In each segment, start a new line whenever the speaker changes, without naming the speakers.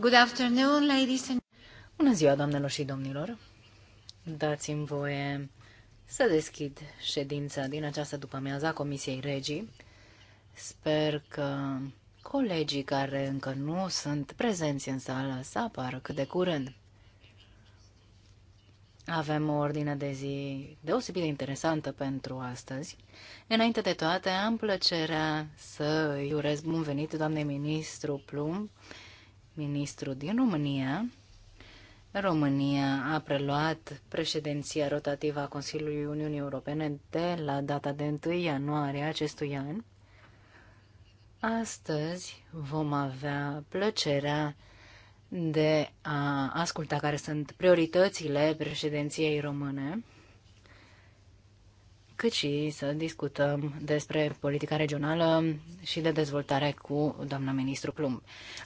Good afternoon, ladies and... Bună ziua, doamnelor și domnilor! Dați-mi voie să deschid ședința din această după-amiază a Comisiei Regii. Sper că colegii care încă nu sunt prezenți în sală să apară cât de curând. Avem o ordine de zi deosebit de interesantă pentru astăzi. Înainte de toate, am plăcerea să îi urez bun venit doamne ministru Plum, ministru din România. România a preluat președinția rotativă a Consiliului Uniunii Europene de la data de 1 ianuarie acestui an. Astăzi vom avea plăcerea de a asculta care sunt prioritățile președinției române cât și să discutăm despre politica regională și de dezvoltare cu doamna ministru Plumb.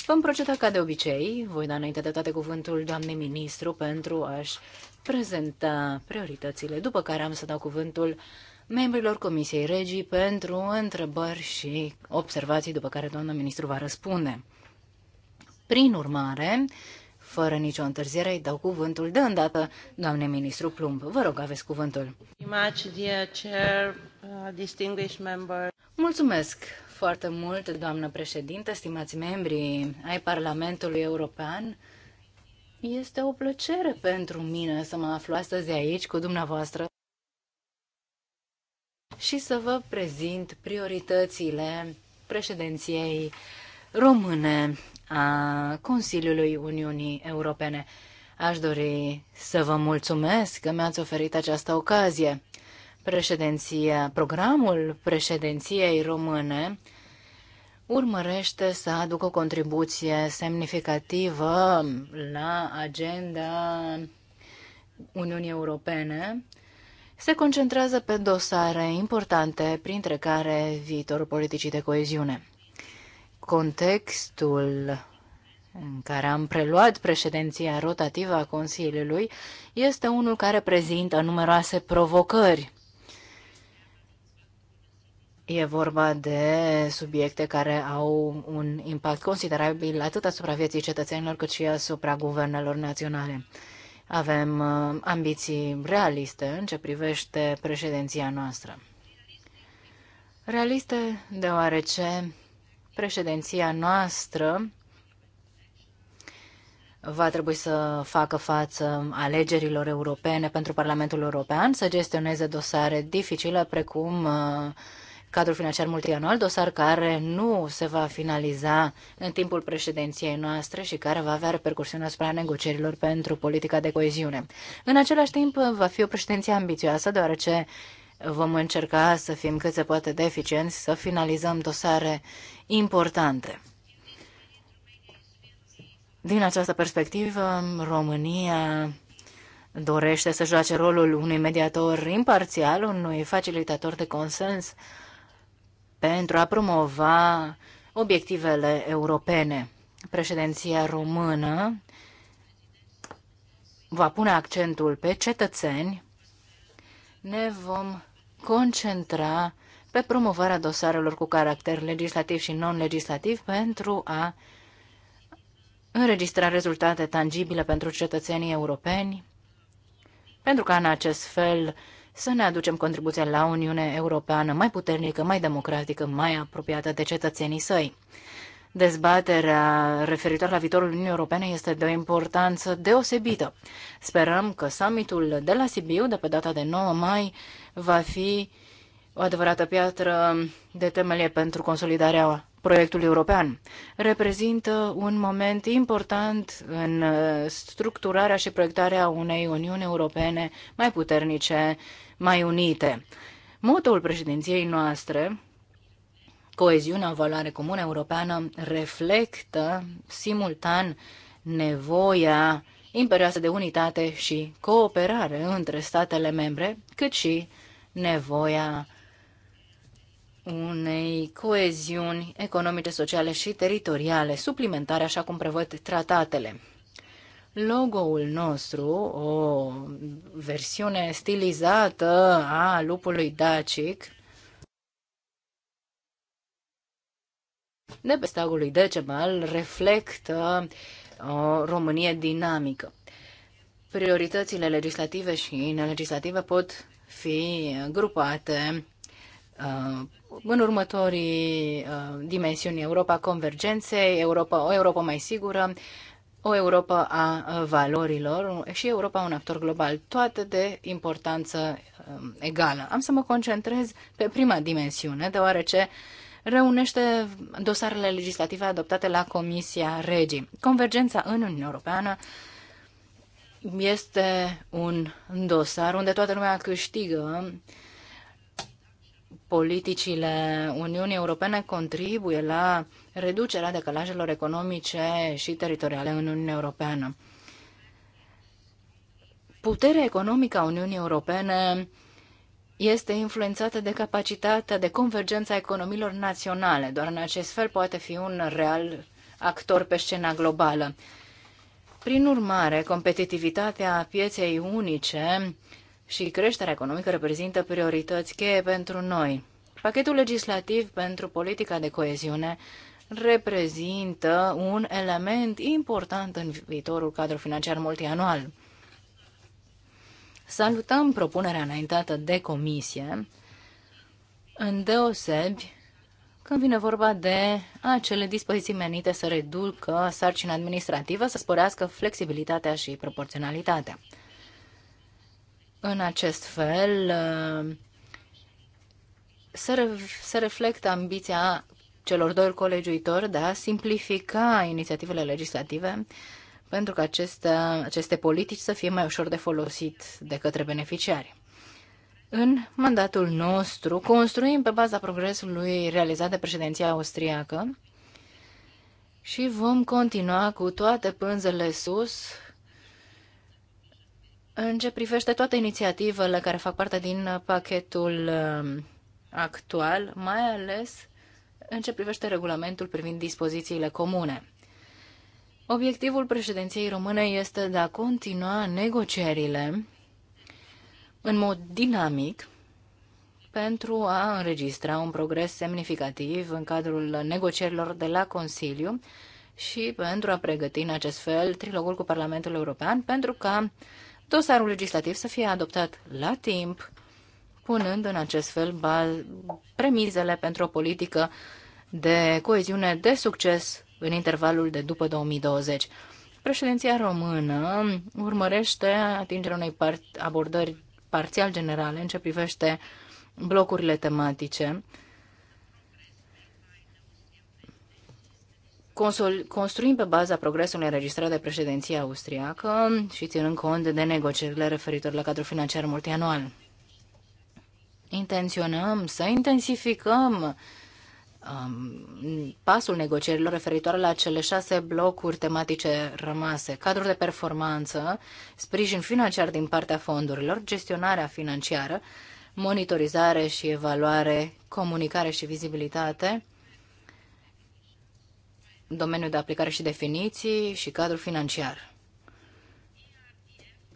Vom proceda ca de obicei, voi da înainte de toate cuvântul doamnei ministru pentru a-și prezenta prioritățile, după care am să dau cuvântul membrilor Comisiei Regii pentru întrebări și observații, după care doamna ministru va răspunde. Prin urmare, fără nicio întârziere, îi dau cuvântul de îndată doamne ministru Plumb. Vă rog, aveți cuvântul. Uh, Mulțumesc foarte mult, doamnă președintă, stimați membri ai Parlamentului European. Este o plăcere pentru mine să mă aflu astăzi aici cu dumneavoastră și să vă prezint prioritățile președinției române a Consiliului Uniunii Europene. Aș dori să vă mulțumesc că mi-ați oferit această ocazie. Președinția, programul președinției române urmărește să aducă o contribuție semnificativă la agenda Uniunii Europene. Se concentrează pe dosare importante, printre care viitorul politicii de coeziune contextul în care am preluat președinția rotativă a Consiliului este unul care prezintă numeroase provocări. E vorba de subiecte care au un impact considerabil atât asupra vieții cetățenilor cât și asupra guvernelor naționale. Avem uh, ambiții realiste în ce privește președinția noastră. Realiste deoarece Președinția noastră va trebui să facă față alegerilor europene pentru Parlamentul European, să gestioneze dosare dificile precum uh, cadrul financiar multianual, dosar care nu se va finaliza în timpul președinției noastre și care va avea repercursiuni asupra negocierilor pentru politica de coeziune. În același timp, va fi o președinție ambițioasă, deoarece Vom încerca să fim cât se poate de eficienți, să finalizăm dosare importante. Din această perspectivă, România dorește să joace rolul unui mediator imparțial, unui facilitator de consens pentru a promova obiectivele europene. Președinția română va pune accentul pe cetățeni ne vom concentra pe promovarea dosarelor cu caracter legislativ și non-legislativ pentru a înregistra rezultate tangibile pentru cetățenii europeni, pentru ca în acest fel să ne aducem contribuția la Uniune Europeană mai puternică, mai democratică, mai apropiată de cetățenii săi. Dezbaterea referitor la viitorul Uniunii Europene este de o importanță deosebită. Sperăm că summitul de la Sibiu, de pe data de 9 mai, va fi o adevărată piatră de temelie pentru consolidarea proiectului european. Reprezintă un moment important în structurarea și proiectarea unei Uniuni Europene mai puternice, mai unite. Motoul președinției noastre coeziunea, o valoare comună europeană, reflectă simultan nevoia imperioasă de unitate și cooperare între statele membre, cât și nevoia unei coeziuni economice, sociale și teritoriale suplimentare, așa cum prevăd tratatele. Logo-ul nostru, o versiune stilizată a lupului dacic, de pe steagul lui Decebal reflectă uh, o Românie dinamică. Prioritățile legislative și nelegislative pot fi grupate uh, în următorii uh, dimensiuni Europa convergenței, Europa, o Europa mai sigură, o Europa a valorilor și Europa un actor global, toate de importanță egală. Am să mă concentrez pe prima dimensiune, deoarece uh, reunește dosarele legislative adoptate la Comisia Regii. Convergența în Uniunea Europeană este un dosar unde toată lumea câștigă. Politicile Uniunii Europene contribuie la reducerea decalajelor economice și teritoriale în Uniunea Europeană. Puterea economică a Uniunii Europene este influențată de capacitatea de convergență a economiilor naționale. Doar în acest fel poate fi un real actor pe scena globală. Prin urmare, competitivitatea pieței unice și creșterea economică reprezintă priorități cheie pentru noi. Pachetul legislativ pentru politica de coeziune reprezintă un element important în viitorul cadru financiar multianual. Salutăm propunerea înaintată de comisie, îndeosebi când vine vorba de acele dispoziții menite să reducă sarcina administrativă, să sporească flexibilitatea și proporționalitatea. În acest fel, uh, se, re- se reflectă ambiția celor doi colegiuitori de a simplifica inițiativele legislative pentru că acestea, aceste politici să fie mai ușor de folosit de către beneficiari. În mandatul nostru construim pe baza progresului realizat de președinția austriacă și vom continua cu toate pânzele sus în ce privește toate inițiativele care fac parte din pachetul um, actual, mai ales în ce privește regulamentul privind dispozițiile comune. Obiectivul președinției române este de a continua negocierile în mod dinamic pentru a înregistra un progres semnificativ în cadrul negocierilor de la Consiliu și pentru a pregăti în acest fel trilogul cu Parlamentul European pentru ca dosarul legislativ să fie adoptat la timp, punând în acest fel premizele pentru o politică de coeziune de succes în intervalul de după 2020. Președinția română urmărește atingerea unei par- abordări parțial generale în ce privește blocurile tematice, construim pe baza progresului înregistrat de președinția austriacă și ținând cont de negocierile referitor la cadrul financiar multianual. Intenționăm să intensificăm um, pasul negocierilor referitoare la cele șase blocuri tematice rămase, cadrul de performanță, sprijin financiar din partea fondurilor, gestionarea financiară, monitorizare și evaluare, comunicare și vizibilitate, domeniul de aplicare și definiții și cadrul financiar.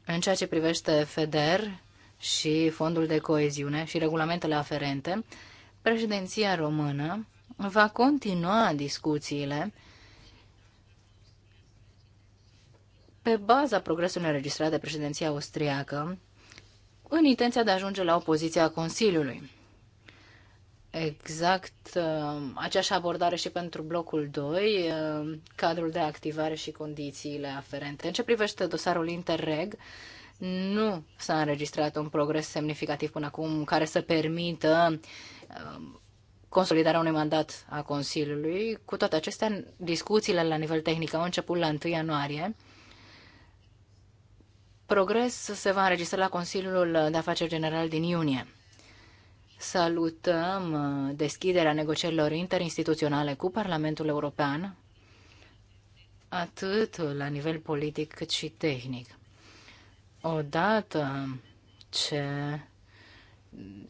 În ceea ce privește FEDER și Fondul de Coeziune și regulamentele aferente, președinția română va continua discuțiile pe baza progresului înregistrat de președinția austriacă, în intenția de a ajunge la opoziția Consiliului. Exact uh, aceeași abordare și pentru blocul 2, uh, cadrul de activare și condițiile aferente. În ce privește dosarul Interreg, nu s-a înregistrat un progres semnificativ până acum care să permită uh, consolidarea unui mandat a Consiliului. Cu toate acestea, discuțiile la nivel tehnic au început la 1 ianuarie. Progres se va înregistra la Consiliul de Afaceri General din iunie. Salutăm uh, deschiderea negocierilor interinstituționale cu Parlamentul European, atât la nivel politic cât și tehnic. Odată ce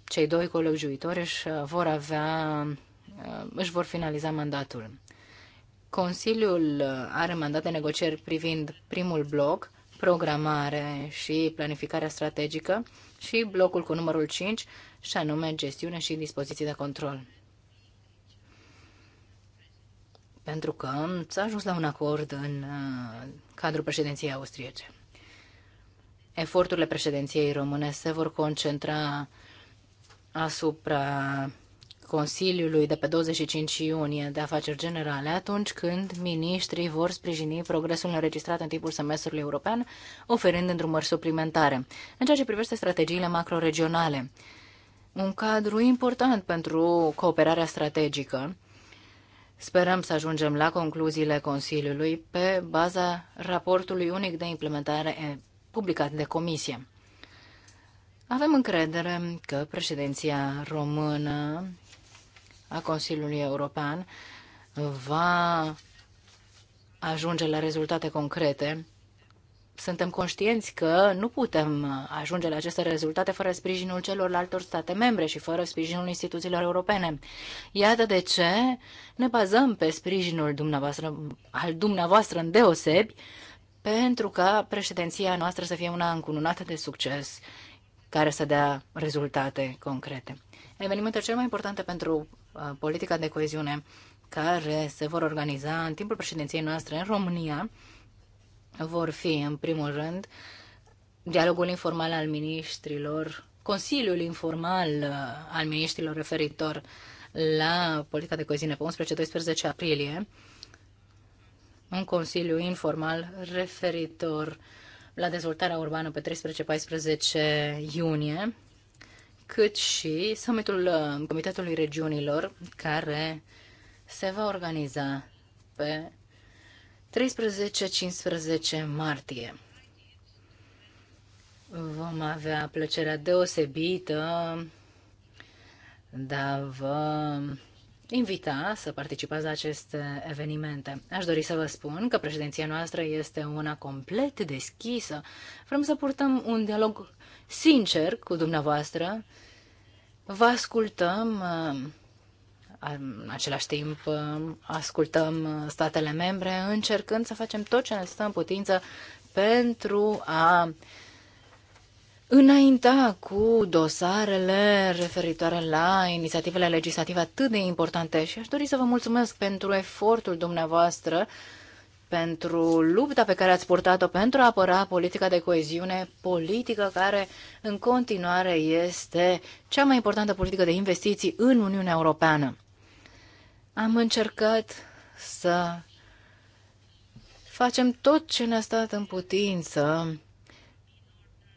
cei doi colegiuitori își uh, vor avea, uh, își vor finaliza mandatul. Consiliul uh, are mandat de negocieri privind primul bloc, programare și planificarea strategică, și blocul cu numărul 5, și anume gestiune și dispoziții de control. Pentru că s-a ajuns la un acord în cadrul președinției austriece. Eforturile președinției române se vor concentra asupra Consiliului de pe 25 iunie de afaceri generale, atunci când miniștrii vor sprijini progresul înregistrat în timpul semestrului european, oferind îndrumări suplimentare. În ceea ce privește strategiile macroregionale, un cadru important pentru cooperarea strategică, Sperăm să ajungem la concluziile Consiliului pe baza raportului unic de implementare publicat de Comisie. Avem încredere că președinția română a Consiliului European va ajunge la rezultate concrete. Suntem conștienți că nu putem ajunge la aceste rezultate fără sprijinul celorlaltor state membre și fără sprijinul instituțiilor europene. Iată de ce ne bazăm pe sprijinul dumneavoastră, al dumneavoastră deosebi, pentru ca președinția noastră să fie una încununată de succes care să dea rezultate concrete. Evenimentele cele mai importante pentru uh, politica de coeziune care se vor organiza în timpul președinției noastre în România vor fi, în primul rând, dialogul informal al ministrilor, Consiliul informal uh, al ministrilor referitor la politica de coeziune pe 11-12 aprilie, un consiliu informal referitor la dezvoltarea urbană pe 13-14 iunie, cât și summitul uh, Comitetului Regiunilor, care se va organiza pe 13-15 martie. Vom avea plăcerea deosebită de a vă invita să participați la aceste evenimente. Aș dori să vă spun că președinția noastră este una complet deschisă. Vrem să purtăm un dialog sincer cu dumneavoastră. Vă ascultăm, uh, în același timp uh, ascultăm statele membre, încercând să facem tot ce ne stă în putință pentru a înainta cu dosarele referitoare la inițiativele legislative atât de importante și aș dori să vă mulțumesc pentru efortul dumneavoastră pentru lupta pe care ați purtat-o pentru a apăra politica de coeziune, politică care în continuare este cea mai importantă politică de investiții în Uniunea Europeană. Am încercat să facem tot ce ne-a stat în putință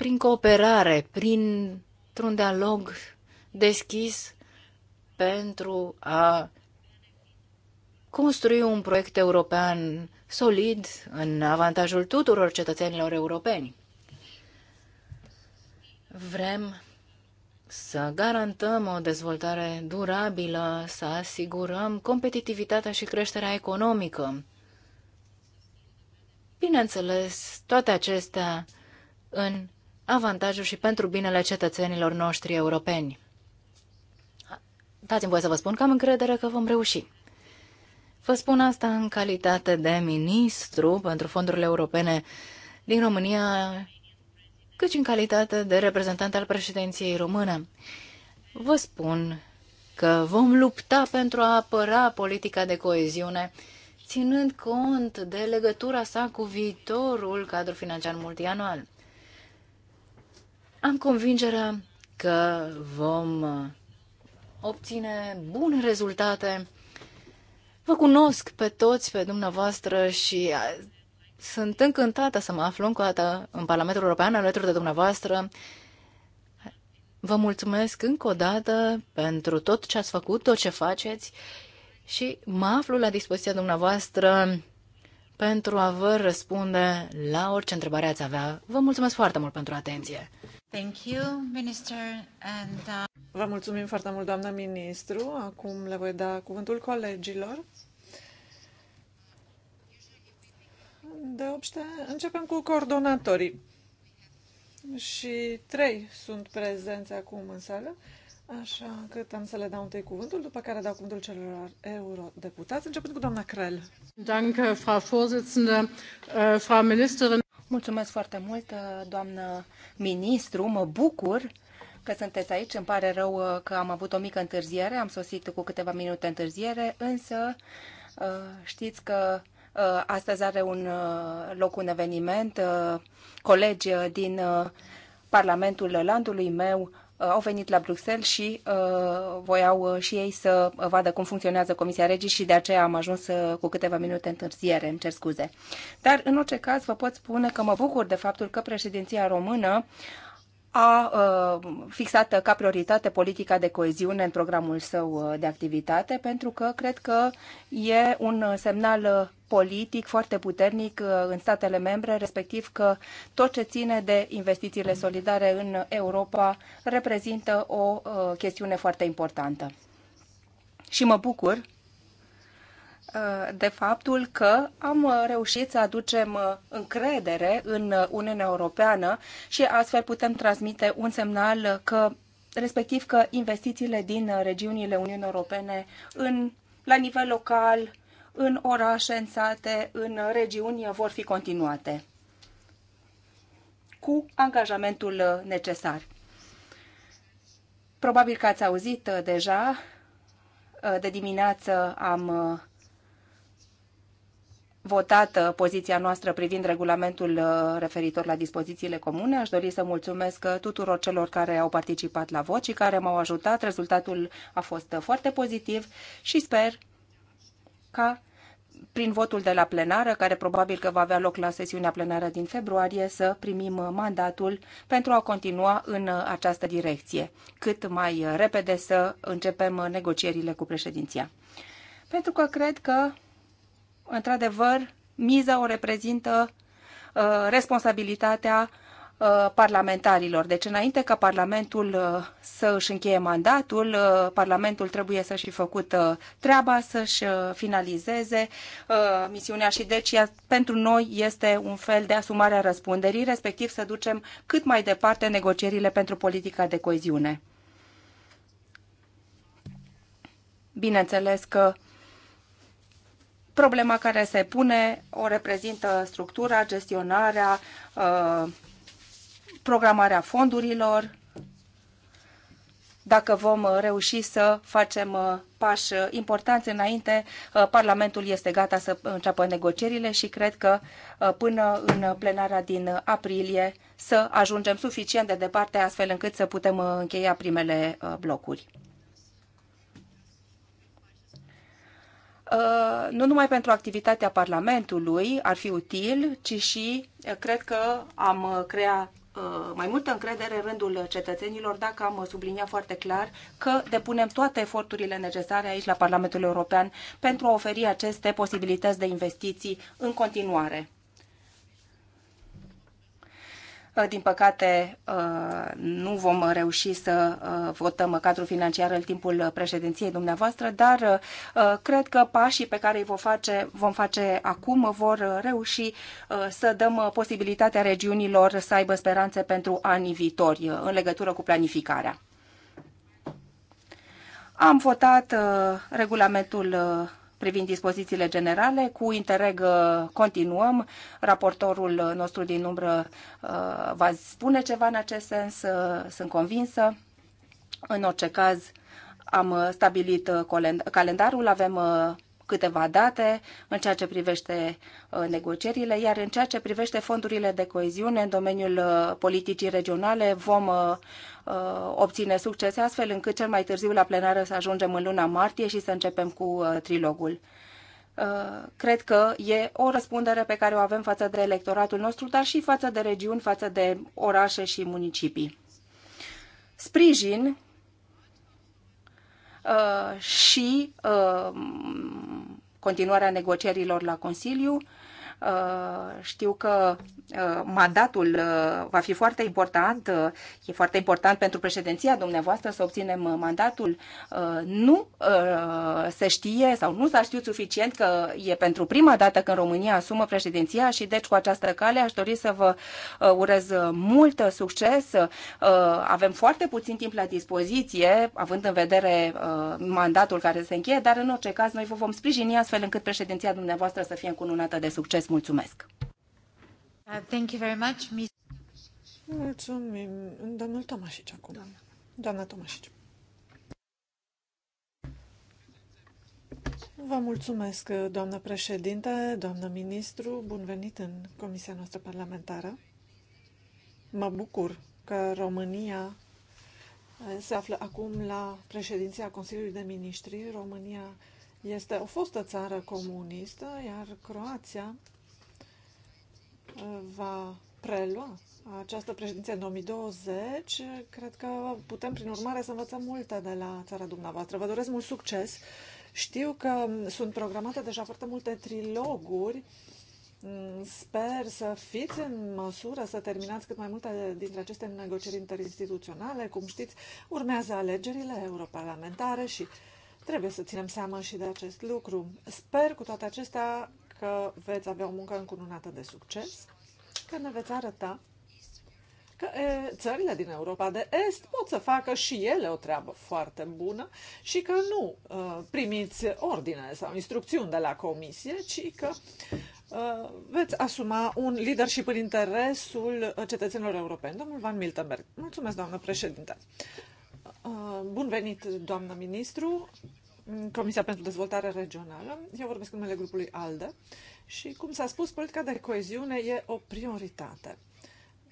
prin cooperare, prin un dialog deschis pentru a construi un proiect european solid în avantajul tuturor cetățenilor europeni. Vrem să garantăm o dezvoltare durabilă, să asigurăm competitivitatea și creșterea economică. Bineînțeles, toate acestea în avantajul și pentru binele cetățenilor noștri europeni. Dați-mi voie să vă spun că am încredere că vom reuși. Vă spun asta în calitate de ministru pentru fondurile europene din România, cât și în calitate de reprezentant al președinției române. Vă spun că vom lupta pentru a apăra politica de coeziune, ținând cont de legătura sa cu viitorul cadru financiar multianual. Am convingerea că vom uh, obține bune rezultate. Vă cunosc pe toți, pe dumneavoastră și uh, sunt încântată să mă aflu încă o dată în Parlamentul European alături de dumneavoastră. Vă mulțumesc încă o dată pentru tot ce ați făcut, tot ce faceți și mă aflu la dispoziția dumneavoastră pentru a vă răspunde la orice întrebare ați avea. Vă mulțumesc foarte mult pentru
atenție! Thank you, Minister, and, uh... Vă mulțumim foarte mult, doamna ministru. Acum le voi da cuvântul colegilor. De obște, începem cu coordonatorii. Și trei sunt prezenți acum în sală, așa că am să le dau întâi cuvântul, după care dau cuvântul celor eurodeputați, începând cu doamna Crel.
Danke, Frau Vorsitzende, äh, Frau Ministerin. Mulțumesc foarte mult, uh, doamnă ministru. Mă bucur că sunteți aici. Îmi pare rău uh, că am avut o mică întârziere. Am sosit cu câteva minute întârziere, însă uh, știți că astăzi are un loc un eveniment. Colegi din Parlamentul Landului meu Uh, au venit la Bruxelles și uh, voiau uh, și ei să vadă cum funcționează Comisia Regii și de aceea am ajuns cu câteva minute întârziere, îmi cer scuze. Dar, în orice caz, vă pot spune că mă bucur de faptul că președinția română a uh, fixat ca prioritate politica de coeziune în programul său uh, de activitate, pentru că cred că e un semnal uh, politic foarte puternic în statele membre, respectiv că tot ce ține de investițiile solidare în Europa reprezintă o chestiune foarte importantă. Și mă bucur Uh, de faptul că am uh, reușit să aducem uh, încredere în Uniunea Europeană și astfel putem transmite un semnal că respectiv că investițiile din regiunile Uniunii Europene în, la nivel local, în orașe, în sate, în regiuni vor fi continuate cu angajamentul necesar. Probabil că ați auzit deja, de dimineață am Votată poziția noastră privind regulamentul uh, referitor la dispozițiile comune. Aș dori să mulțumesc uh, tuturor celor care au participat la vot și care m-au ajutat. Rezultatul a fost uh, foarte pozitiv și sper ca prin votul de la plenară, care probabil că va avea loc la sesiunea plenară din februarie, să primim mandatul pentru a continua în această direcție, cât mai repede să începem negocierile cu președinția. Pentru că cred că într-adevăr, miza o reprezintă uh, responsabilitatea uh, parlamentarilor. Deci înainte ca Parlamentul uh, să își încheie mandatul, Parlamentul trebuie să-și fi făcut treaba, să-și finalizeze misiunea și deci pentru noi este un fel de asumare a răspunderii, respectiv să ducem cât mai departe negocierile pentru politica de coeziune. Bineînțeles că Problema care se pune o reprezintă structura, gestionarea, uh, programarea fondurilor, dacă vom uh, reuși să facem uh, pași importanți înainte, Parlamentul este gata să înceapă negocierile și cred că până în plenarea din aprilie să ajungem suficient de departe astfel încât să putem încheia primele blocuri. Uh, nu numai pentru activitatea Parlamentului ar fi util, ci și uh, cred că am uh, crea mai multă încredere în rândul cetățenilor dacă am subliniat foarte clar că depunem toate eforturile necesare aici la Parlamentul European pentru a oferi aceste posibilități de investiții în continuare. Uh, din păcate, uh, nu vom reuși să uh, votăm cadrul financiar în timpul președinției dumneavoastră, dar cred că pașii pe care îi vom face, vom face acum vor reuși să dăm posibilitatea regiunilor să aibă speranțe pentru anii viitori în legătură cu planificarea. Am votat regulamentul privind dispozițiile generale. Cu Interreg uh, continuăm. Raportorul nostru din umbră uh, va spune ceva în acest sens, uh, sunt convinsă. În orice caz, am stabilit calendarul, avem câteva date în ceea ce privește uh, negocierile, iar în ceea ce privește fondurile de coeziune în domeniul uh, politicii regionale vom uh, obține succes astfel încât cel mai târziu la plenară să ajungem în luna martie și să începem cu trilogul cred că e o răspundere pe care o avem față de electoratul nostru, dar și față de regiuni, față de orașe și municipii. Sprijin Uh, și uh, continuarea negocierilor la Consiliu Uh, știu că uh, mandatul uh, va fi foarte important, e foarte important pentru președinția dumneavoastră să obținem mandatul. Nu se știe sau nu s-a știut suficient că e pentru prima dată când România asumă președinția și deci cu această cale aș dori să vă urez mult succes. Avem foarte puțin timp la dispoziție, având în vedere mandatul care se încheie, dar în orice caz noi vă vom sprijini astfel încât președinția dumneavoastră să fie încununată de succes. Mulțumesc!
Uh, thank you very much, Ms. Mulțumim, domnul Tomașici acum. Doamna, Doamna Vă mulțumesc, doamnă președinte, doamnă ministru, bun venit în Comisia noastră parlamentară. Mă bucur că România eh, se află acum la președinția Consiliului de Ministri. România este o fostă țară comunistă, iar Croația va prelua această președinție în 2020, cred că putem, prin urmare, să învățăm multe de la țara dumneavoastră. Vă doresc mult succes. Știu că sunt programate deja foarte multe triloguri. Mm, sper să fiți în măsură să terminați cât mai multe dintre aceste negocieri interinstituționale. Cum știți, urmează alegerile europarlamentare și trebuie să ținem seama și de acest lucru. Sper cu toate acestea că veți avea o muncă încununată de succes, că ne veți arăta că e, țările din Europa de Est pot să facă și ele o treabă foarte bună și că nu uh, primiți ordine sau instrucțiuni de la comisie, ci că uh, veți asuma un leadership în interesul cetățenilor europeni. Domnul Van Miltenberg. Mulțumesc, doamnă președinte. Uh, bun venit, doamnă ministru. Comisia pentru Dezvoltare Regională. Eu vorbesc în numele grupului ALDE și, cum s-a spus, politica de coeziune e o prioritate.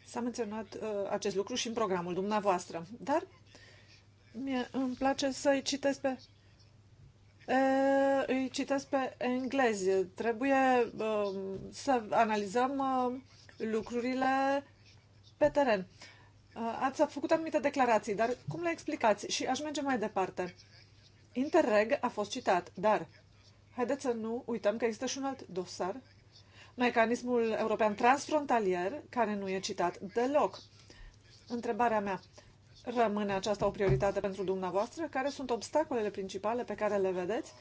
S-a menționat uh, acest lucru și în programul dumneavoastră, dar mie îmi place să-i citesc pe uh, îi citesc pe englezi. Trebuie uh, să analizăm uh, lucrurile pe teren. Uh, ați făcut anumite declarații, dar cum le explicați? Și aș merge mai departe. Uh, Interreg a fost citat, dar haideți să nu uităm că există și un alt dosar, mecanismul european transfrontalier, care nu e citat deloc. Întrebarea mea, rămâne aceasta o prioritate pentru dumneavoastră? Care sunt obstacolele principale pe care le vedeți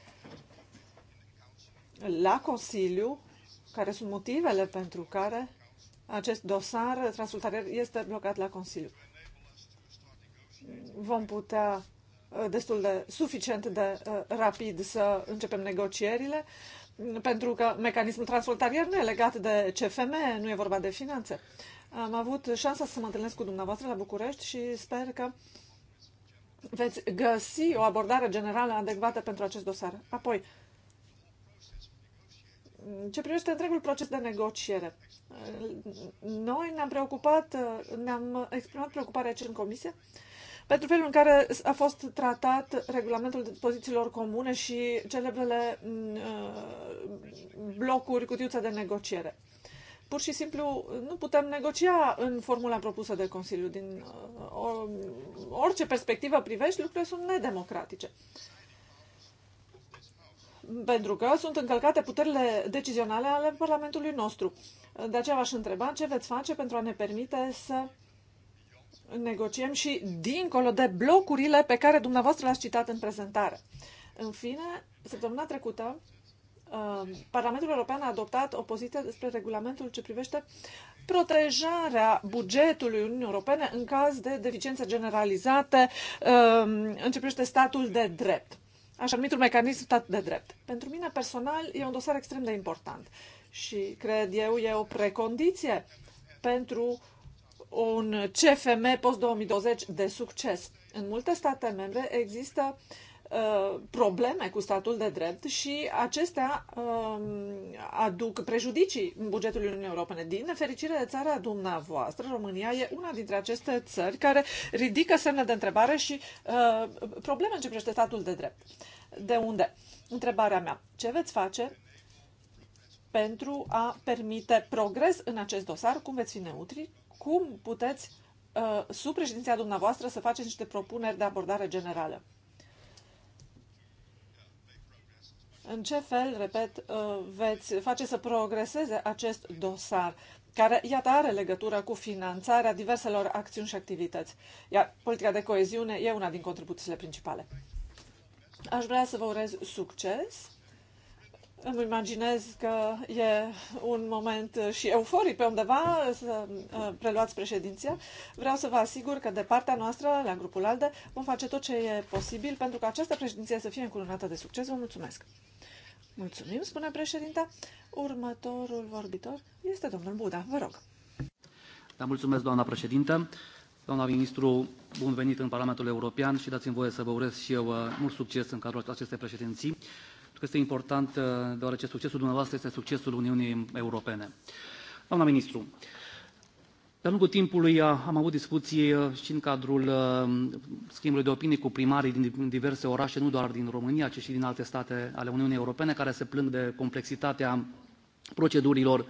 la Consiliu? Care sunt motivele pentru care acest dosar transfrontalier este blocat la Consiliu? Vom putea Uh, destul de suficient de uh, rapid să începem negocierile, pentru că mecanismul transfrontalier nu e legat de CFM, nu e vorba de finanțe. Am avut șansa să mă întâlnesc cu dumneavoastră la București și sper că veți găsi o abordare generală adecvată pentru acest dosar. Apoi, ce privește întregul proces de negociere. Uh, noi ne-am preocupat, ne-am exprimat preocuparea aici în comisie pentru felul în care a fost tratat regulamentul pozițiilor comune și celebrele mm, uh, blocuri, cutiuța de negociere. Pur și simplu nu putem negocia în formula propusă de Consiliu. Din uh, orice perspectivă privești, lucrurile sunt nedemocratice pentru că sunt încălcate puterile decizionale ale Parlamentului nostru. De aceea v-aș întreba ce veți face pentru a ne permite să negociem și dincolo de blocurile pe care dumneavoastră le-ați citat în prezentare. În fine, săptămâna trecută, uh, Parlamentul European a adoptat o poziție despre regulamentul ce privește protejarea bugetului Uniunii Europene în caz de deficiențe generalizate uh, în ce privește statul de drept. Așa numitul mecanism stat de drept. Pentru mine personal e un dosar extrem de important și cred eu e o precondiție pentru un CFM post-2020 de succes. În multe state membre există uh, probleme cu statul de drept și acestea um, aduc prejudicii bugetului Uniunii Europene. Din nefericire, țara dumneavoastră, România, e una dintre aceste țări care ridică semne de întrebare și uh, probleme în ce privește statul de drept. De unde? Întrebarea mea. Ce veți face pentru a permite progres în acest dosar? Cum veți fi neutri? cum puteți, uh, sub președinția dumneavoastră, să faceți niște propuneri de abordare generală? În ce fel, repet, uh, veți face să progreseze acest dosar, care, iată, are legătură cu finanțarea diverselor acțiuni și activități, iar politica de coeziune e una din contribuțiile principale. Aș vrea să vă urez succes îmi imaginez că e un moment și euforic pe undeva să uh, preluați președinția. Vreau să vă asigur că de partea noastră, la grupul ALDE, vom face tot ce e posibil pentru ca această președinție să fie încurunată de succes. Vă mulțumesc! Mulțumim, spune președinta. Următorul vorbitor este domnul Buda. Vă rog.
Da, mulțumesc, doamna președintă. Doamna ministru, bun venit în Parlamentul European și dați-mi voie să vă urez și eu uh, mult succes în cadrul acestei președinții că este important uh, deoarece succesul dumneavoastră este succesul Uniunii Europene. Doamna ministru, de-a lungul timpului uh, am avut discuții uh, și în cadrul schimbului de opinii cu primarii din diverse orașe, nu doar din România, ci și din alte state ale Uniunii Europene, care se plâng de complexitatea procedurilor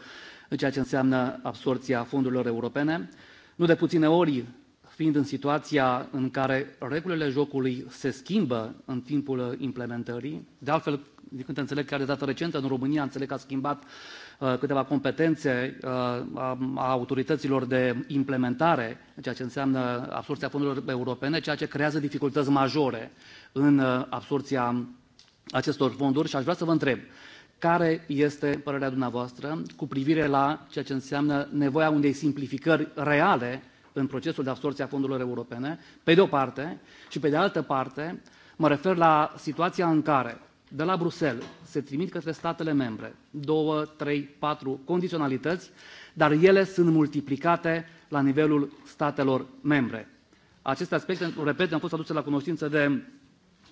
în ceea ce înseamnă absorția fondurilor europene. Nu de puține ori fiind în situația în care regulile jocului se schimbă în timpul implementării. De altfel, din câte înțeleg, chiar de data recentă în România, înțeleg că a schimbat uh, câteva competențe uh, a autorităților de implementare, ceea ce înseamnă absorția fondurilor europene, ceea ce creează dificultăți majore în uh, absorția acestor fonduri. Și aș vrea să vă întreb, care este părerea dumneavoastră cu privire la ceea ce înseamnă nevoia unei simplificări reale în procesul de absorție a fondurilor europene, pe de o parte, și pe de altă parte, mă refer la situația în care de la Bruxelles se trimit către statele membre două, trei, patru condiționalități, dar ele sunt multiplicate la nivelul statelor membre. Aceste aspecte, repet, am fost aduse la cunoștință de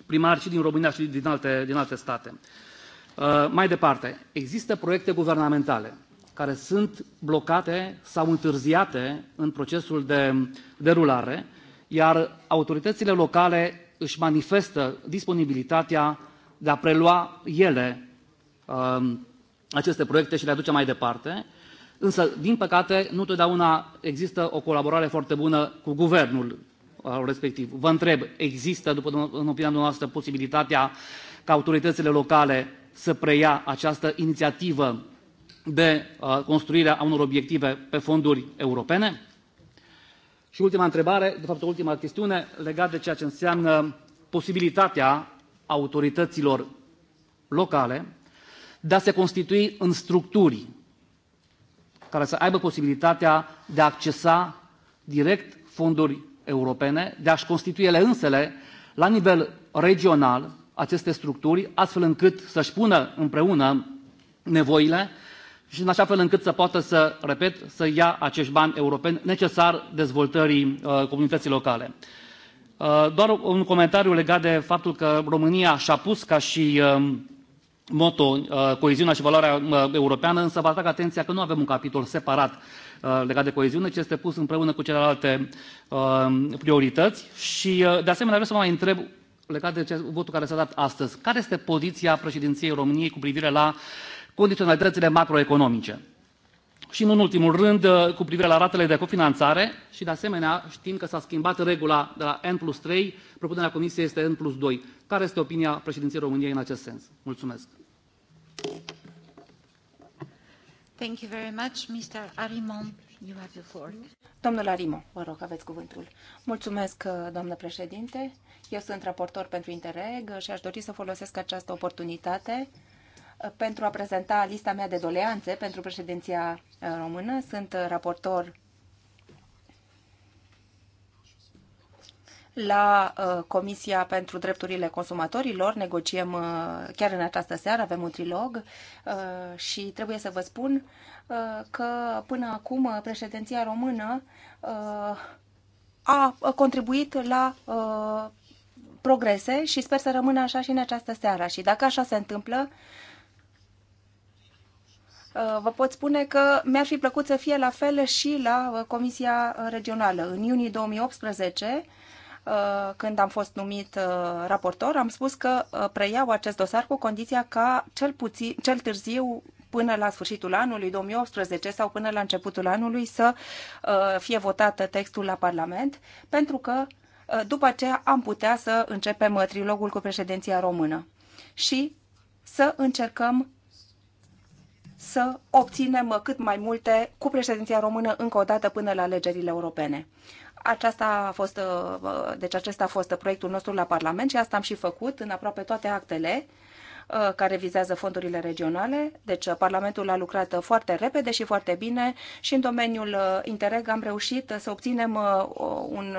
primari și din România și din alte, din alte state. Uh, mai departe, există proiecte guvernamentale care sunt blocate sau întârziate în procesul de derulare, iar autoritățile locale își manifestă disponibilitatea de a prelua ele um, aceste proiecte și le aduce mai departe. Însă, din păcate, nu totdeauna există o colaborare foarte bună cu guvernul uh, respectiv. Vă întreb, există, după, în opinia dumneavoastră, posibilitatea ca autoritățile locale să preia această inițiativă de uh, construire a unor obiective pe fonduri europene? Și ultima întrebare, de fapt ultima chestiune, legată de ceea ce înseamnă posibilitatea autorităților locale de a se constitui în structuri care să aibă posibilitatea de a accesa direct fonduri europene, de a-și constitui ele însele, la nivel regional, aceste structuri, astfel încât să-și pună împreună nevoile și în așa fel încât să poată să, repet, să ia acești bani europeni necesari dezvoltării uh, comunității locale. Uh, doar un comentariu legat de faptul că România și-a pus ca și um, moto uh, coeziunea și valoarea uh, europeană, însă vă atrag atenția că nu avem un capitol separat legat de coeziune, ci este pus împreună cu celelalte priorități. Și de asemenea vreau să mă mai întreb legat de votul care s-a dat astăzi. Care este poziția președinției României cu privire la condiționalitățile macroeconomice? Și nu în ultimul rând, uh, cu privire la ratele de cofinanțare și de asemenea știm că s-a schimbat regula de la N plus 3, propunerea Comisiei este N plus 2. Care este opinia președinției României în acest sens? Mulțumesc!
Thank you very much, Mr. Arimon. You have the floor.
Domnul Arimo, vă rog, aveți cuvântul. Mulțumesc, uh, doamnă președinte. Eu sunt raportor pentru Interreg și aș dori să folosesc această oportunitate pentru a prezenta lista mea de doleanțe pentru președinția uh, română. Sunt uh, raportor la uh, Comisia pentru Drepturile Consumatorilor. Negociem chiar în această seară, avem un trilog și trebuie să vă spun că până acum președinția română a contribuit la progrese și sper să rămână așa și în această seară. Și dacă așa se întâmplă, Uh, vă pot spune că mi-ar fi plăcut să fie la fel și la uh, Comisia Regională. În iunie 2018, uh, când am fost numit raportor, am spus că preiau acest dosar cu condiția ca cel, puțin, cel târziu până la sfârșitul anului 2018 sau până la începutul anului să fie votat textul la Parlament, pentru că după aceea am putea să începem trilogul cu președinția română și să încercăm să obținem cât mai multe cu președinția română încă o dată până la alegerile europene. Aceasta a fost, uh, deci acesta a fost proiectul nostru la Parlament și asta am și făcut în aproape toate actele Uh, care vizează fondurile regionale. Deci uh, Parlamentul a lucrat uh, foarte repede și foarte bine și în domeniul Interreg am reușit să obținem un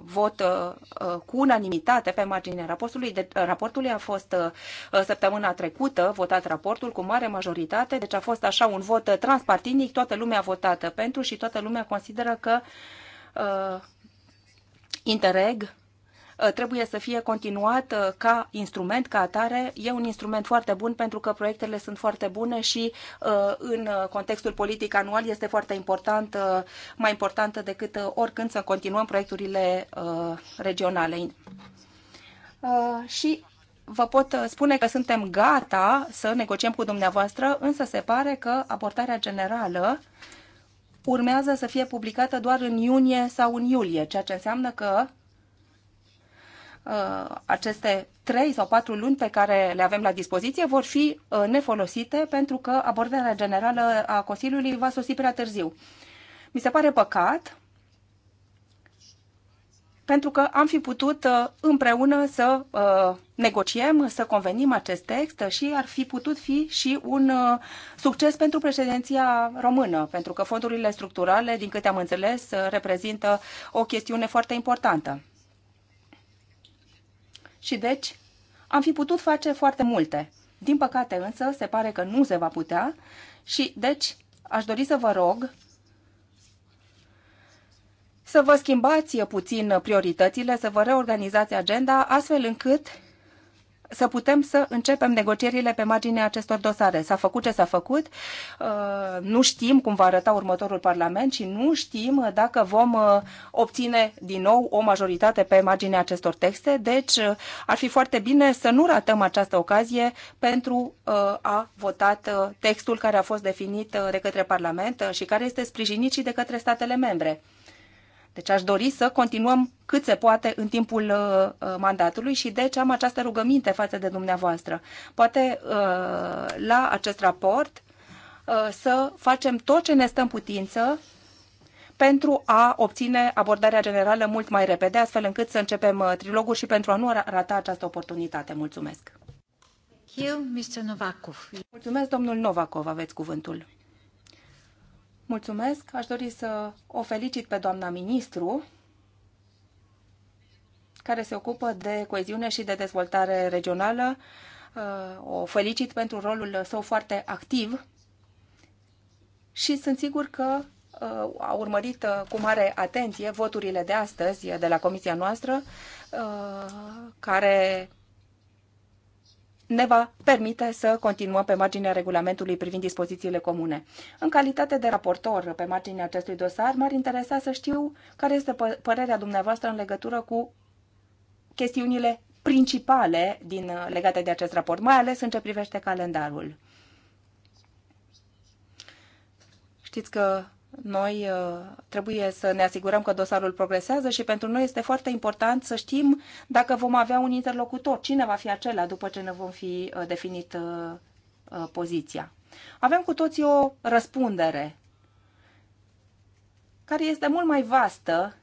vot cu unanimitate pe marginea raportului. De, raportului a fost săptămâna trecută votat raportul cu mare majoritate, deci a fost așa un vot transpartinic, toată lumea a votat pentru și toată lumea consideră că Interreg Uh, trebuie să fie continuat uh, ca instrument, ca atare. E un instrument foarte bun pentru că proiectele sunt foarte bune și uh, în contextul politic anual este foarte important, mai important decât oricând să continuăm proiecturile regionale. Și vă pot spune că suntem gata să negociem cu dumneavoastră, însă se pare că abordarea generală urmează să fie publicată doar în iunie sau în iulie, ceea ce înseamnă că Uh, aceste trei sau patru luni pe care le avem la dispoziție vor fi uh, nefolosite pentru că abordarea generală a Consiliului va sosi prea târziu. Mi se pare păcat pentru că am fi putut uh, împreună să negociem, să convenim acest text și ar fi putut fi și un succes pentru președinția română, pentru că fondurile structurale, din câte am înțeles, reprezintă o chestiune foarte importantă și deci am fi putut face foarte multe. Din păcate însă, se pare că nu se va putea și deci aș dori să vă rog să vă schimbați puțin prioritățile, să vă reorganizați agenda astfel încât să putem să începem negocierile pe marginea acestor dosare. S-a făcut ce s-a făcut, uh, nu știm cum va arăta următorul Parlament și nu știm dacă vom uh, obține din nou o majoritate pe marginea acestor texte, deci uh, ar fi foarte bine să nu ratăm această ocazie pentru a vota textul care a fost definit de către Parlament și care este sprijinit și de către statele membre. Deci aș dori să continuăm cât se poate în timpul uh, uh, mandatului și deci am această rugăminte față de dumneavoastră. Poate uh, la acest raport să facem tot ce ne stă în putință pentru a obține abordarea generală mult mai repede, astfel încât să începem trilogul și pentru a nu rata această oportunitate. Mulțumesc! Eu, Mr. Novakov. Mulțumesc, domnul Novakov, aveți cuvântul. Mulțumesc. Aș dori să o felicit pe doamna ministru care se ocupă de coeziune și de dezvoltare regională. Uh, o felicit pentru rolul său foarte activ și sunt sigur că uh, a urmărit uh, cu mare atenție voturile de astăzi de la comisia noastră, care ne va permite să continuăm pe marginea regulamentului privind dispozițiile comune. În calitate de raportor pe marginea acestui dosar, m-ar interesa să știu care este părerea dumneavoastră în legătură cu chestiunile principale din, uh, legate de acest raport, mai ales în ce privește calendarul. Știți că noi uh, trebuie să ne asigurăm că dosarul progresează și pentru noi este foarte important să știm dacă vom avea un interlocutor, cine va fi acela după ce ne vom fi uh, definit uh, poziția. Avem cu toții o răspundere care este mult mai vastă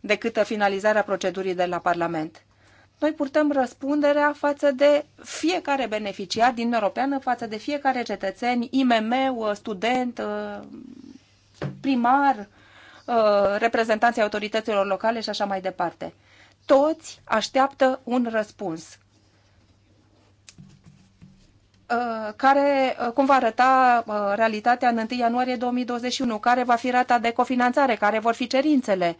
decât finalizarea procedurii de la Parlament noi purtăm răspunderea față de fiecare beneficiar din Europeană, față de fiecare cetățeni, IMM, uh, student, uh, primar, uh, reprezentanții autorităților locale și așa mai departe. Toți așteaptă un răspuns care, cum va arăta realitatea în 1 ianuarie 2021, care va fi rata de cofinanțare, care vor fi cerințele,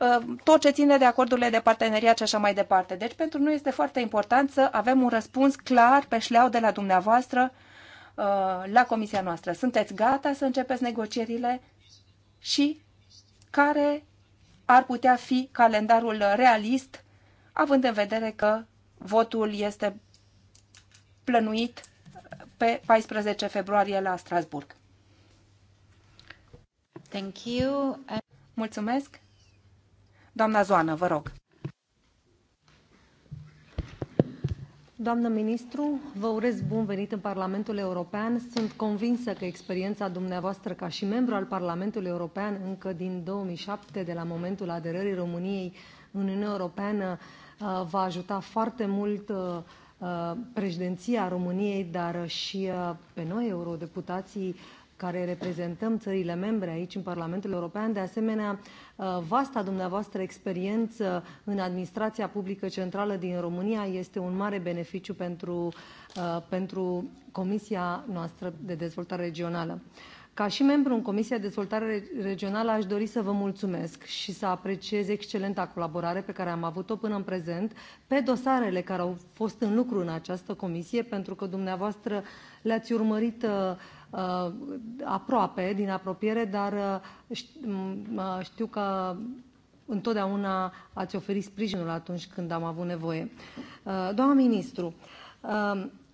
Uh, tot ce ține de acordurile de parteneriat și așa mai departe. Deci pentru noi este foarte important să avem un răspuns clar pe șleau de la dumneavoastră uh, la comisia noastră. Sunteți gata să începeți negocierile și care ar putea fi calendarul realist, având în vedere că votul este plănuit pe 14 februarie la Strasburg. Thank you. Mulțumesc. Doamna Zoană, vă rog.
Doamnă ministru, vă urez bun venit în Parlamentul European. Sunt convinsă că experiența dumneavoastră ca și membru al Parlamentului European încă din 2007, de la momentul aderării României în Uniunea Europeană, uh, va ajuta foarte mult uh, uh, președinția României, dar și pe noi, eurodeputații, care reprezentăm țările membre aici în Parlamentul European, de asemenea uh, vasta dumneavoastră experiență în administrația publică centrală din România este un mare beneficiu pentru, uh, pentru Comisia noastră de dezvoltare regională. Ca și membru în Comisia de Dezvoltare Regională aș dori să vă mulțumesc și să apreciez excelenta colaborare pe care am avut-o până în prezent pe dosarele care au fost în lucru în această comisie, pentru că dumneavoastră le-ați urmărit uh, Uh, aproape, din apropiere, dar uh, uh, știu că întotdeauna ați oferit sprijinul atunci când am avut nevoie. Doamna ministru,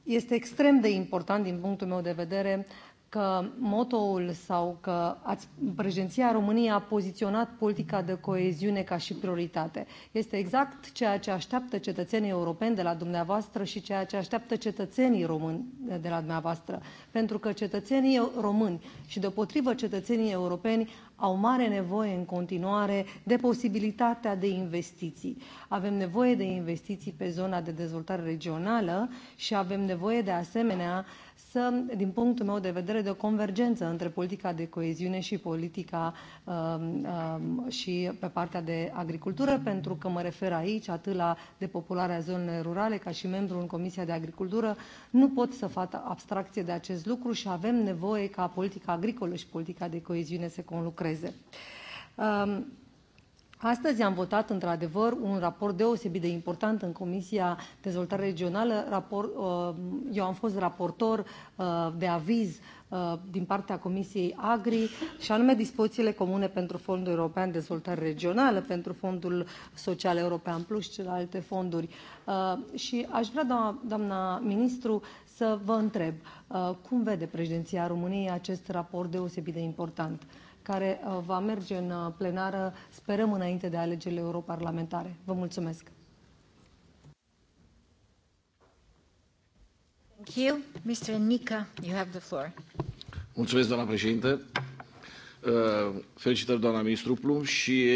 este extrem de important din punctul meu de vedere că motoul sau că ați, prezenția României a poziționat politica de coeziune ca și prioritate. Este exact ceea ce așteaptă cetățenii europeni de la dumneavoastră și ceea ce așteaptă cetățenii români de la dumneavoastră. Pentru că cetățenii români și deopotrivă cetățenii europeni au mare nevoie în continuare de posibilitatea de investiții. Avem nevoie de investiții pe zona de dezvoltare regională și avem nevoie de asemenea să, din punctul meu de vedere, de o convergență între politica de coeziune și politica um, um, și pe partea de agricultură, pentru că mă refer aici atât la depopularea zonelor rurale, ca și membru în Comisia de Agricultură, nu pot să fac abstracție de acest lucru și avem nevoie ca politica agricolă și politica de coeziune să conlucreze. Um, Astăzi am votat, într-adevăr, un raport deosebit de important în Comisia Dezvoltare Regională. Rapor, uh, eu am fost raportor uh, de aviz uh, din partea Comisiei Agri, și anume dispozițiile comune pentru Fondul European de Dezvoltare Regională, pentru Fondul Social European Plus și celelalte fonduri. Și aș vrea, doamna, doamna ministru, să vă întreb cum vede președinția României acest raport deosebit de important care uh, va merge în uh, plenară, sperăm, înainte de alegerile europarlamentare. Vă mulțumesc! Thank you. Mr. Nica, you have the floor.
Mulțumesc, doamna președintă. Uh, felicitări, doamna ministru Plum, și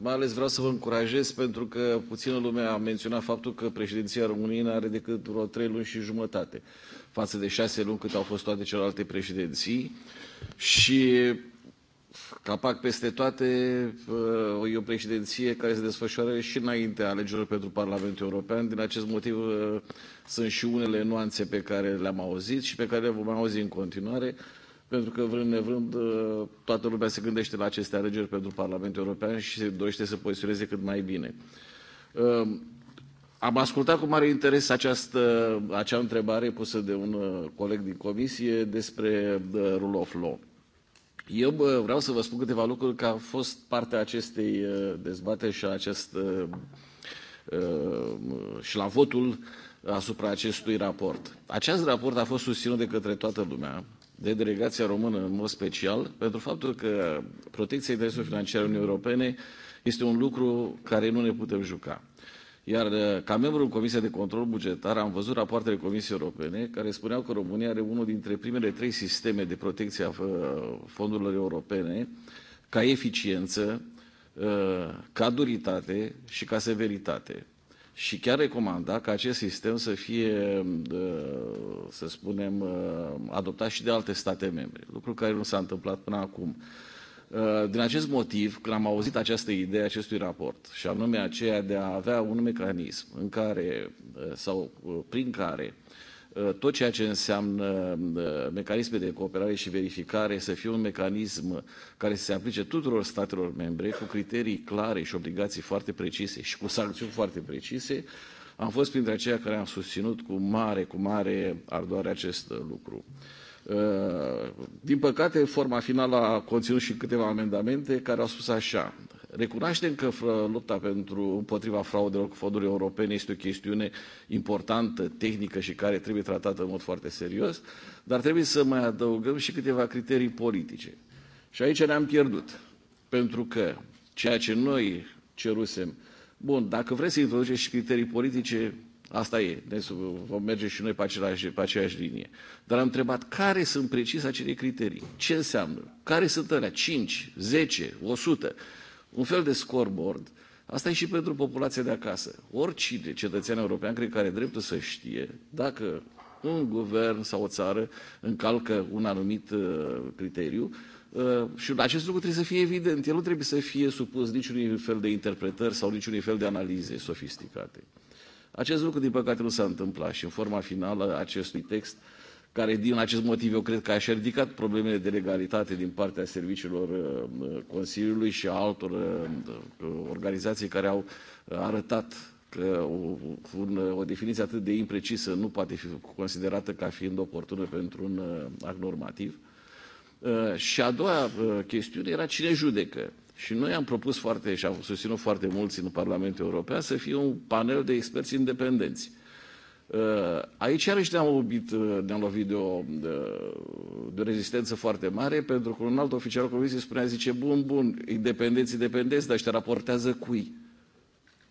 mai ales vreau să vă încurajez pentru că puțină lume a menționat faptul că președinția României nu are decât vreo trei luni și jumătate față de șase luni cât au fost toate celelalte președinții și capac peste toate uh, e o președinție care se desfășoară și înainte alegerilor pentru Parlamentul European. Din acest motiv uh, sunt și unele nuanțe pe care le-am auzit și pe care le vom auzi în continuare, pentru că vrând nevrând uh, toată lumea se gândește la aceste alegeri pentru Parlamentul European și se dorește să poziționeze cât mai bine. Am ascultat cu mare interes această, acea întrebare pusă de un coleg din comisie despre rule of law. Eu vreau să vă spun câteva lucruri că am fost partea acestei uh, dezbateri și, a acest, uh, uh, și la votul asupra acestui raport. Acest raport a fost susținut de către toată lumea, de delegația română în mod special, pentru faptul că protecția intereselor financiare Uniunii Europene este un lucru care nu ne putem juca. Iar uh, ca membru în Comisia de Control Bugetar am văzut rapoartele Comisiei Europene care spuneau că România are unul dintre primele trei sisteme de protecție a uh, fondurilor europene ca eficiență, uh, ca duritate și ca severitate. Și chiar recomanda ca acest sistem să fie, să spunem, adoptat și de alte state membre, lucru care nu s-a întâmplat până acum. Uh, din acest motiv, când am auzit această idee acestui raport, și anume aceea de a avea un mecanism în care uh, sau uh, prin care tot ceea ce înseamnă mecanisme de cooperare și verificare să fie un mecanism care să se aplice tuturor statelor membre cu criterii clare și obligații foarte precise și cu sancțiuni foarte precise, am fost printre aceia care am susținut cu mare, cu mare ardoare acest lucru. Uh, Uh, din păcate, forma finală a conținut și câteva amendamente care au spus așa. Recunoaștem că lupta pentru, împotriva fraudelor cu fonduri europene este o chestiune importantă, tehnică și care trebuie tratată în mod foarte serios, dar trebuie să mai adăugăm și câteva criterii politice. Și aici ne-am pierdut, pentru că ceea ce noi cerusem, bun, dacă vreți să introduceți și criterii politice, Asta e. Deci vom merge și noi pe aceeași, pe aceeași linie. Dar am întrebat care sunt precis acele criterii. Ce înseamnă? Care sunt alea? 5, 10, 100? Un fel de scoreboard. Asta e și pentru populația de acasă. Oricine cetățean european cred că are dreptul să știe dacă un guvern sau o țară încalcă un anumit uh, criteriu, Uh, și acest lucru trebuie să fie evident. El nu trebuie să fie supus niciunui fel de interpretări sau niciunui fel de analize sofisticate. Acest lucru, din păcate, nu s-a întâmplat și în forma finală a acestui text, care din acest motiv eu cred că a și ridicat problemele de legalitate din partea serviciilor uh, Consiliului și a altor uh, uh, organizații care au arătat că o, o definiție atât de imprecisă nu poate fi considerată ca fiind oportună pentru un act normativ. Și a doua chestiune era cine judecă. Și noi am propus foarte și am susținut foarte mulți în Parlamentul European să fie un panel de experți independenți. Uh, aici iarăși ne-am lovit, uh, ne lovit de, o, de, de o rezistență foarte mare, pentru că un alt oficial al Comisiei spunea, zice, bun, bun, independenți, independenți, dar ăștia raportează cui?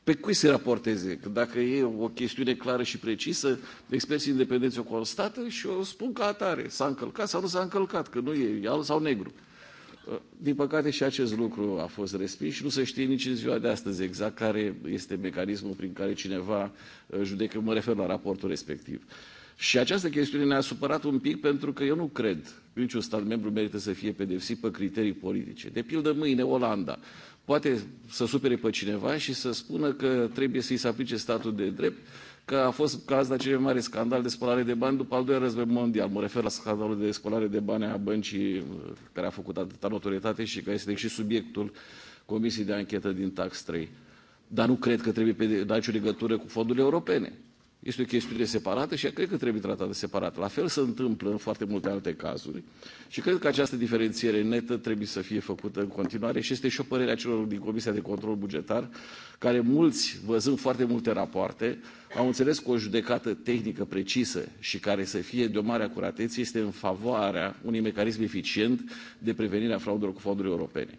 Pe cui se raporteze? Că dacă e o chestiune clară și precisă, experții independenți o constată și o spun ca atare. S-a încălcat sau nu s-a încălcat, că nu e alb sau negru. Uh, din păcate și acest lucru a fost respins și nu se știe nici în ziua de astăzi exact care este mecanismul prin care cineva uh, judecă, mă refer la raportul respectiv. Și această chestiune ne-a supărat un pic pentru că eu nu cred că niciun stat membru merită să fie pedepsit pe criterii politice. De pildă mâine Olanda poate să supere pe cineva și să spună că trebuie să-i se aplice statul de drept că a fost cazul cel mai mare scandal de spălare de bani după al doilea război mondial. Mă refer la scandalul de spălare de bani a băncii uh, care a făcut atâta notorietate și care este și subiectul Comisiei de Anchetă din Tax 3. Dar nu cred că trebuie pe nicio legătură cu fondurile europene este o chestiune separată și cred că trebuie tratată separat. La fel se întâmplă în foarte multe alte cazuri și cred că această diferențiere netă trebuie să fie făcută în continuare și este și o părere a celor din Comisia de Control Bugetar, care mulți, văzând foarte multe rapoarte, au înțeles că o judecată tehnică precisă și care să fie de o mare acuratețe este în favoarea unui mecanism eficient de prevenire a fraudelor cu fonduri europene.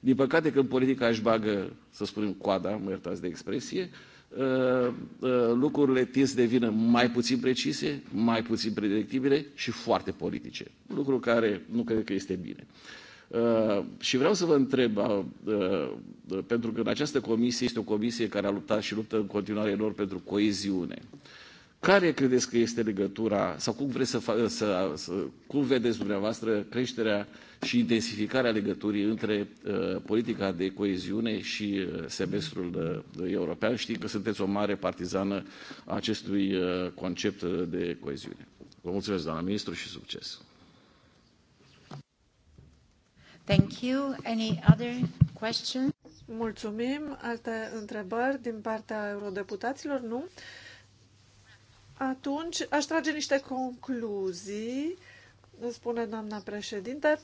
Din păcate, când politica își bagă, să spunem, coada, mă iertați de expresie, Uh, uh, lucrurile tind să devină mai puțin precise, mai puțin predictibile și foarte politice. Lucru care nu cred că este bine. Uh, și vreau să vă întreb, pentru că în această comisie este o comisie care a luptat și luptă în continuare lor pentru coeziune. Care credeți că este legătura sau cum, vreți să, să, să, cum vedeți dumneavoastră creșterea și intensificarea legăturii între uh, politica de coeziune și uh, semestrul uh, european. Știi că sunteți o mare partizană a acestui concept de coeziune. Vă mulțumesc, doamna ministru, și succes!
Thank you. Any other questions? Mulțumim. Alte întrebări din partea eurodeputaților? Nu? Atunci aș trage niște concluzii spune doamna președinte.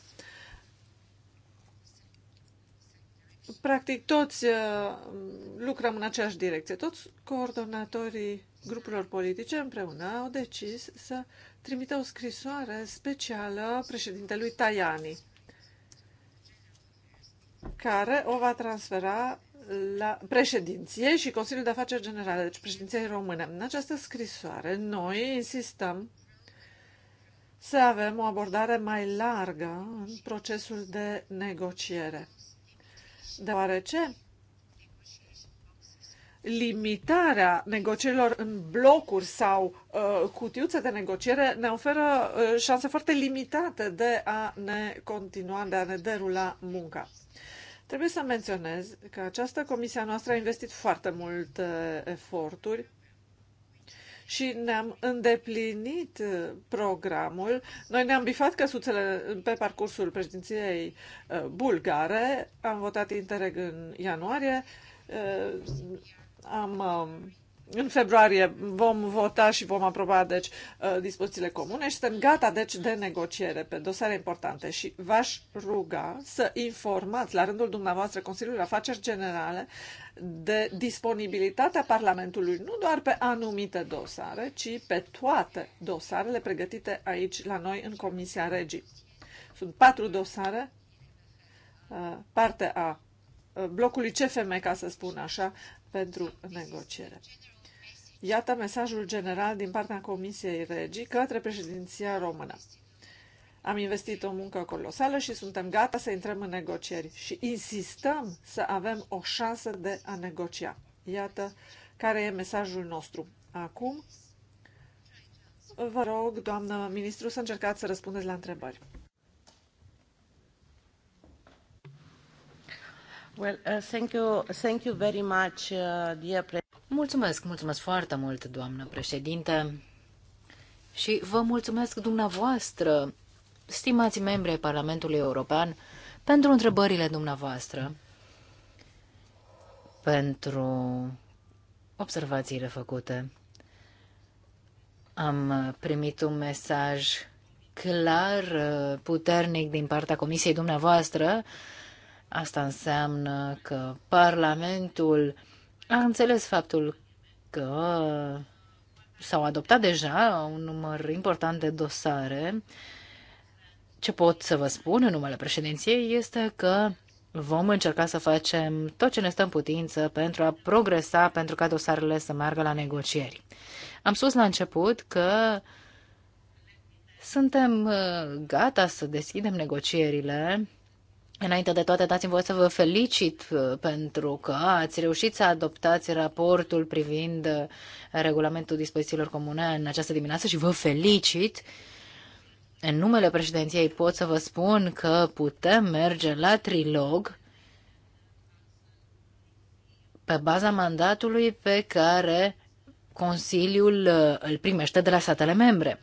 Practic, toți uh, lucrăm în aceeași direcție. Toți coordonatorii grupurilor politice împreună au decis să trimită o scrisoare specială președintelui Tajani, care o va transfera la președinție și Consiliul de Afaceri Generale, deci președinției române. În această scrisoare, noi insistăm să avem o abordare mai largă în procesul de negociere. Deoarece limitarea negocierilor în blocuri sau uh, cutiuțe de negociere ne oferă uh, șanse foarte limitate de a ne continua, de a ne derula munca. Trebuie să menționez că această comisie a noastră a investit foarte multe uh, eforturi și ne-am îndeplinit uh, programul. Noi ne-am bifat căsuțele pe parcursul președinției uh, bulgare, am votat Interreg în ianuarie, uh, am um, în februarie vom vota și vom aproba deci uh, dispozițiile comune și suntem gata deci de negociere pe dosare importante și v-aș ruga să informați la rândul dumneavoastră Consiliului Afaceri Generale de disponibilitatea Parlamentului nu doar pe anumite dosare, ci pe toate dosarele pregătite aici la noi în Comisia Regii. Sunt patru dosare, uh, parte a uh, blocului CFM, ca să spun așa, pentru negociere. Iată mesajul general din partea Comisiei Regii către președinția română. Am investit o muncă colosală și suntem gata să intrăm în negocieri și insistăm să avem o șansă de a negocia. Iată care e mesajul nostru. Acum, vă rog, doamnă ministru, să încercați să răspundeți la întrebări. Well, uh, thank you, thank you very much, uh,
dear Mulțumesc, mulțumesc foarte mult, doamnă președinte. Și vă mulțumesc dumneavoastră, stimați membri ai Parlamentului European, pentru întrebările dumneavoastră, pentru observațiile făcute. Am primit un mesaj clar, puternic din partea Comisiei dumneavoastră. Asta înseamnă că Parlamentul a înțeles faptul că s-au adoptat deja un număr important de dosare. Ce pot să vă spun în numele președinției este că vom încerca să facem tot ce ne stă în putință pentru a progresa, pentru ca dosarele să meargă la negocieri. Am spus la început că suntem uh, gata să deschidem negocierile Înainte de toate, dați-mi voie să vă felicit uh, pentru că ați reușit să adoptați raportul privind uh, regulamentul dispozițiilor comune în această dimineață și vă felicit. În numele președinției pot să vă spun că putem merge la trilog pe baza mandatului pe care Consiliul uh, îl primește de la statele membre.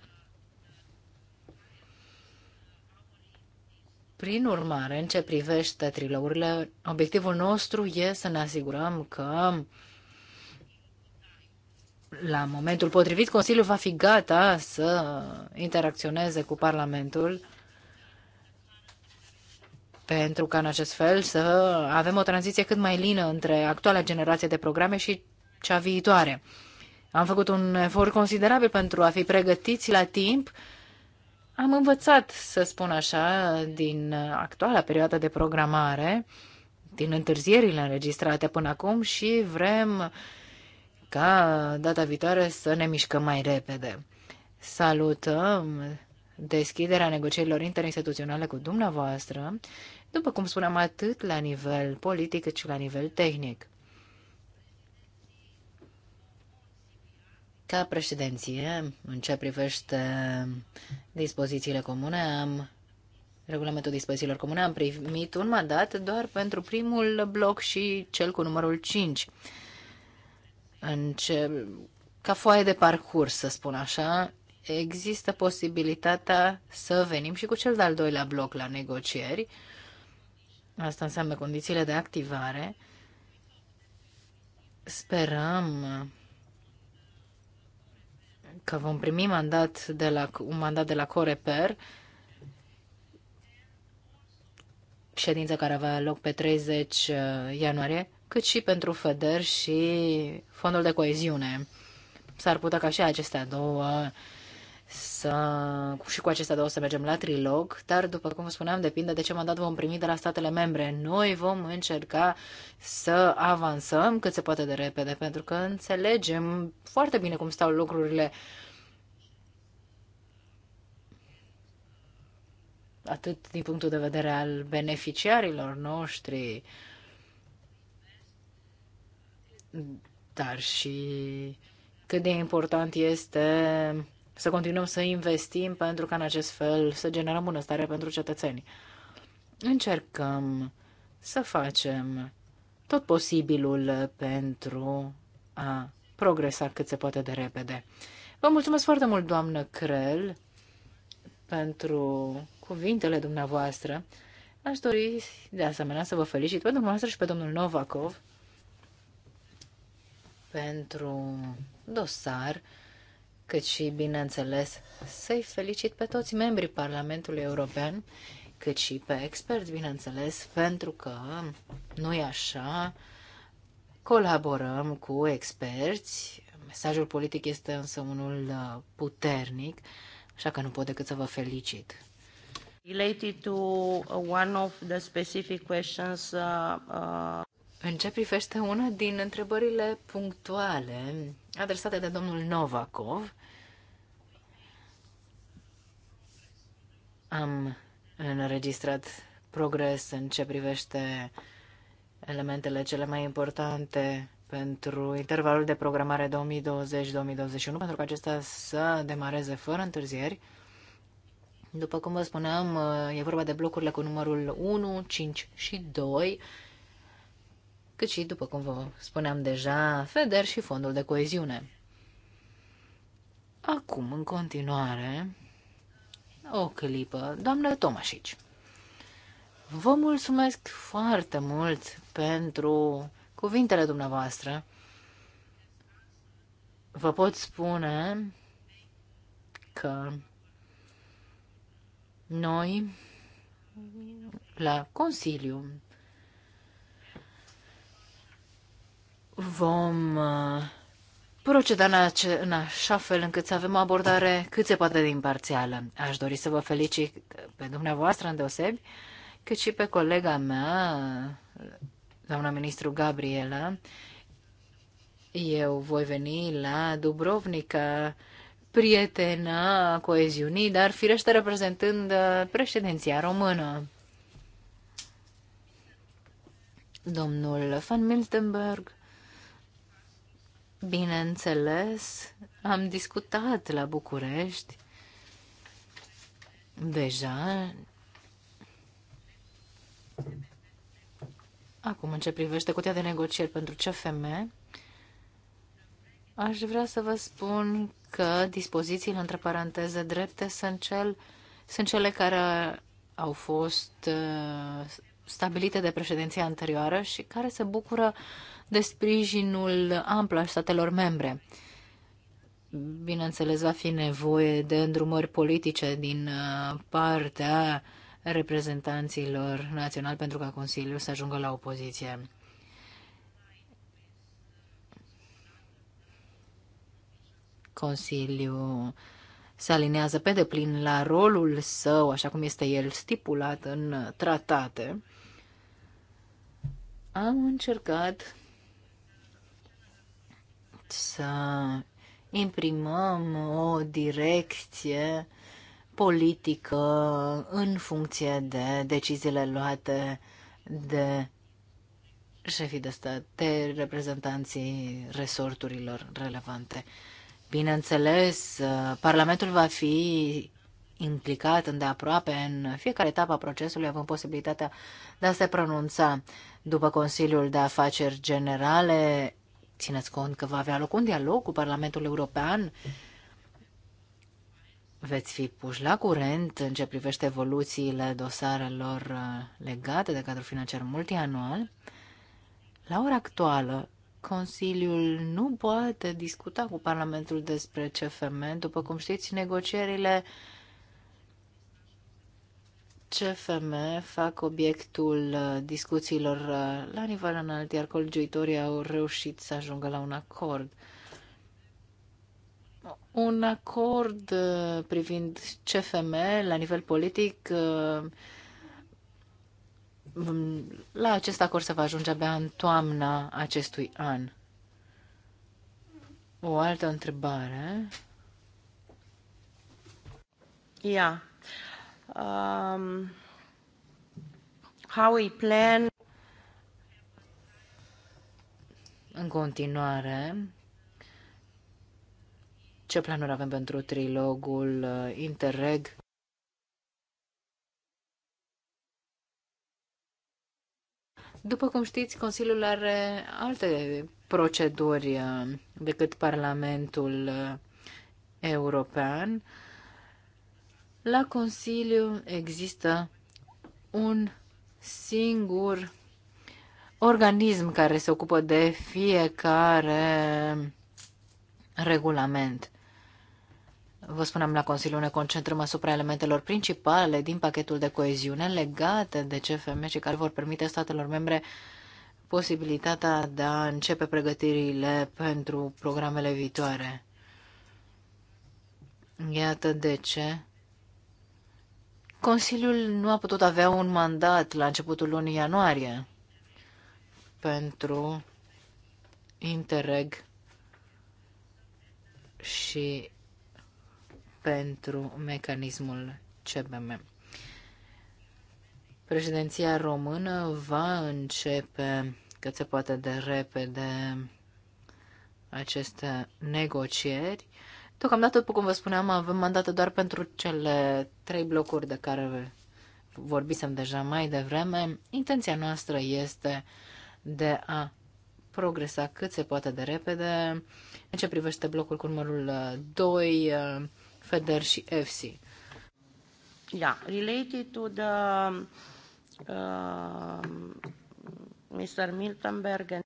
Prin urmare, în ce privește trilourile, obiectivul nostru e să ne asigurăm că la momentul potrivit Consiliul va fi gata să interacționeze cu Parlamentul pentru ca în acest fel să avem o tranziție cât mai lină între actuala generație de programe și cea viitoare. Am făcut un efort considerabil pentru a fi pregătiți la timp am învățat, să spun așa, din actuala perioadă de programare, din întârzierile înregistrate până acum și vrem ca data viitoare să ne mișcăm mai repede. Salutăm deschiderea negocierilor interinstituționale cu dumneavoastră, după cum spuneam, atât la nivel politic cât și la nivel tehnic. Ca președinție, în ce privește dispozițiile comune, am regulamentul dispozițiilor comune, am primit un mandat doar pentru primul bloc și cel cu numărul 5. În ce, ca foaie de parcurs, să spun așa, există posibilitatea să venim și cu cel de-al doilea bloc la negocieri. Asta înseamnă condițiile de activare. Sperăm că vom primi mandat de la, un mandat de la Coreper, ședință care avea loc pe 30 uh, ianuarie, cât și pentru FEDER și Fondul de Coeziune. S-ar putea ca și acestea două să, și cu acestea două să mergem la trilog, dar, după cum spuneam, depinde de ce mandat vom primi de la statele membre. Noi vom încerca să avansăm cât se poate de repede, pentru că înțelegem foarte bine cum stau lucrurile atât din punctul de vedere al beneficiarilor noștri, dar și cât de important este să continuăm să investim pentru ca în acest fel să generăm bunăstare pentru cetățeni. Încercăm să facem tot posibilul pentru a progresa cât se poate de repede. Vă mulțumesc foarte mult, doamnă Crel, pentru cuvintele dumneavoastră. Aș dori, de asemenea, să vă felicit pe dumneavoastră și pe domnul Novakov pentru dosar cât și, bineînțeles, să-i felicit pe toți membrii Parlamentului European, cât și pe experți, bineînțeles, pentru că, noi așa, colaborăm cu experți. Mesajul politic este însă unul uh, puternic, așa că nu pot decât să vă felicit.
Related to uh, one of the
specific questions, uh, uh... În ce privește una din întrebările punctuale adresate de domnul Novakov, Am înregistrat progres în ce privește elementele cele mai importante pentru intervalul de programare 2020-2021, pentru că acesta să demareze fără întârzieri. După cum vă spuneam, e vorba de blocurile cu numărul 1, 5 și 2, cât și, după cum vă spuneam deja, FEDER și Fondul de Coeziune. Acum, în continuare, o clipă. Doamnă Tomașici, vă mulțumesc foarte mult pentru cuvintele dumneavoastră. Vă pot spune că noi la Consiliu vom uh, proceda în, ace- în așa fel încât să avem o abordare cât se poate de imparțială. Aș dori să vă felicit pe dumneavoastră îndeosebi, cât și pe colega mea, doamna ministru Gabriela. Eu voi veni la Dubrovnica, prietena coeziunii, dar firește reprezentând uh, președinția română. Domnul Van Miltenberg Bineînțeles, am discutat la București deja. Acum, în ce privește cutia de negocieri pentru CFM, aș vrea să vă spun că dispozițiile între paranteze drepte sunt, cel, sunt cele care au fost uh, stabilite de președinția anterioară și care se bucură de sprijinul amplu al statelor membre. Bineînțeles, va fi nevoie de îndrumări politice din uh, partea reprezentanților naționali pentru ca Consiliul să ajungă la opoziție. Consiliul se alinează pe deplin la rolul său, așa cum este el stipulat în tratate. Am încercat să imprimăm o direcție politică în funcție de deciziile luate de șefii de stat, de reprezentanții resorturilor relevante. Bineînțeles, Parlamentul va fi implicat îndeaproape în fiecare etapă a procesului, având posibilitatea de a se pronunța după Consiliul de Afaceri Generale. Țineți cont că va avea loc un dialog cu Parlamentul European. Veți fi puși la curent în ce privește evoluțiile dosarelor uh, legate de cadrul financiar multianual. La ora actuală, Consiliul nu poate discuta cu Parlamentul despre CFM. După cum știți, negocierile uh, CFM fac obiectul uh, discuțiilor uh, la nivel înalt, iar colegiuitorii au reușit să ajungă la un acord. Un acord uh, privind CFM la nivel politic, la acest acord se va ajunge abia în toamna acestui an. O altă întrebare.
Ia. Yeah um, how we
plan. În continuare, ce planuri avem pentru trilogul uh, Interreg? După cum știți, Consiliul are alte proceduri uh, decât Parlamentul uh, European. La Consiliu există un singur organism care se ocupă de fiecare regulament. Vă spuneam, la Consiliu ne concentrăm asupra elementelor principale din pachetul de coeziune legate de CFM și care vor permite statelor membre posibilitatea de a începe pregătirile pentru programele viitoare. Iată de ce Consiliul nu a putut avea un mandat la începutul lunii ianuarie pentru Interreg și pentru mecanismul CBM. Președinția română va începe cât se poate de repede aceste negocieri Deocamdată, după cum vă spuneam, avem mandată doar pentru cele trei blocuri de care vorbisem deja mai devreme. Intenția noastră este de a progresa cât se poate de repede în ce privește blocul cu numărul 2, uh, uh, FEDER și EFSI. Yeah, da, related to the uh, Mr. Miltenberg and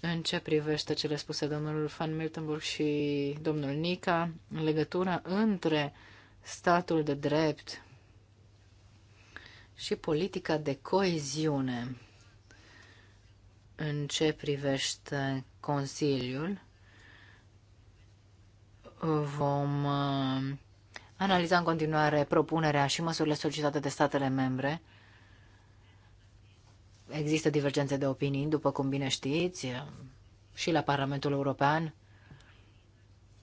în ce privește cele spuse domnul Van Miltenburg și domnul Nica, în legătura între statul de drept și politica de coeziune în ce privește Consiliul, vom uh, analiza în continuare propunerea și măsurile solicitate de statele membre există divergențe de opinii, după cum bine știți, și la Parlamentul European.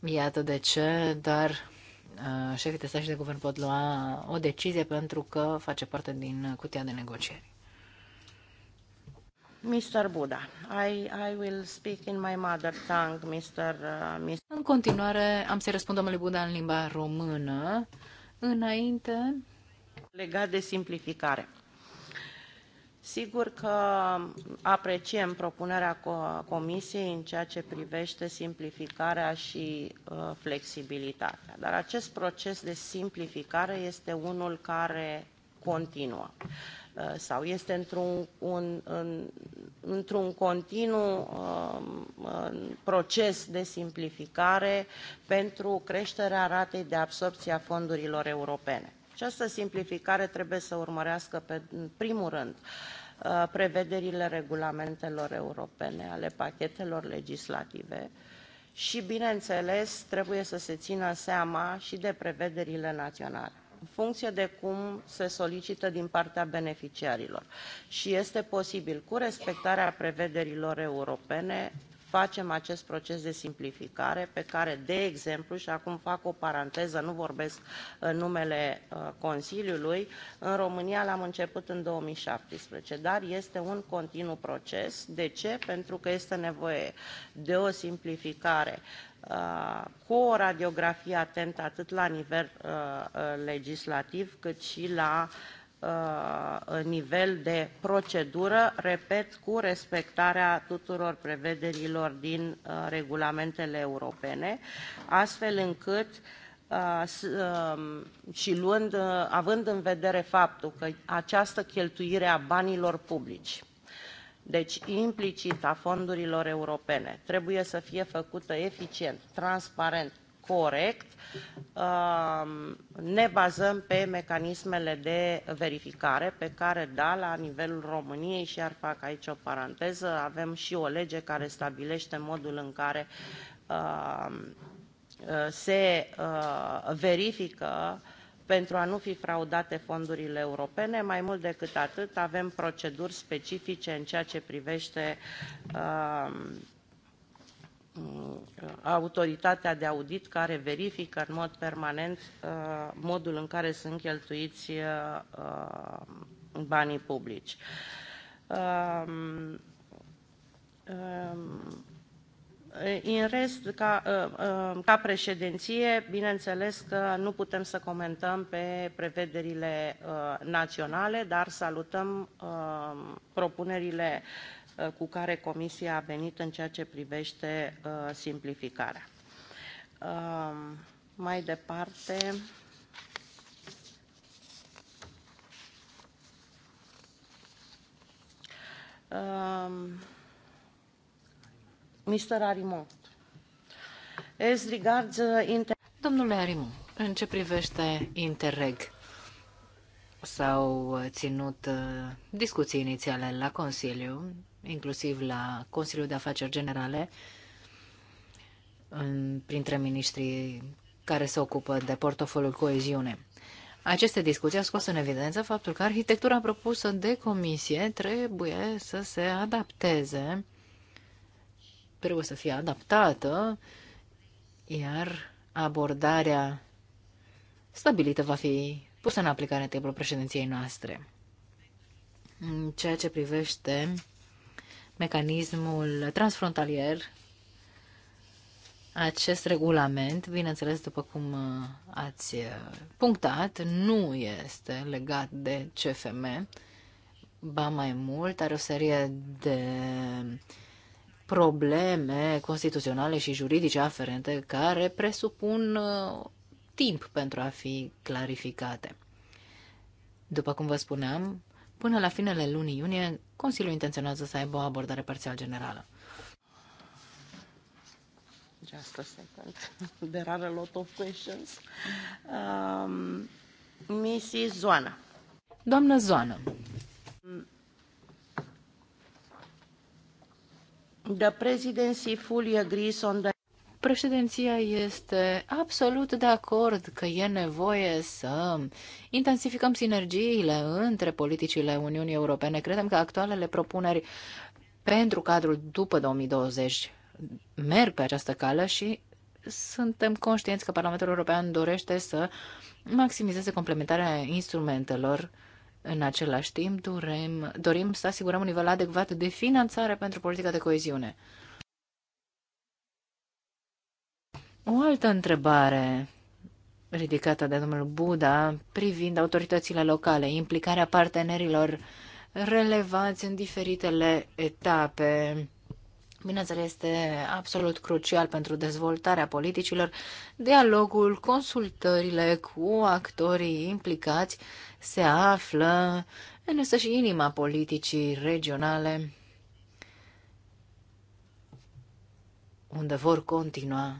Iată de ce, dar șefii de stat și de guvern pot lua o decizie pentru că face parte din cutia de negocieri.
Mr. Buda, I, I will speak in my mother tongue,
Mr. Uh, Mr. În continuare, am să răspund domnului Buda în limba română. Înainte...
Legat de simplificare. Sigur că apreciem propunerea Comisiei în ceea ce privește simplificarea și uh, flexibilitatea, dar acest proces de simplificare este unul care continuă uh, sau este într-un un, în, într continuu um, proces de simplificare pentru creșterea ratei de absorbție a fondurilor europene. Această simplificare trebuie să urmărească, pe, în primul rând, uh, prevederile regulamentelor europene ale pachetelor legislative și, bineînțeles, trebuie să se țină seama și de prevederile naționale în funcție de cum se solicită din partea beneficiarilor. Și este posibil, cu respectarea prevederilor europene, facem acest proces de simplificare pe care, de exemplu, și acum fac o paranteză, nu vorbesc în numele uh, Consiliului, în România l-am început în 2017, dar este un continuu proces. De ce? Pentru că este nevoie de o simplificare uh, cu o radiografie atentă atât la nivel uh, legislativ cât și la uh, Uh, nivel de procedură, repet, cu respectarea tuturor prevederilor din uh, regulamentele europene, astfel încât uh, um, și luând, având în vedere faptul că această cheltuire a banilor publici, deci implicit a fondurilor europene, trebuie să fie făcută eficient, transparent, corect, um, ne bazăm pe mecanismele de verificare pe care, da, la nivelul României, și ar fac aici o paranteză, avem și o lege care stabilește modul în care um, se uh, verifică pentru a nu fi fraudate fondurile europene. Mai mult decât atât, avem proceduri specifice în ceea ce privește uh, Mm, autoritatea de audit care verifică în mod permanent uh, modul în care sunt cheltuiți uh, uh, banii publici. Um, um, în rest, ca, ca președinție, bineînțeles că nu putem să comentăm pe prevederile naționale, dar salutăm propunerile Uh, cu care Comisia a venit în ceea ce privește uh, simplificarea. Um, mai departe, Mr. Um, Arimont.
As regards uh, inter... Domnule Arimont, în ce privește Interreg, s-au ținut discuții inițiale la Consiliu inclusiv la Consiliul de Afaceri Generale, în, printre ministrii care se ocupă de portofoliul coeziune. Aceste discuții au scos în evidență faptul că arhitectura propusă de comisie trebuie să se adapteze, trebuie să fie adaptată, iar abordarea stabilită va fi pusă în aplicare în timpul președinției noastre. În ceea ce privește mecanismul transfrontalier, acest regulament, bineînțeles, după cum uh, ați uh, punctat, nu este legat de CFM, ba mai mult, are o serie de probleme constituționale și juridice aferente care presupun uh, timp pentru a fi clarificate. După cum vă spuneam, Până la finele lunii iunie, Consiliul intenționează să aibă o abordare parțial generală. Just a second.
There are a lot of questions. Um, Mrs. Zoana.
Doamna Zoana.
The presidency fully agrees
on the Președinția este absolut de acord că e nevoie să intensificăm sinergiile între politicile Uniunii Europene. Credem că actualele propuneri pentru cadrul după 2020 merg pe această cale și suntem conștienți că Parlamentul European dorește să maximizeze complementarea instrumentelor în același timp, dorim, dorim să asigurăm un nivel adecvat de finanțare pentru politica de coeziune. O altă întrebare ridicată de domnul Buda privind autoritățile locale, implicarea partenerilor relevanți în diferitele etape. Bineînțeles, este absolut crucial pentru dezvoltarea politicilor dialogul, consultările cu actorii implicați se află în însă și inima politicii regionale, unde vor continua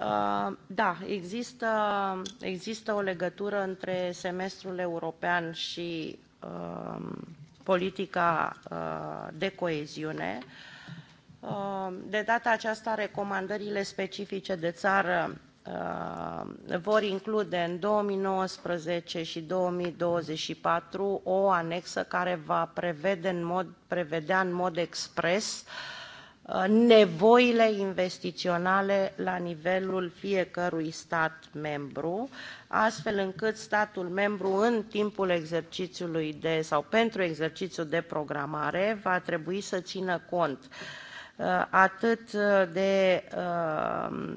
Uh, da, există, există o legătură între semestrul european și uh, politica uh, de coeziune. De data aceasta, recomandările specifice de țară vor include în 2019 și 2024 o anexă care va prevede în mod, prevedea în mod expres uh, Uh, nevoile investiționale la nivelul fiecărui stat membru, astfel încât statul membru în timpul exercițiului de, sau pentru exercițiul de programare va trebui să țină cont Uh, atât uh, de uh,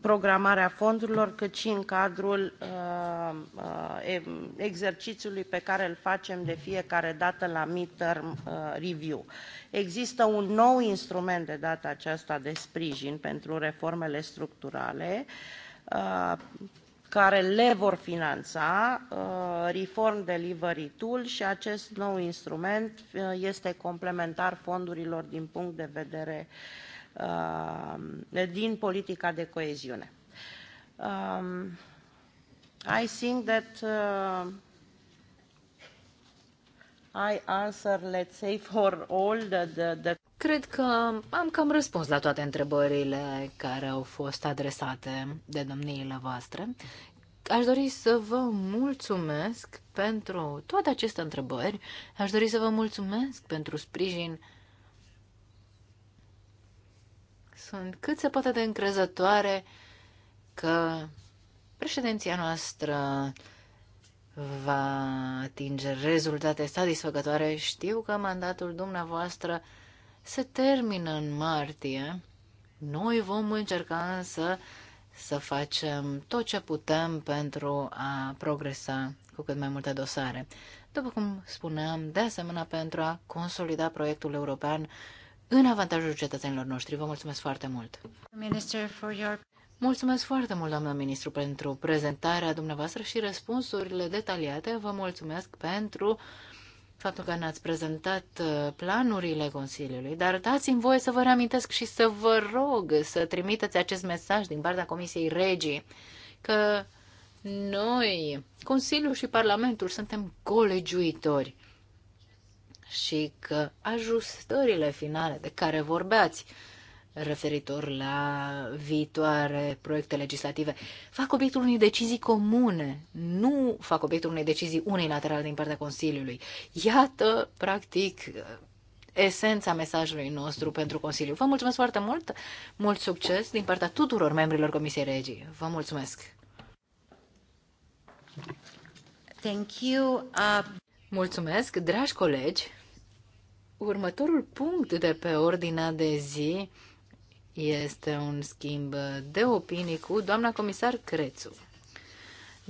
programarea fondurilor, cât și în cadrul exercițiului pe care îl facem de fiecare dată la midterm review. Există un nou instrument de data aceasta de sprijin pentru reformele structurale, care le vor finanța uh, Reform Delivery Tool și acest nou instrument uh, este complementar fondurilor din punct de vedere uh, din politica de coeziune. Um, I think that uh, I answer, let's
say, for all the, the, the Cred că am cam răspuns la toate întrebările care au fost adresate de domniile voastre. Aș dori să vă mulțumesc pentru toate aceste întrebări. Aș dori să vă mulțumesc pentru sprijin. Sunt cât se poate de încrezătoare că președinția noastră va atinge rezultate satisfăcătoare. Știu că mandatul dumneavoastră se termină în martie. Noi vom încerca însă să facem tot ce putem pentru a progresa cu cât mai multe dosare. După cum spuneam, de asemenea pentru a consolida proiectul european în avantajul cetățenilor noștri. Vă mulțumesc foarte mult! Minister, for your... Mulțumesc foarte mult, doamnă ministru, pentru prezentarea dumneavoastră și răspunsurile detaliate. Vă mulțumesc pentru uh, faptul că ne-ați prezentat uh, planurile Consiliului, dar dați-mi voie să vă reamintesc și să vă rog să trimiteți acest mesaj din partea Comisiei Regii că noi, Consiliul și Parlamentul, suntem colegiuitori și că ajustările finale de care vorbeați referitor la viitoare proiecte legislative fac obiectul unei decizii comune, nu fac obiectul unei decizii unilaterale din partea Consiliului. Iată, practic, esența mesajului nostru pentru Consiliu. Vă mulțumesc foarte mult, mult succes din partea tuturor membrilor Comisiei Regii. Vă mulțumesc! Thank you. Uh... Mulțumesc, dragi colegi! Următorul punct de pe ordinea de zi este un schimb de opinii cu doamna comisar Crețu.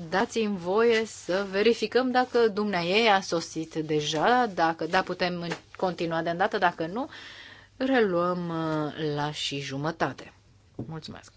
Dați-mi voie să verificăm dacă dumneaei a sosit deja, dacă da, putem continua de îndată, dacă nu, reluăm uh, la și jumătate. Mulțumesc!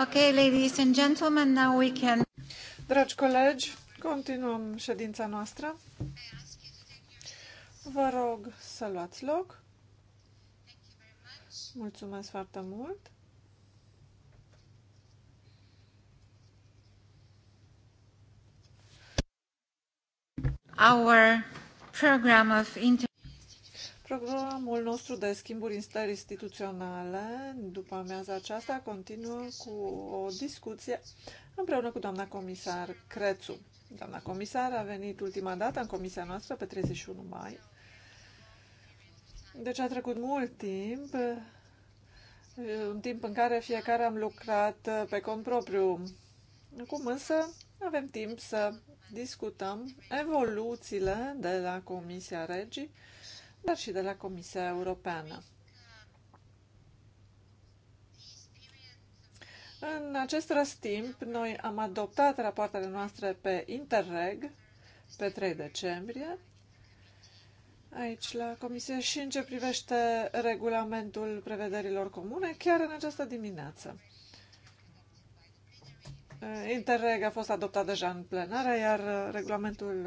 Okay, ladies and gentlemen, now we can...
Dragi colegi, continuăm ședința noastră. Vă rog să luați loc. Mulțumesc foarte mult.
Our program of inter
nostru de schimburi în instituționale, după amiaza aceasta, continuă cu o discuție împreună cu doamna comisar Crețu. Doamna comisar a venit ultima dată în comisia noastră pe 31 mai. Deci a trecut mult timp, un timp în care fiecare am lucrat pe cont propriu. Acum însă avem timp să discutăm evoluțiile de la Comisia Regii dar și de la Comisia Europeană. În acest răstimp, noi am adoptat rapoartele noastre pe Interreg pe 3 decembrie, aici la Comisie și în ce privește regulamentul prevederilor comune, chiar în această dimineață. Interreg a fost adoptat deja în plenară, iar regulamentul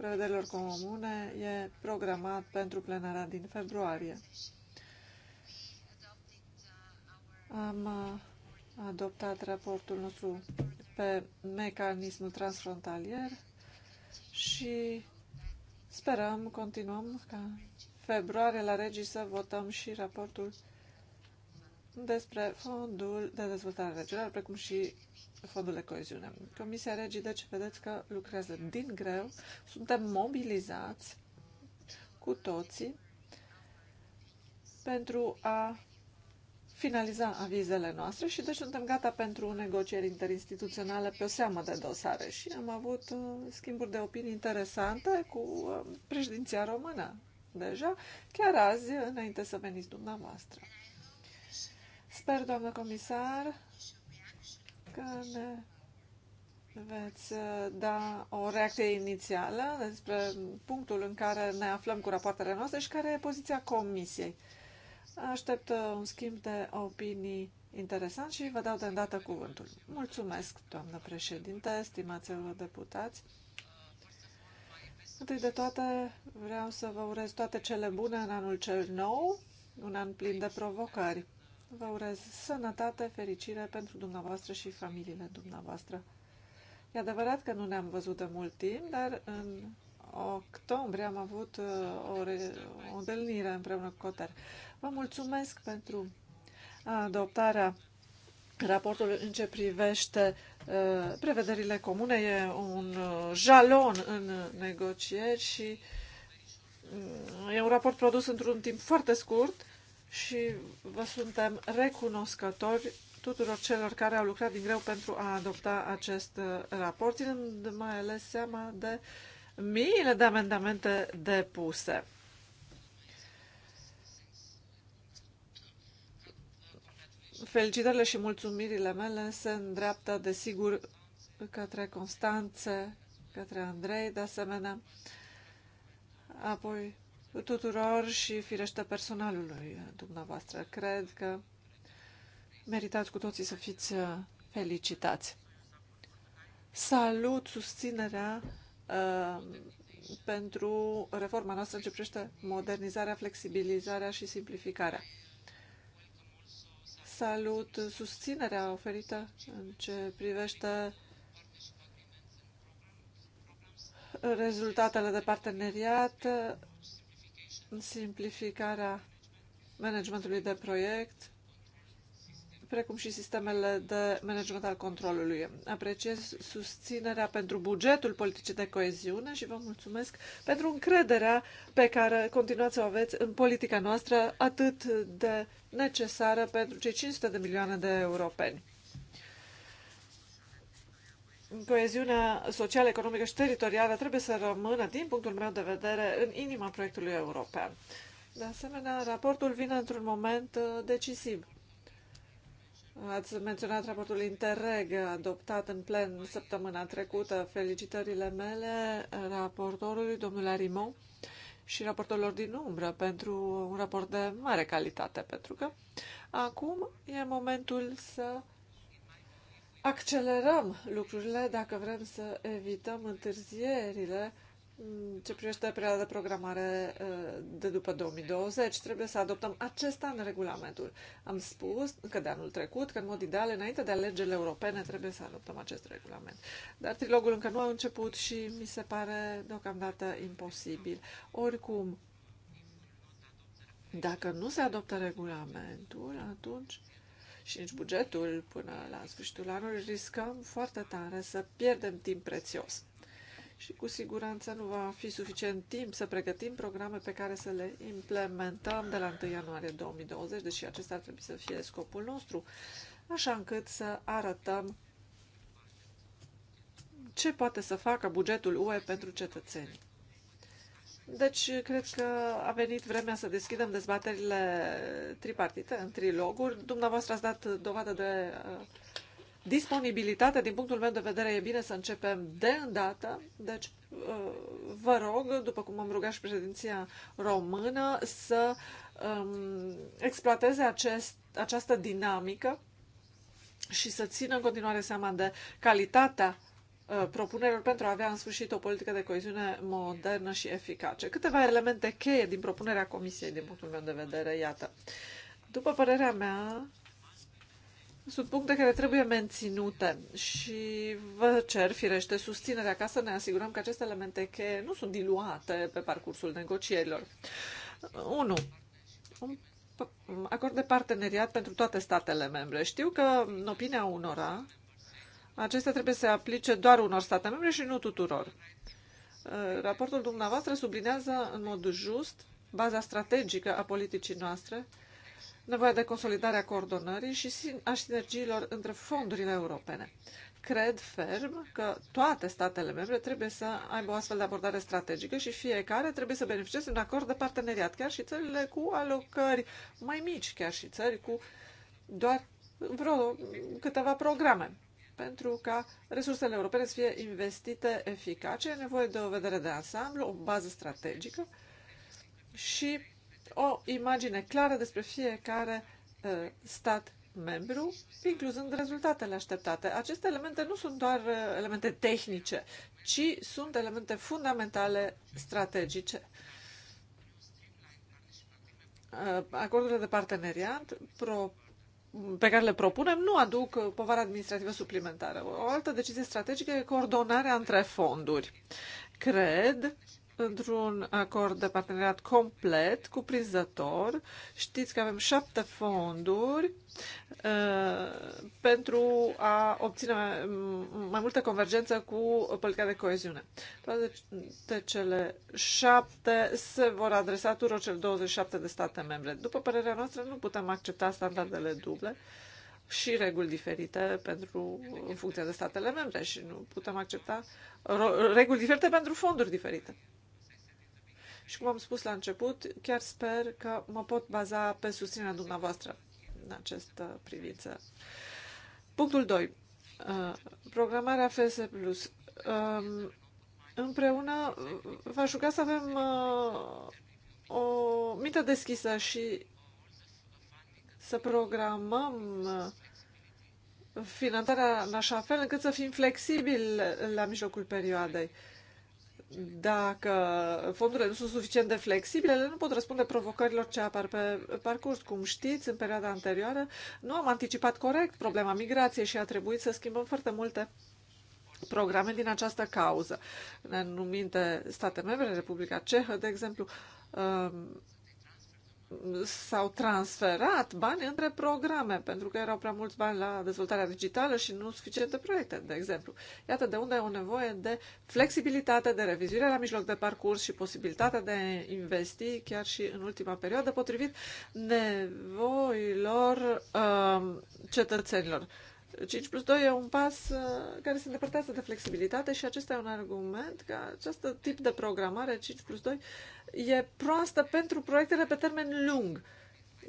prevederilor comune e programat pentru plenara din februarie. Am uh, adoptat raportul nostru pe mecanismul transfrontalier și sperăm, continuăm ca februarie la regii să votăm și raportul despre fondul de dezvoltare regională, precum și fondul de coeziune. Comisia Regii, deci vedeți că lucrează din greu, suntem mobilizați cu toții pentru a finaliza avizele noastre și deci suntem gata pentru negocieri interinstituționale pe o seamă de dosare și am avut uh, schimburi de opinii interesante cu uh, președinția română deja, chiar azi, înainte să veniți dumneavoastră. Sper, doamnă comisar, că ne veți uh, da o reacție inițială despre punctul în care ne aflăm cu rapoartele noastre și care e poziția Comisiei. Aștept uh, un schimb de opinii interesant și vă dau de îndată cuvântul. Mulțumesc, doamnă președinte, stimați deputați. Întâi de toate, vreau să vă urez toate cele bune în anul cel nou, un an plin de provocări. Vă urez sănătate, fericire pentru dumneavoastră și familiile dumneavoastră. E adevărat că nu ne-am văzut de mult timp, dar în octombrie am avut uh, o, re- o întâlnire împreună cu Coter. Vă mulțumesc pentru adoptarea raportului în ce privește uh, prevederile comune. E un uh, jalon în negocieri și e un raport produs într-un timp foarte scurt și vă suntem recunoscători tuturor celor care au lucrat din greu pentru a adopta acest uh, raport, ținând mai ales seama de miile de amendamente depuse. Felicitările și mulțumirile mele se îndreaptă, desigur, către Constanțe, către Andrei, de asemenea. Apoi, tuturor și firește personalului dumneavoastră. Cred că meritați cu toții să fiți uh, felicitați. Salut susținerea uh, pentru reforma noastră în ce privește modernizarea, flexibilizarea și simplificarea. Salut susținerea oferită în ce privește rezultatele de parteneriat simplificarea managementului de proiect, precum și sistemele de management al controlului. Apreciez susținerea pentru bugetul politicii de coeziune și vă mulțumesc pentru încrederea pe care continuați să o aveți în politica noastră atât de necesară pentru cei 500 de milioane de europeni coeziunea socială, economică și teritorială trebuie să rămână, din punctul meu de vedere, în inima proiectului european. De asemenea, raportul vine într-un moment uh, decisiv. Ați menționat raportul Interreg adoptat în plen săptămâna trecută. Felicitările mele raportorului, domnul Arimon, și raportorilor din umbră pentru un raport de mare calitate, pentru că acum e momentul să accelerăm lucrurile dacă vrem să evităm întârzierile ce privește perioada de programare uh, de după 2020, trebuie să adoptăm acesta în regulamentul. Am spus că de anul trecut, că în mod ideal, înainte de alegerile europene, trebuie să adoptăm acest regulament. Dar trilogul încă nu a început și mi se pare deocamdată imposibil. Oricum, dacă nu se adoptă regulamentul, atunci și nici bugetul până la sfârșitul anului, riscăm foarte tare să pierdem timp prețios. Și cu siguranță nu va fi suficient timp să pregătim programe pe care să le implementăm de la 1 ianuarie 2020, deși acesta ar trebui să fie scopul nostru, așa încât să arătăm ce poate să facă bugetul UE pentru cetățenii. Deci, cred că a venit vremea să deschidem dezbaterile tripartite, în triloguri. Dumneavoastră ați dat dovadă de uh, disponibilitate. Din punctul meu de vedere, e bine să începem de îndată. Deci, uh, vă rog, după cum am rugat și președinția română, să um, exploateze acest, această dinamică și să țină în continuare seama de calitatea Uh, propunerilor pentru a avea în sfârșit o politică de coeziune modernă și eficace. Câteva elemente cheie din propunerea Comisiei, din punctul meu de vedere, iată. După părerea mea, sunt puncte care trebuie menținute și vă cer firește susținerea ca să ne asigurăm că aceste elemente cheie nu sunt diluate pe parcursul negocierilor. 1. Un acord de parteneriat pentru toate statele membre. Știu că, în opinia unora, Acestea trebuie să se aplice doar unor state membre și nu tuturor. Uh, raportul dumneavoastră sublinează în mod just baza strategică a politicii noastre, nevoia de consolidare a coordonării și a sinergiilor între fondurile europene. Cred ferm că toate statele membre trebuie să aibă o astfel de abordare strategică și fiecare trebuie să beneficieze de un acord de parteneriat, chiar și țările cu alocări mai mici, chiar și țări cu doar vreo câteva programe pentru ca resursele europene să fie investite eficace. E nevoie de o vedere de ansamblu, o bază strategică și o imagine clară despre fiecare uh, stat membru, incluzând rezultatele așteptate. Aceste elemente nu sunt doar uh, elemente tehnice, ci sunt elemente fundamentale strategice. Uh, acordurile de parteneriat pe care le propunem nu aduc uh, povară administrativă suplimentară. O altă decizie strategică e coordonarea între fonduri. Cred într-un acord de parteneriat complet, cuprinzător. Știți că avem șapte fonduri uh, pentru a obține mai, mai multă convergență cu politica de coeziune. Toate cele șapte se vor adresa tuturor cel 27 de state membre. După părerea noastră, nu putem accepta standardele duble și reguli diferite pentru, în funcție de statele membre și nu putem accepta reguli diferite pentru fonduri diferite. Și cum am spus la început, chiar sper că mă pot baza pe susținerea dumneavoastră în această privință. Punctul 2. Uh, programarea FS Plus. Um, împreună uh, v-aș ruga să avem uh, o minte deschisă și să programăm finanțarea în așa fel încât să fim flexibili la mijlocul perioadei. Uh, dacă fondurile nu sunt suficient de flexibile, ele nu pot răspunde provocărilor ce apar pe parcurs. Cum știți, în perioada anterioară nu am anticipat corect problema migrației și a trebuit să schimbăm foarte multe programe din această cauză. În anumite state membre, Republica Cehă, de exemplu, s-au transferat bani între programe, pentru că erau prea mulți bani la dezvoltarea digitală și nu suficiente proiecte, de exemplu. Iată de unde e o nevoie de flexibilitate, de revizuire la mijloc de parcurs și posibilitatea de a investi chiar și în ultima perioadă, potrivit nevoilor uh, cetățenilor. 5 plus 2 e un pas uh, care se îndepărtează de flexibilitate și acesta e un argument că acest tip de programare 5 plus 2 e proastă pentru proiectele pe termen lung.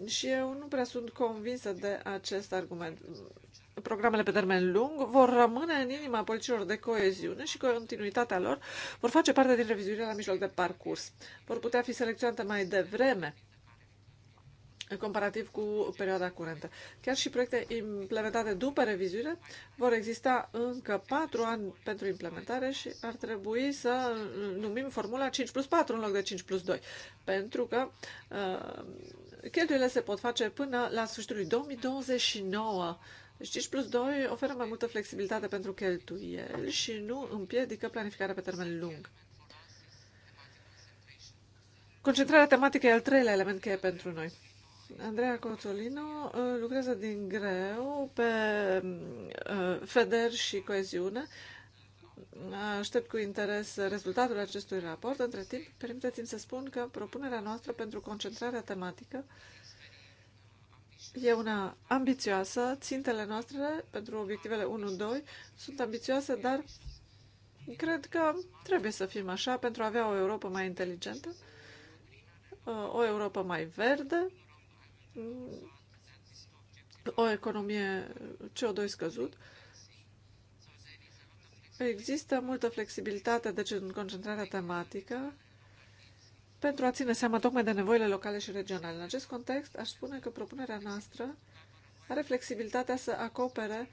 Și eu nu prea sunt convinsă de acest argument. Programele pe termen lung vor rămâne în inima politicilor de coeziune și continuitatea lor vor face parte din revizuirea la mijloc de parcurs. Vor putea fi selecționate mai devreme comparativ cu perioada curentă. Chiar și proiecte implementate după revizuire vor exista încă 4 ani pentru implementare și ar trebui să numim formula 5 plus 4 în loc de 5 plus 2, pentru că uh, cheltuielile se pot face până la sfârșitul 2029. 5 deci plus 2 oferă mai multă flexibilitate pentru cheltuieli și nu împiedică planificarea pe termen lung. Concentrarea tematică e al treilea element cheie pentru noi Andreea Cotolino uh, lucrează din greu pe uh, FEDER și coeziune. Aștept cu interes rezultatul acestui raport. Între timp, permiteți-mi să spun că propunerea noastră pentru concentrarea tematică e una ambițioasă. Țintele noastre pentru obiectivele 1-2 sunt ambițioase, dar cred că trebuie să fim așa pentru a avea o Europa mai inteligentă, uh, o Europa mai verde, o economie CO2 scăzut. Există multă flexibilitate, deci în concentrarea tematică, pentru a ține seama tocmai de nevoile locale și regionale. În acest context, aș spune că propunerea noastră are flexibilitatea să acopere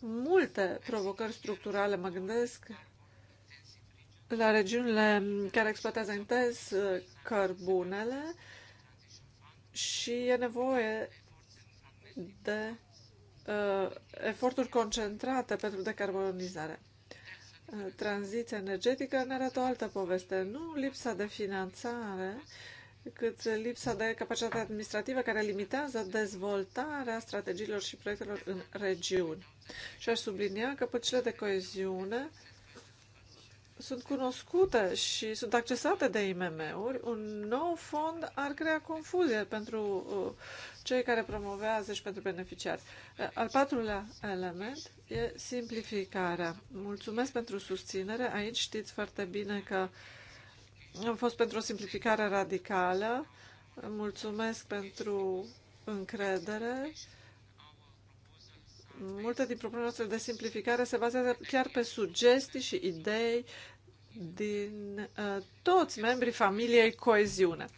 multe provocări structurale. Mă gândesc la regiunile care exploatează intens cărbunele, și e nevoie de uh, eforturi concentrate pentru decarbonizare. Uh, tranziția energetică ne arată o altă poveste. Nu lipsa de finanțare, cât lipsa de capacitate administrativă care limitează dezvoltarea strategiilor și proiectelor în regiuni. Și aș sublinia că păcile de coeziune uh, sunt cunoscute și sunt accesate de IMM-uri, un nou fond ar crea confuzie pentru uh, cei care promovează și pentru beneficiari. Uh, al patrulea element e simplificarea. Mulțumesc pentru susținere. Aici știți foarte bine că am fost pentru o simplificare radicală. Mulțumesc pentru încredere multe din propunerile noastre de simplificare se bazează chiar pe sugestii și idei din uh, toți membrii familiei Coeziune.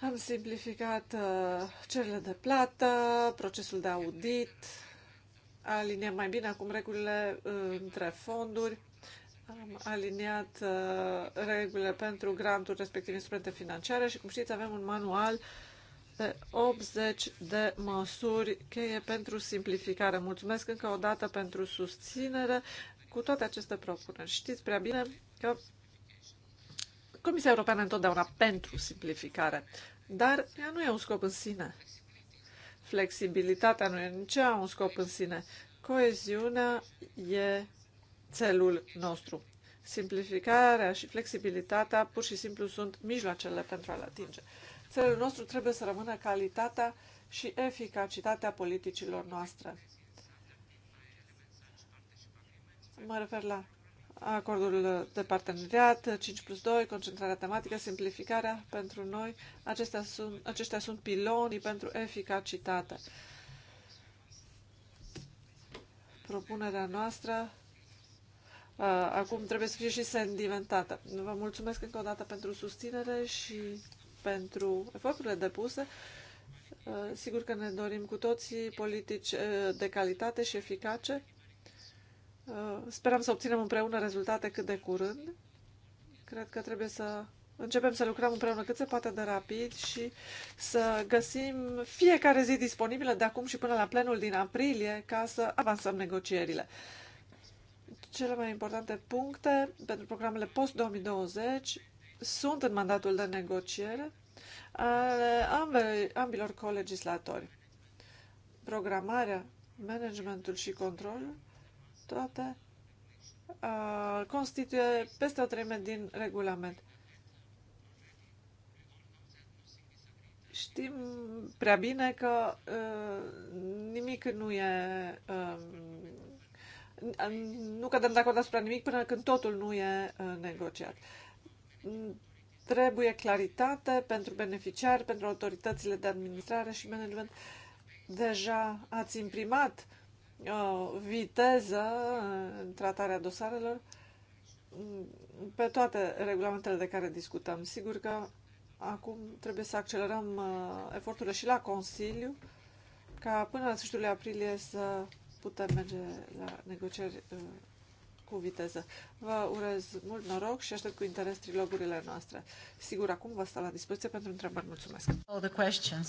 Am simplificat uh, cererile de plată, procesul de audit, aliniem mai bine acum regulile uh, între fonduri, am aliniat uh, regulile pentru granturi, respectiv instrumente financiare și, cum știți, avem un manual uh, pe 80 de măsuri cheie pentru simplificare. Mulțumesc încă o dată pentru susținere cu toate aceste propuneri. Știți prea bine că Comisia Europeană întotdeauna pentru simplificare, dar ea nu e un scop în sine. Flexibilitatea nu e nici ea un scop în sine. Coeziunea e celul nostru. Simplificarea și flexibilitatea pur și simplu sunt mijloacele pentru a-l atinge. Țelul nostru trebuie să rămână calitatea și eficacitatea politicilor noastre. Mă refer la acordul de parteneriat, 5 plus 2, concentrarea tematică, simplificarea pentru noi. Acestea sunt, aceștia sunt pilonii pentru eficacitate. Propunerea noastră acum trebuie să fie și sentimentată. Vă mulțumesc încă o dată pentru susținere și pentru eforturile depuse. Uh, sigur că ne dorim cu toții politici uh, de calitate și eficace. Uh, sperăm să obținem împreună rezultate cât de curând. Cred că trebuie să începem să lucrăm împreună cât se poate de rapid și să găsim fiecare zi disponibilă de acum și până la plenul din aprilie ca să avansăm negocierile. Cele mai importante puncte pentru programele post-2020 sunt în mandatul de negociere ale ambe, ambilor colegislatori. Programarea, managementul și controlul, toate uh, constituie peste o treime din regulament. Știm prea bine că uh, nimic nu e uh, nu cădem de acord asupra nimic până când totul nu e negociat. Trebuie claritate pentru beneficiari, pentru autoritățile de administrare și management. Deja ați imprimat o uh, viteză uh, în tratarea dosarelor mm, pe toate regulamentele de care discutăm. Sigur că acum trebuie să accelerăm uh, eforturile și la Consiliu ca până la sfârșitul aprilie să putem merge la negocieri cu viteză. Vă urez mult noroc și aștept cu interes trilogurile noastre. Sigur, acum vă stau la dispoziție pentru întrebări. Mulțumesc!
All the questions.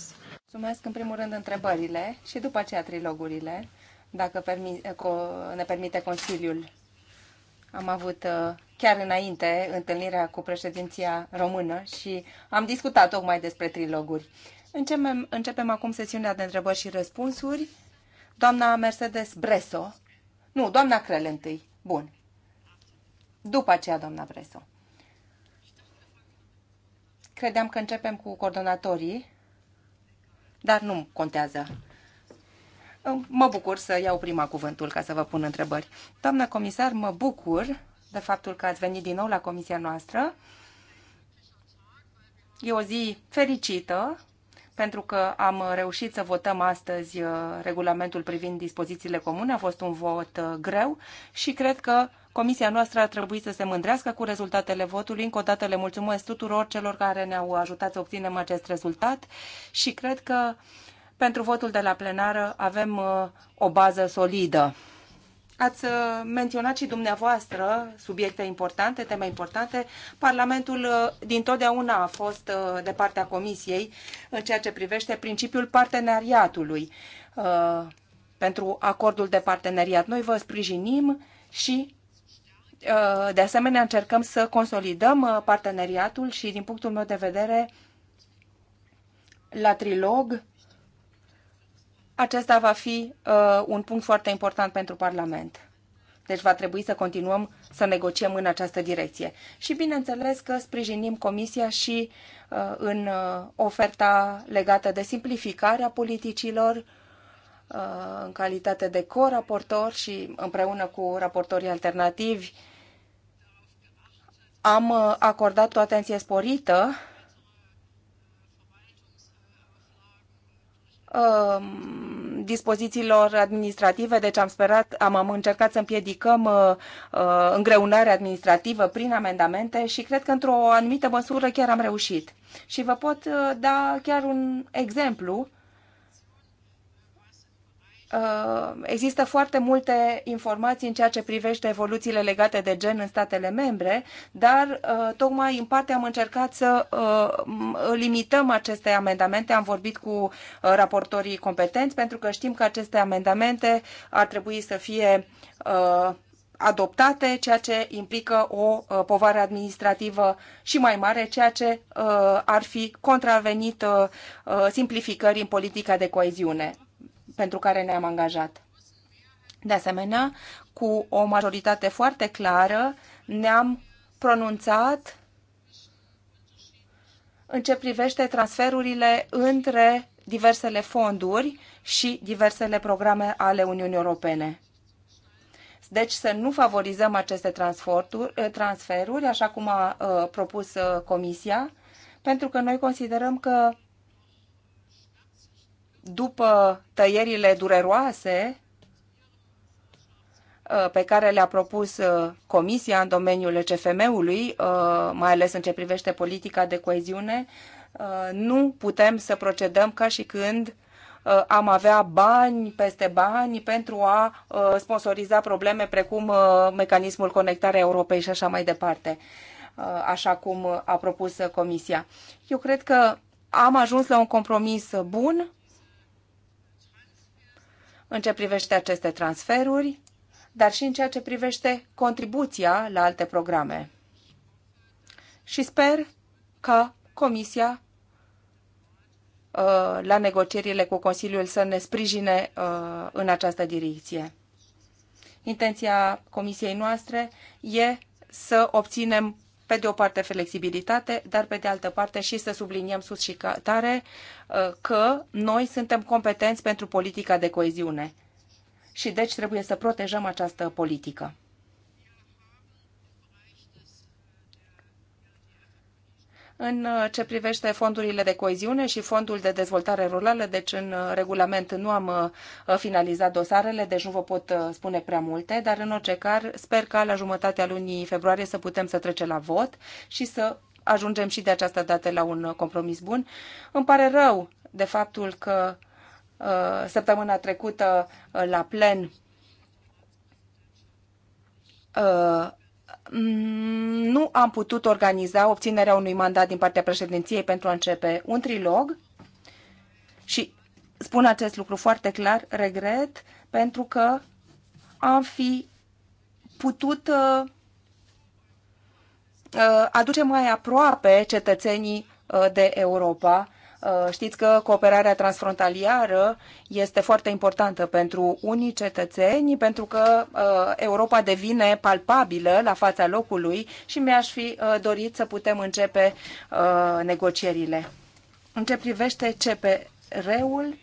Mulțumesc în primul rând întrebările și după aceea trilogurile, dacă ne permite Consiliul. Am avut uh, chiar înainte întâlnirea cu președinția română și am discutat tocmai despre triloguri. Începem, începem acum sesiunea de întrebări și răspunsuri. Doamna Mercedes Breso. Nu, doamna Crele întâi. Bun. După aceea, doamna Bresu. Credeam că începem cu coordonatorii, dar nu contează. Mă bucur să iau prima cuvântul ca să vă pun întrebări. Doamna comisar, mă bucur de faptul că ați venit din nou la comisia noastră. E o zi fericită pentru că am reușit să votăm astăzi uh, regulamentul privind dispozițiile comune. A fost un vot uh, greu și cred că comisia noastră a trebuit să se mândrească cu rezultatele votului. Încă o dată le mulțumesc tuturor celor care ne-au ajutat să obținem acest rezultat și cred că pentru votul de la plenară avem uh, o bază solidă Ați uh, menționat și dumneavoastră subiecte importante, teme importante. Parlamentul uh, din totdeauna a fost uh, de partea Comisiei în ceea ce privește principiul parteneriatului pentru acordul de parteneriat. Noi vă sprijinim și de asemenea încercăm să consolidăm parteneriatul și din punctul meu de vedere la trilog acesta va fi uh, un punct foarte important pentru Parlament. Deci va trebui să continuăm să negociem în această direcție. Și bineînțeles că sprijinim Comisia și uh, în uh, oferta legată de simplificarea politicilor uh, în calitate de co-raportor și împreună cu raportorii alternativi am uh, acordat o atenție sporită uh, dispozițiilor administrative, deci am sperat, am, am încercat să împiedicăm uh, uh, îngreunarea administrativă prin amendamente și cred că într-o anumită măsură chiar am reușit. Și vă pot uh, da chiar un exemplu uh, Uh, există foarte multe informații în ceea ce privește evoluțiile legate de gen în statele membre, dar uh, tocmai în parte am încercat să uh, limităm aceste amendamente. Am vorbit cu raportorii competenți pentru că știm că aceste amendamente ar trebui să fie adoptate, ceea ce implică o povară administrativă și mai mare, ceea ce ar fi contravenit simplificării în politica de coeziune pentru care ne-am angajat. De asemenea, cu o majoritate foarte clară, ne-am pronunțat în ce privește transferurile între diversele fonduri și diversele programe ale Uniunii Europene. Deci să nu favorizăm aceste ă, transferuri, așa cum a ă, propus ă, Comisia, pentru că noi considerăm că după tăierile dureroase uh, pe care le-a propus uh, Comisia în domeniul CFM-ului, uh, mai ales în ce privește politica de coeziune, nu putem să procedăm ca și când am avea bani peste bani pentru a sponsoriza probleme precum mecanismul conectare Europei și așa mai departe, așa cum a propus Comisia. Eu cred că am ajuns la un compromis bun în ce privește aceste transferuri, dar și în ceea ce privește contribuția la alte programe. Și sper că Comisia uh, la negocierile cu Consiliul să ne sprijine uh, în această direcție. Intenția Comisiei noastre e să obținem pe de o parte flexibilitate, dar pe de altă parte și să subliniem sus și tare uh, că noi suntem competenți pentru politica de coeziune. Și deci trebuie să protejăm această politică. în uh, ce privește fondurile de coeziune și fondul de dezvoltare rurală, deci în uh, regulament nu am uh, finalizat dosarele, deci nu vă pot spune prea multe, dar în orice caz sper ca la jumătatea lunii februarie să putem să trecem la vot și să ajungem și de această dată la un compromis bun. Îmi pare rău de faptul că săptămâna trecută la plen Mm, nu am putut organiza obținerea unui mandat din partea președinției pentru a începe un trilog și spun acest lucru foarte clar, regret, pentru că am fi putut uh, uh, aduce mai aproape cetățenii uh, de Europa Uh, știți că cooperarea transfrontalieră este foarte importantă pentru unii cetățeni, pentru că uh, Europa devine palpabilă la fața locului și mi-aș fi uh, dorit să putem începe negocierile. În ce privește CPR-ul,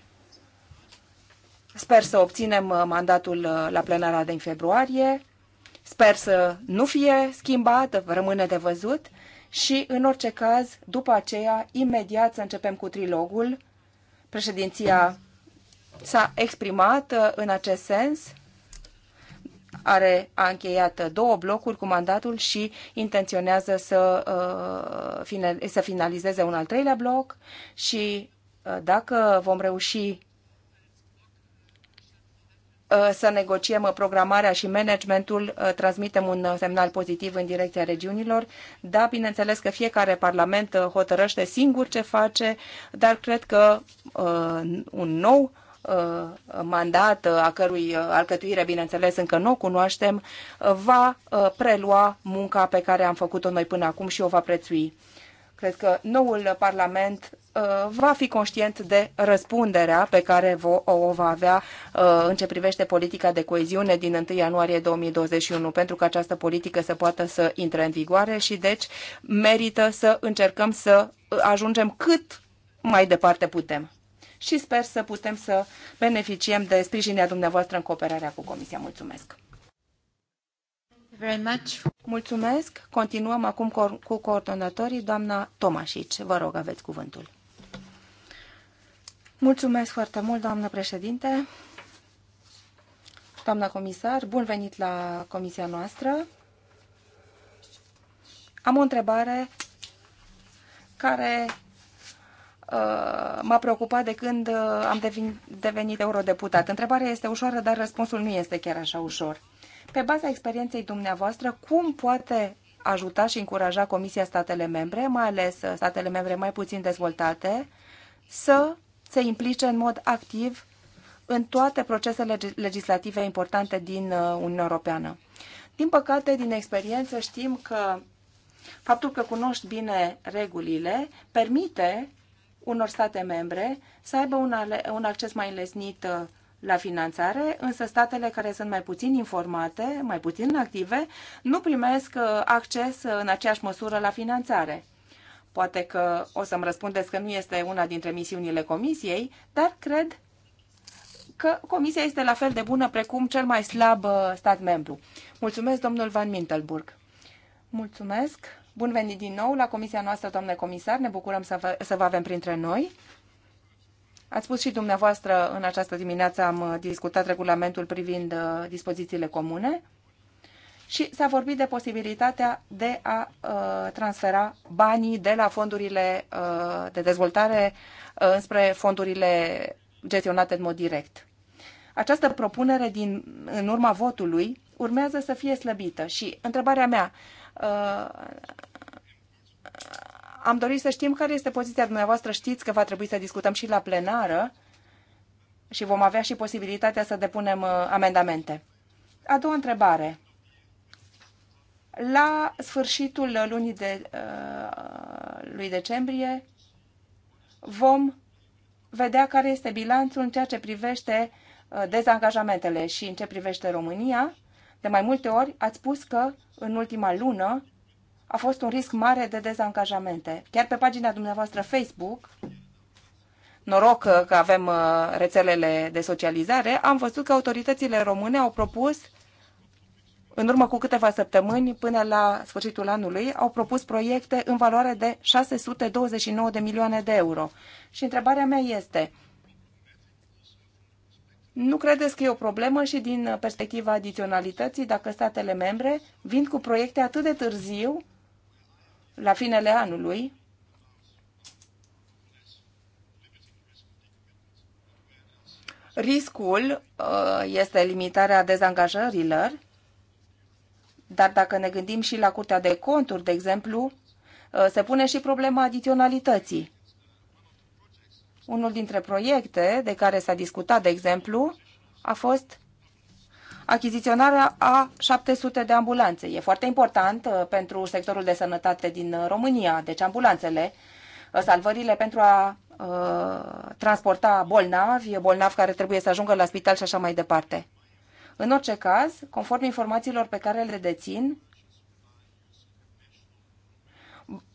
sper să obținem mandatul la plenara din februarie. Sper să nu fie schimbat, rămâne de văzut și, în orice caz, după aceea, imediat să începem cu trilogul. Președinția s-a exprimat uh, în acest sens. Are, a încheiat uh, două blocuri cu mandatul și intenționează să, uh, să finalizeze un al treilea bloc și uh, dacă vom reuși Uh, să negociem programarea și managementul, uh, transmitem un uh, semnal pozitiv în direcția regiunilor. Da, bineînțeles că fiecare parlament hotărăște singur ce face, dar cred că un nou mandat, a cărui alcătuire, bineînțeles, încă nu o cunoaștem, va prelua munca pe care am făcut-o noi până acum și o va prețui. Cred că noul Parlament Uh, va fi conștient de răspunderea pe care o va avea uh, în ce privește politica de coeziune din 1 ianuarie 2021, pentru că această politică să poată să intre în vigoare și deci merită să încercăm să ajungem cât mai departe putem. Și sper să putem să beneficiem de sprijinea dumneavoastră în cooperarea cu Comisia. Mulțumesc! Very much. Mulțumesc. Continuăm acum cu coordonatorii. Doamna Tomașici, vă rog, aveți cuvântul. Mulțumesc foarte mult, doamnă președinte, doamna comisar, bun venit la comisia noastră. Am o întrebare care uh, m-a preocupat de când uh, am devenit eurodeputat. Întrebarea este ușoară, dar răspunsul nu este chiar așa ușor. Pe baza experienței dumneavoastră, cum poate ajuta și încuraja Comisia statele membre, mai ales uh, statele membre mai puțin dezvoltate, să se implice în mod activ în toate procesele legislative importante din uh, Uniunea Europeană. Din păcate, din experiență, știm că faptul că cunoști bine regulile permite unor state membre să aibă un, ale, un acces mai înlesnit uh, la finanțare, însă statele care sunt mai puțin informate, mai puțin active, nu primesc uh, acces în aceeași măsură la finanțare. Poate că o să-mi răspundeți că nu este una dintre misiunile comisiei, dar cred că comisia este la fel de bună precum cel mai slab uh, stat membru. Mulțumesc, domnul Van Mintelburg. Mulțumesc. Bun venit din nou la comisia noastră, domnule comisar. Ne bucurăm să vă, să vă avem printre noi. Ați spus și dumneavoastră în această dimineață am uh, discutat regulamentul privind uh, dispozițiile comune și s-a vorbit de posibilitatea de a uh, transfera banii de la fondurile uh, de dezvoltare înspre uh, fondurile gestionate în mod direct. Această propunere din, în urma votului urmează să fie slăbită și întrebarea mea am dorit să știm care este poziția dumneavoastră. Știți că va trebui să discutăm și la plenară și vom avea și posibilitatea să depunem amendamente. A doua întrebare. La sfârșitul lunii de, uh, lui decembrie vom vedea care este bilanțul în ceea ce privește uh, dezangajamentele și în ce privește România. De mai multe ori ați spus că în ultima lună a fost un risc mare de dezangajamente. Chiar pe pagina dumneavoastră Facebook, noroc că avem uh, rețelele de socializare, am văzut că autoritățile române au propus în urmă cu câteva săptămâni, până la sfârșitul anului, au propus proiecte în valoare de 629 de milioane de euro. Și întrebarea mea este, nu credeți că e o problemă și din perspectiva adiționalității dacă statele membre vin cu proiecte atât de târziu, la finele anului, riscul uh, este limitarea dezangajărilor, dar dacă ne gândim și la Curtea de Conturi, de exemplu, uh, se pune și problema adiționalității. Unul dintre proiecte de care s-a discutat, de exemplu, a fost achiziționarea a 700 de ambulanțe. E foarte important uh, pentru sectorul de sănătate din România, deci ambulanțele, uh, salvările pentru a uh, transporta bolnavi, bolnavi care trebuie să ajungă la spital și așa mai departe. În orice caz, conform informațiilor pe care le dețin,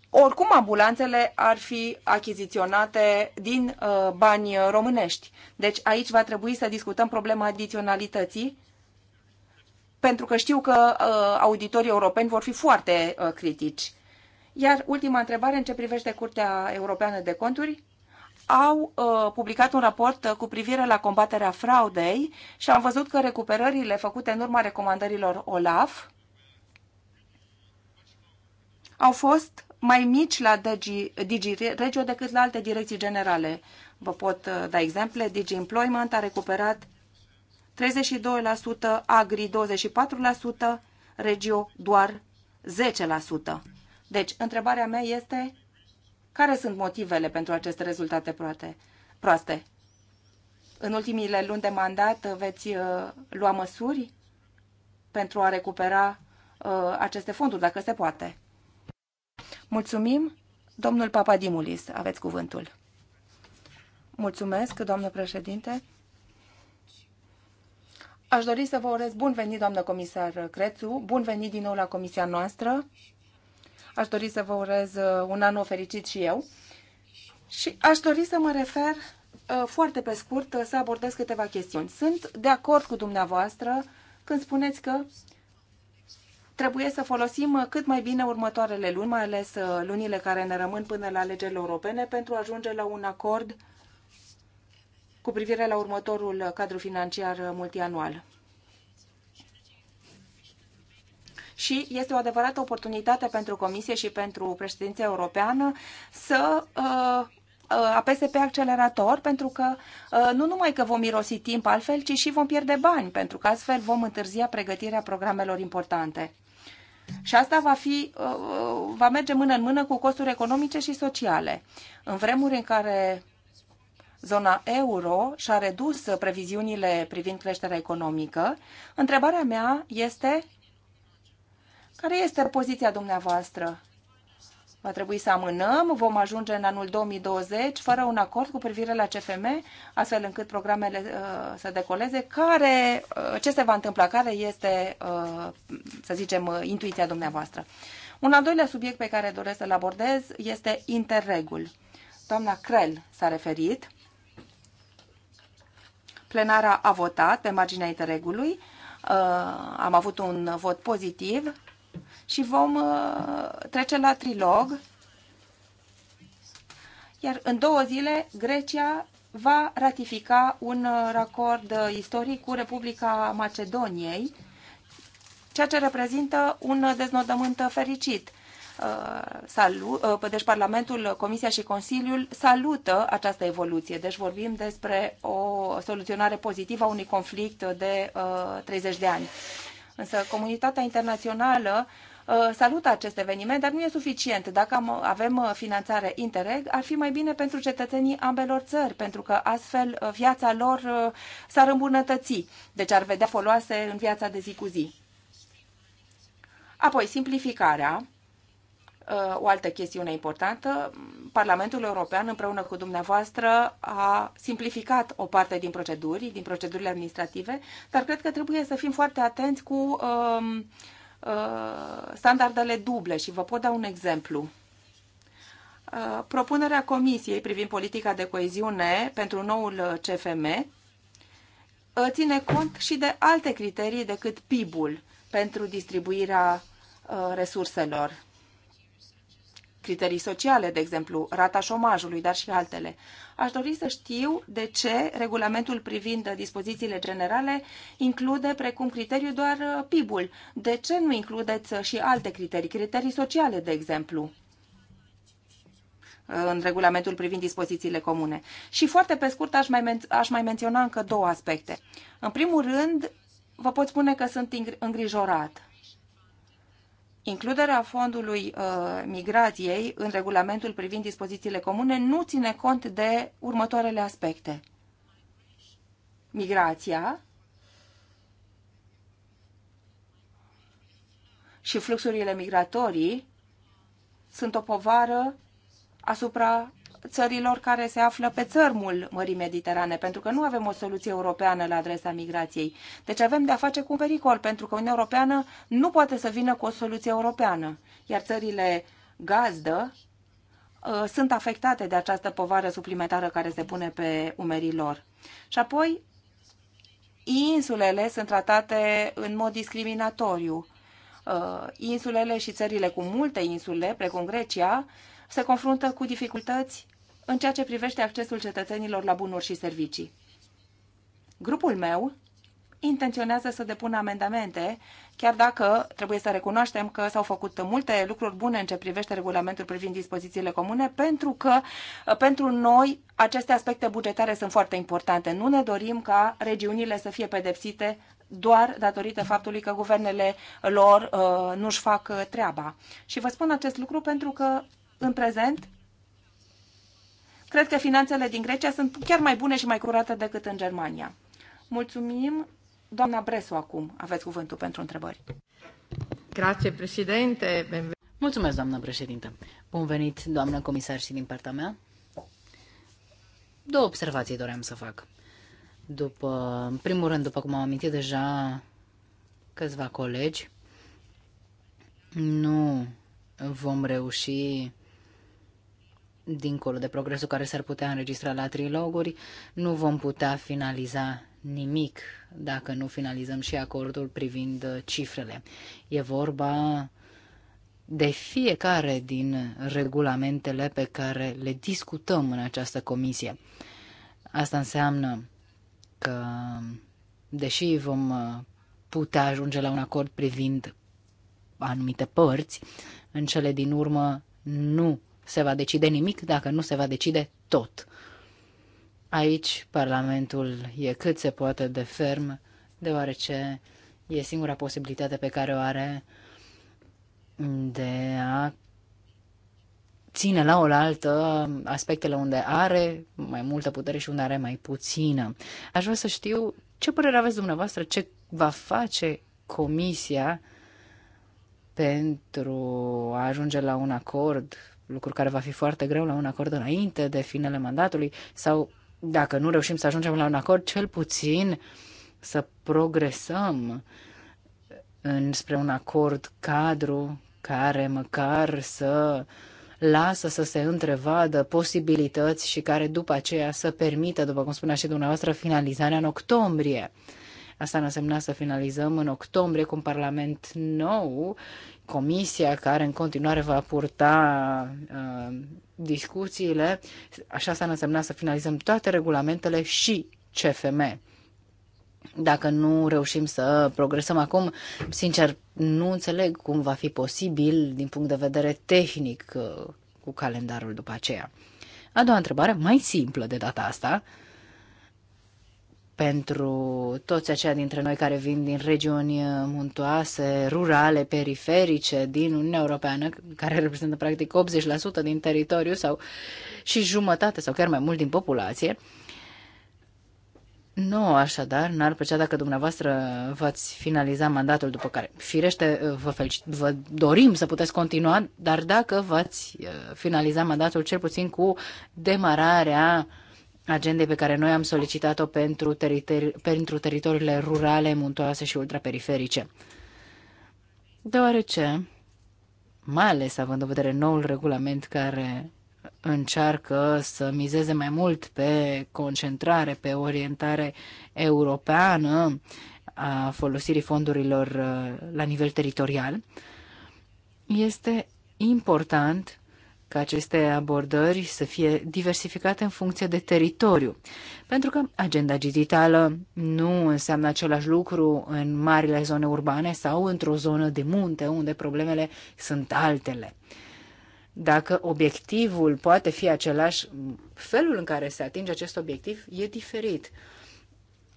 oricum ambulanțele ar fi achiziționate din uh, bani românești. Deci aici va trebui să discutăm problema adiționalității, pentru că știu că uh, auditorii europeni vor fi foarte uh, critici. Iar ultima întrebare în ce privește Curtea Europeană de Conturi, au uh, publicat un raport uh, cu privire la combaterea fraudei și am văzut că recuperările făcute în urma recomandărilor OLAF au fost mai mici la Digi, Digi Regio decât la alte direcții generale. Vă pot uh, da exemple. Digi Employment a recuperat 32%, Agri 24%, Regio doar 10%. Deci, întrebarea mea este care sunt motivele pentru aceste rezultate proaste? În ultimile luni de mandat uh, veți uh, lua măsuri pentru a recupera uh, aceste fonduri, dacă se poate. Mulțumim. Domnul Papadimulis, aveți cuvântul. Mulțumesc, doamnă președinte. Aș dori să vă urez bun venit, doamnă comisar Crețu, bun venit din nou la comisia noastră. Aș dori să vă urez uh, un an fericit și eu. Și aș dori să mă refer uh, foarte pe scurt uh, să abordez câteva chestiuni. Sunt de acord cu dumneavoastră când spuneți că trebuie să folosim cât mai bine următoarele luni, mai ales lunile care ne rămân până la alegerile europene, pentru a ajunge la un acord cu privire la următorul cadru financiar multianual. și este o adevărată oportunitate pentru Comisie și pentru președinția europeană să uh, uh, apese pe accelerator pentru că uh, nu numai că vom irosi timp altfel, ci și vom pierde bani, pentru că astfel vom întârzia pregătirea programelor importante. Și asta va, fi, va merge mână în mână cu costuri economice și sociale. În vremuri în care zona euro și-a redus previziunile privind creșterea economică, întrebarea mea este care este poziția dumneavoastră? Va trebui să amânăm, vom ajunge în anul 2020 fără un acord cu privire la CFM, astfel încât programele uh, să decoleze. Care, uh, ce se va întâmpla? Care este, uh, să zicem, uh, intuiția dumneavoastră? Un al doilea subiect pe care doresc să-l abordez este interregul. Doamna Crel s-a referit. Plenara a votat pe marginea interregului. Uh, am avut un vot pozitiv și vom uh, trece la trilog. Iar în două zile, Grecia va ratifica un uh, racord uh, istoric cu Republica Macedoniei, ceea ce reprezintă un deznodământ fericit. Salut, deci Parlamentul, Comisia și Consiliul salută această evoluție. Deci vorbim despre o soluționare pozitivă a unui conflict de 30 de ani. Însă comunitatea internațională uh, Uh, salută acest eveniment, dar nu e suficient. Dacă am, avem uh, finanțare Interreg, ar fi mai bine pentru cetățenii ambelor țări, pentru că astfel uh, viața lor s-ar îmbunătăți, deci ar vedea foloase în viața de zi cu zi. Apoi, simplificarea. O altă chestiune importantă, Parlamentul European împreună cu dumneavoastră a simplificat o parte din proceduri, din procedurile administrative, dar cred că trebuie să fim foarte atenți cu um, Uh, standardele duble și vă pot da un exemplu. Uh, propunerea Comisiei privind politica de coeziune pentru noul CFM uh, ține cont și de alte criterii decât PIB-ul pentru distribuirea resurselor criterii sociale, de exemplu, rata șomajului, dar și altele. Aș dori să știu de ce regulamentul privind dispozițiile generale include precum criteriu doar uh, PIB-ul. De ce nu includeți uh, și alte criterii, criterii sociale, de exemplu? Uh, în regulamentul privind dispozițiile comune. Și foarte pe scurt aș mai, men- aș mai menționa încă două aspecte. În primul rând, vă pot spune că sunt îngrijorat Includerea fondului uh, migrației în regulamentul privind dispozițiile comune nu ține cont de următoarele aspecte. Migrația și fluxurile migratorii sunt o povară asupra țărilor care se află pe țărmul Mării Mediterane, pentru că nu avem o soluție europeană la adresa migrației. Deci avem de-a face cu un pericol, pentru că Uniunea Europeană nu poate să vină cu o soluție europeană, iar țările gazdă uh, sunt afectate de această povară suplimentară care se pune pe umerii lor. Și apoi, insulele sunt tratate în mod discriminatoriu. Uh, insulele și țările cu multe insule, precum Grecia, se confruntă cu dificultăți în ceea ce privește accesul cetățenilor la bunuri și servicii. Grupul meu intenționează să depună amendamente, chiar dacă trebuie să recunoaștem că s-au făcut multe lucruri bune în ce privește regulamentul privind dispozițiile comune, pentru că pentru noi aceste aspecte bugetare sunt foarte importante. Nu ne dorim ca regiunile să fie pedepsite doar datorită faptului că guvernele lor uh, nu-și fac treaba. Și vă spun acest lucru pentru că în prezent Cred că finanțele din Grecia sunt chiar mai bune și mai curate decât în Germania. Mulțumim. Doamna Bresu, acum aveți cuvântul pentru întrebări. Grație,
președinte. Mulțumesc, doamnă președinte. Bun venit, doamnă comisar, și din partea mea. Două observații doream să fac. După, în primul rând, după cum am amintit deja câțiva colegi, nu vom reuși dincolo de progresul care s-ar putea înregistra la triloguri, nu vom putea finaliza nimic dacă nu finalizăm și acordul privind uh, cifrele. E vorba de fiecare din regulamentele pe care le discutăm în această comisie. Asta înseamnă că, deși vom uh, putea ajunge la un acord privind anumite părți, în cele din urmă nu se va decide nimic dacă nu se va decide tot. Aici Parlamentul e cât se poate de ferm, deoarece e singura posibilitate pe care o are de a ține la oaltă aspectele unde are mai multă putere și unde are mai puțină. Aș vrea să știu ce părere aveți dumneavoastră, ce va face Comisia pentru a ajunge la un acord lucru care va fi foarte greu la un acord înainte de finele mandatului sau dacă nu reușim să ajungem la un acord, cel puțin să progresăm înspre un acord cadru care măcar să lasă să se întrevadă posibilități și care după aceea să permită, după cum spunea și dumneavoastră, finalizarea în octombrie. Asta ne însemna să finalizăm în octombrie cu un parlament nou comisia care în continuare va purta uh, discuțiile, așa s-ar însemna să finalizăm toate regulamentele și CFM. Dacă nu reușim să progresăm acum, sincer, nu înțeleg cum va fi posibil din punct de vedere tehnic uh, cu calendarul după aceea. A doua întrebare, mai simplă de data asta, uh, pentru toți aceia dintre noi care vin din regiuni muntoase, rurale, periferice din Uniunea Europeană, care reprezintă practic 80% din teritoriu sau și jumătate sau chiar mai mult din populație. Nu, așadar, n-ar plăcea dacă dumneavoastră v-ați finaliza mandatul după care, firește, vă, felicit. vă dorim să puteți continua, dar dacă v-ați uh, finaliza mandatul cel puțin cu demararea uh, agendei pe care noi am solicitat-o pentru, teritori- pentru teritoriile rurale, muntoase și ultraperiferice. Deoarece, mai ales având în vedere noul regulament care încearcă să mizeze mai mult pe concentrare, pe orientare europeană a folosirii fondurilor uh, la nivel teritorial, este important ca aceste abordări să fie diversificate în funcție de teritoriu. Pentru că agenda digitală nu înseamnă același lucru în marile zone urbane sau într-o zonă de munte unde problemele sunt altele. Dacă obiectivul poate fi același, felul în care se atinge acest obiectiv e diferit.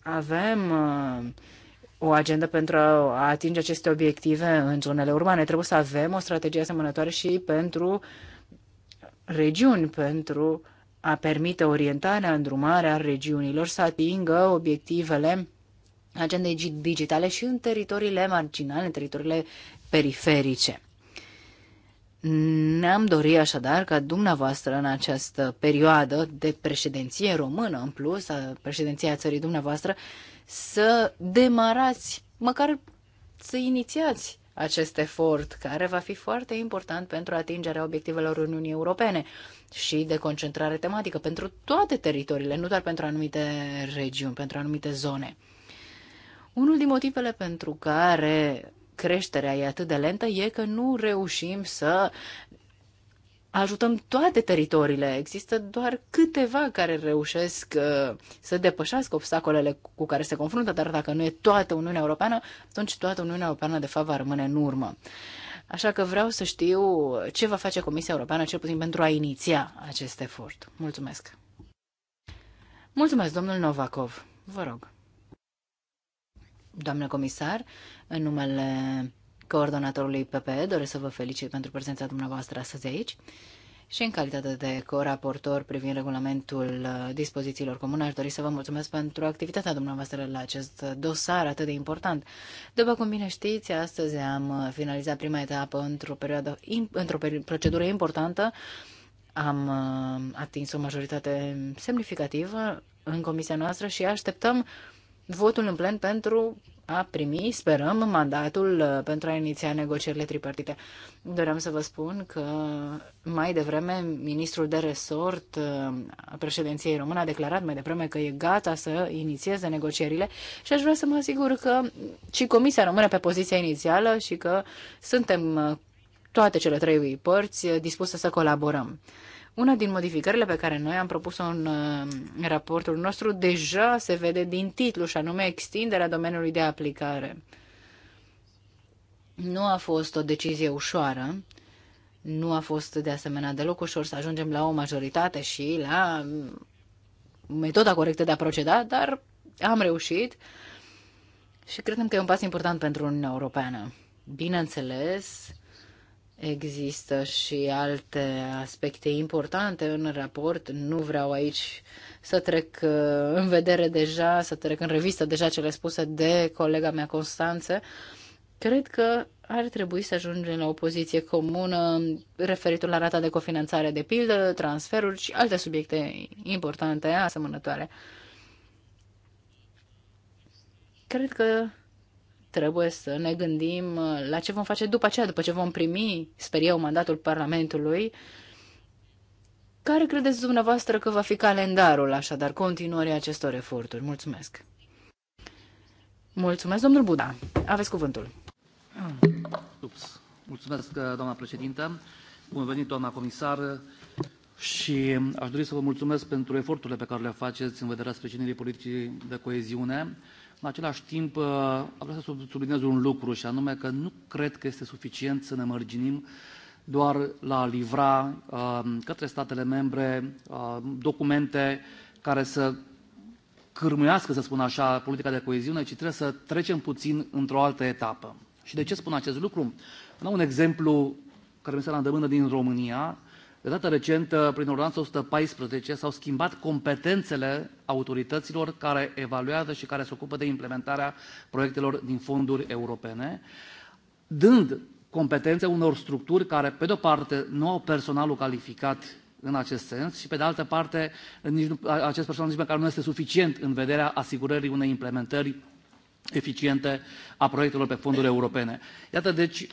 Avem uh, o agendă pentru a atinge aceste obiective în zonele urbane. Trebuie să avem o strategie asemănătoare și pentru uh, regiuni pentru a permite orientarea, îndrumarea regiunilor să atingă obiectivele agendei digitale și în teritoriile marginale, în teritoriile periferice. Ne-am dorit așadar ca dumneavoastră în această perioadă de președinție română în plus, a președinția țării dumneavoastră, să demarați, măcar să inițiați acest efort, care va fi foarte important pentru atingerea obiectivelor Uniunii Europene și de concentrare tematică pentru toate teritoriile, nu doar pentru anumite regiuni, pentru anumite zone. Unul din motivele pentru care creșterea e atât de lentă e că nu reușim să ajutăm toate teritoriile. Există doar câteva care reușesc uh, să depășească obstacolele cu care se confruntă, dar dacă nu e toată Uniunea Europeană, atunci toată Uniunea Europeană de fapt va rămâne în urmă. Așa că vreau să știu ce va face Comisia Europeană, cel puțin pentru a iniția acest efort. Mulțumesc! Mulțumesc, domnul Novakov. Vă rog. Doamnă comisar, în numele coordonatorului PPE. Doresc să vă felicit pentru prezența dumneavoastră astăzi aici și în calitate de coraportor privind regulamentul uh, dispozițiilor comune, aș dori să vă mulțumesc pentru activitatea dumneavoastră la acest dosar atât de important. După cum bine știți, astăzi am uh, finalizat prima etapă într-o, perioadă, într-o procedură importantă. Am uh, atins o majoritate semnificativă în comisia noastră și așteptăm votul în plen pentru a primi, sperăm, mandatul uh, pentru a iniția negocierile tripartite. Doream să vă spun că mai devreme ministrul de resort uh, a președinției române a declarat mai devreme că e gata să inițieze negocierile și aș vrea să mă asigur că și comisia rămâne pe poziția inițială și că suntem uh, toate cele trei părți dispuse să colaborăm. Una din modificările pe care noi am propus-o în, uh, în raportul nostru deja se vede din titlu, și anume extinderea domeniului de aplicare. Nu a fost o decizie ușoară, nu a fost de asemenea deloc ușor să ajungem la o majoritate și la um, metoda corectă de a proceda, dar am reușit și credem că e un pas important pentru Uniunea Europeană. Bineînțeles, Există și alte aspecte importante în raport. Nu vreau aici să trec uh, în vedere deja, să trec în revistă deja cele spuse de colega mea Constanță. Cred că ar trebui să ajungem la o poziție comună referitor la rata de cofinanțare de pildă, transferuri și alte subiecte importante asemănătoare. Cred că trebuie să ne gândim uh, la ce vom face după aceea, după ce vom primi, sper eu, mandatul Parlamentului. Care credeți dumneavoastră că va fi calendarul, așadar, continuării acestor eforturi? Mulțumesc! Mulțumesc, domnul Buda. Aveți
cuvântul. Ups. Mulțumesc, doamna președintă. Bun venit, doamna comisar și um, aș dori să vă mulțumesc pentru eforturile pe care le faceți în vederea sprijinirii politicii de coeziune. În același timp, uh, vreau să subliniez un lucru și anume că nu cred că este suficient să ne mărginim doar la a livra um, către statele membre um, documente care să cârmuiască, să spun așa, politica de coeziune, ci trebuie să trecem puțin într-o altă etapă. Și de ce spun acest lucru? Am un exemplu care mi se la îndemână din România, de data recentă, prin ordonanța 114, s-au schimbat competențele autorităților care evaluează și care se ocupă de implementarea proiectelor din fonduri europene, dând competențe unor structuri care, pe de-o parte, nu au personalul calificat în acest sens și, pe de altă parte, nici nu, acest personal nici măcar nu este suficient în vederea asigurării unei implementări eficiente a proiectelor pe fonduri europene. Iată, deci, uh,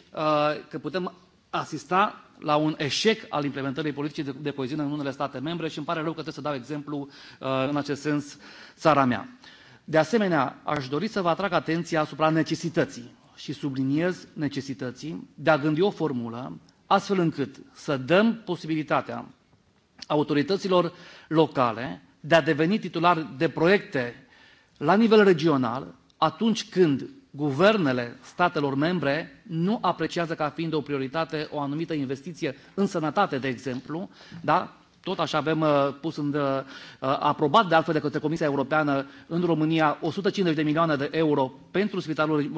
că putem asista la un eșec al implementării politicii de, de coeziune în unele state membre și îmi pare rău că trebuie să dau exemplu uh, în acest sens țara mea. De asemenea, aș dori să vă atrag atenția asupra necesității și subliniez necesității de a gândi o formulă astfel încât să dăm posibilitatea autorităților locale de a deveni titulari de proiecte la nivel regional atunci când guvernele statelor membre nu apreciază ca fiind o prioritate o anumită investiție în sănătate, de exemplu, da? Tot așa avem uh, pus în, uh, uh, aprobat de altfel de către Comisia Europeană în România 150 de milioane de euro pentru spitalul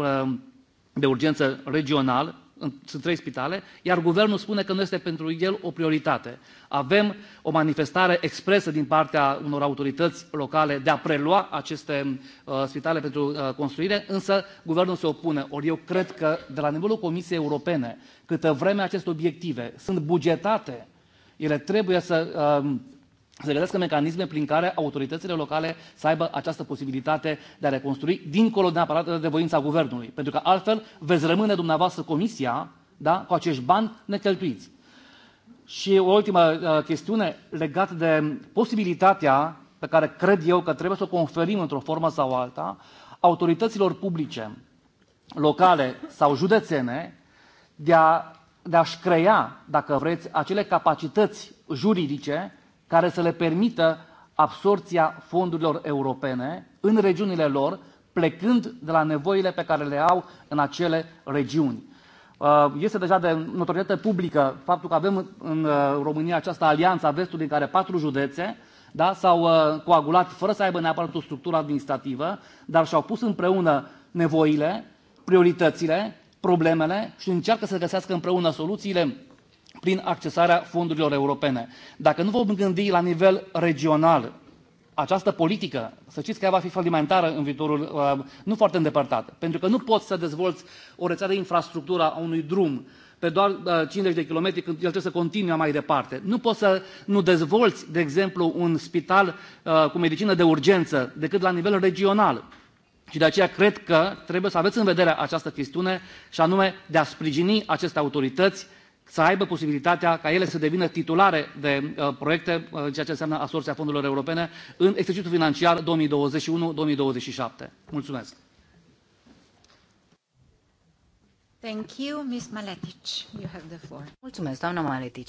de urgență regional, sunt trei spitale, iar guvernul spune că nu este pentru el o prioritate. Avem o manifestare expresă din partea unor autorități locale de a prelua aceste uh, spitale pentru uh, construire, însă guvernul se opune. Ori eu cred că de la nivelul Comisiei Europene, câtă vreme aceste obiective sunt bugetate, ele trebuie să uh, să găsesc mecanisme prin care autoritățile locale să aibă această posibilitate de a reconstrui dincolo de neapărat de voința guvernului. Pentru că altfel veți rămâne dumneavoastră comisia da, cu acești bani necheltuiți. Și o ultimă uh, chestiune legată de posibilitatea pe care cred eu că trebuie să o conferim într-o formă sau alta autorităților publice, locale sau județene de, a, de a-și crea, dacă vreți, acele capacități juridice care să le permită absorția fondurilor europene în regiunile lor, plecând de la nevoile pe care le au în acele regiuni. Uh, este deja de notorietate publică faptul că avem în uh, România această alianță a vestului în care patru județe da, s-au uh, coagulat fără să aibă neapărat o structură administrativă, dar și-au pus împreună nevoile, prioritățile, problemele și încearcă să găsească împreună soluțiile prin accesarea fondurilor europene. Dacă nu vom gândi la nivel regional această politică, să știți că ea va fi falimentară în viitorul uh, nu foarte îndepărtat, pentru că nu poți să dezvolți o rețea de infrastructură a unui drum pe doar uh, 50 de kilometri când el trebuie să continue mai departe. Nu poți să nu dezvolți, de exemplu, un spital uh, cu medicină de urgență decât la nivel regional. Și de aceea cred că trebuie să aveți în vedere această chestiune și anume de a sprijini aceste autorități să aibă posibilitatea ca ele să devină titulare de uh, proiecte, uh, ceea ce înseamnă absorbția fondurilor europene, în exercițiul financiar 2021-2027. Mulțumesc!
Thank you, Ms. Maletic.
You have the floor. Mulțumesc, doamna Maletic.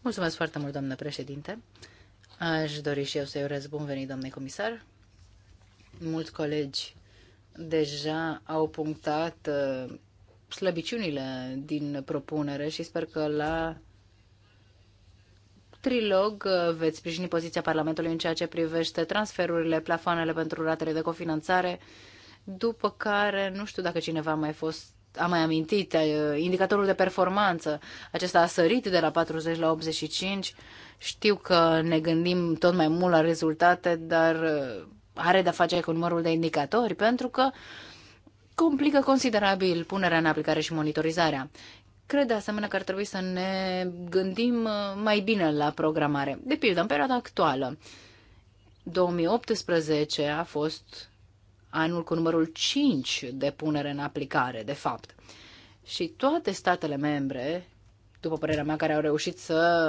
Mulțumesc foarte mult, doamnă președinte. Aș dori și eu să-i urez bun venit, domnule comisar. Mulți colegi deja au punctat uh, slăbiciunile din propunere și sper că la trilog uh, veți sprijini poziția Parlamentului în ceea ce privește transferurile, plafoanele pentru ratele de cofinanțare, după care nu știu dacă cineva a mai fost a mai amintit, uh, indicatorul de performanță, acesta a sărit de la 40 la 85. Știu că ne gândim tot mai mult la rezultate, dar uh, are de-a face cu numărul de indicatori, pentru că uh, complică considerabil punerea în aplicare și monitorizarea. Cred de asemenea că ar trebui să ne gândim uh, mai bine la programare. De pildă, în perioada actuală, 2018 a fost anul cu numărul 5 de punere în aplicare, de fapt. Și toate statele membre, după părerea mea, care au reușit să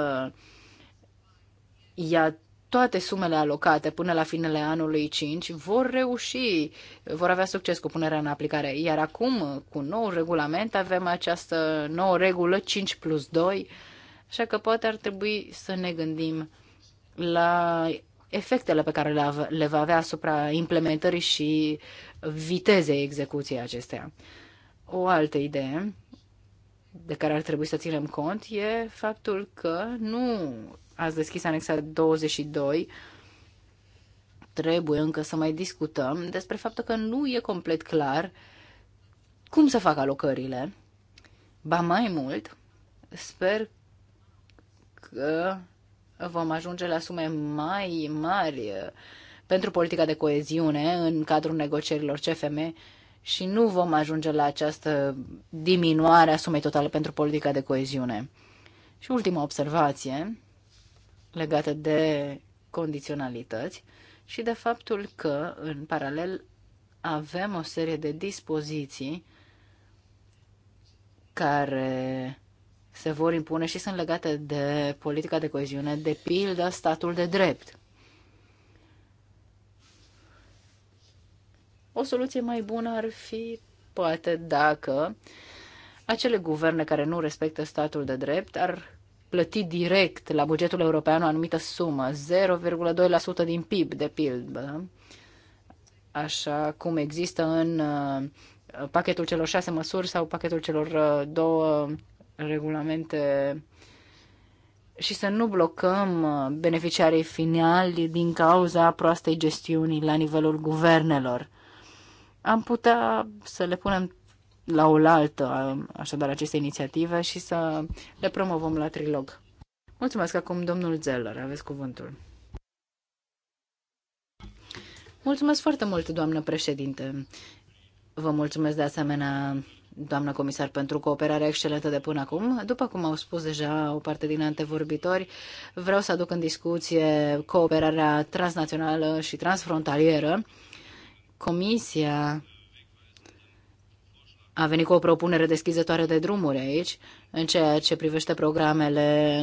ia toate sumele alocate până la finele anului 5 vor reuși, vor avea succes cu punerea în aplicare. Iar acum, cu nou regulament, avem această nouă regulă 5 plus 2, așa că poate ar trebui să ne gândim la efectele pe care le va avea asupra implementării și vitezei execuției acesteia. O altă idee de care ar trebui să ținem cont e faptul că nu ați deschis anexa 22, trebuie încă să mai discutăm despre faptul că nu e complet clar cum să fac alocările. Ba mai mult, sper că vom ajunge la sume mai mari uh, pentru politica de coeziune în cadrul negocierilor CFM și nu vom ajunge la această diminuare a sumei totale pentru politica de coeziune. Și ultima observație, legate de condiționalități și de faptul că, în paralel, avem o serie de dispoziții care se vor impune și sunt legate de politica de coeziune, de pildă statul de drept. O soluție mai bună ar fi, poate, dacă acele guverne care nu respectă statul de drept ar plăti direct la bugetul european o anumită sumă, 0,2% din PIB, de pildă, așa cum există în uh, pachetul celor șase măsuri sau pachetul celor uh, două regulamente și să nu blocăm uh, beneficiarii finali din cauza proastei gestiuni la nivelul guvernelor. Am putea să le punem la oaltă, așadar, aceste inițiative și să le promovăm la trilog. Mulțumesc acum, domnul Zeller, aveți cuvântul. Mulțumesc foarte mult, doamnă președinte. Vă mulțumesc de asemenea, doamnă comisar, pentru cooperarea excelentă de până acum. După cum au spus deja o parte din antevorbitori, vreau să aduc în discuție cooperarea transnațională și transfrontalieră. Comisia a venit cu o propunere deschizătoare de drumuri aici, în ceea ce privește programele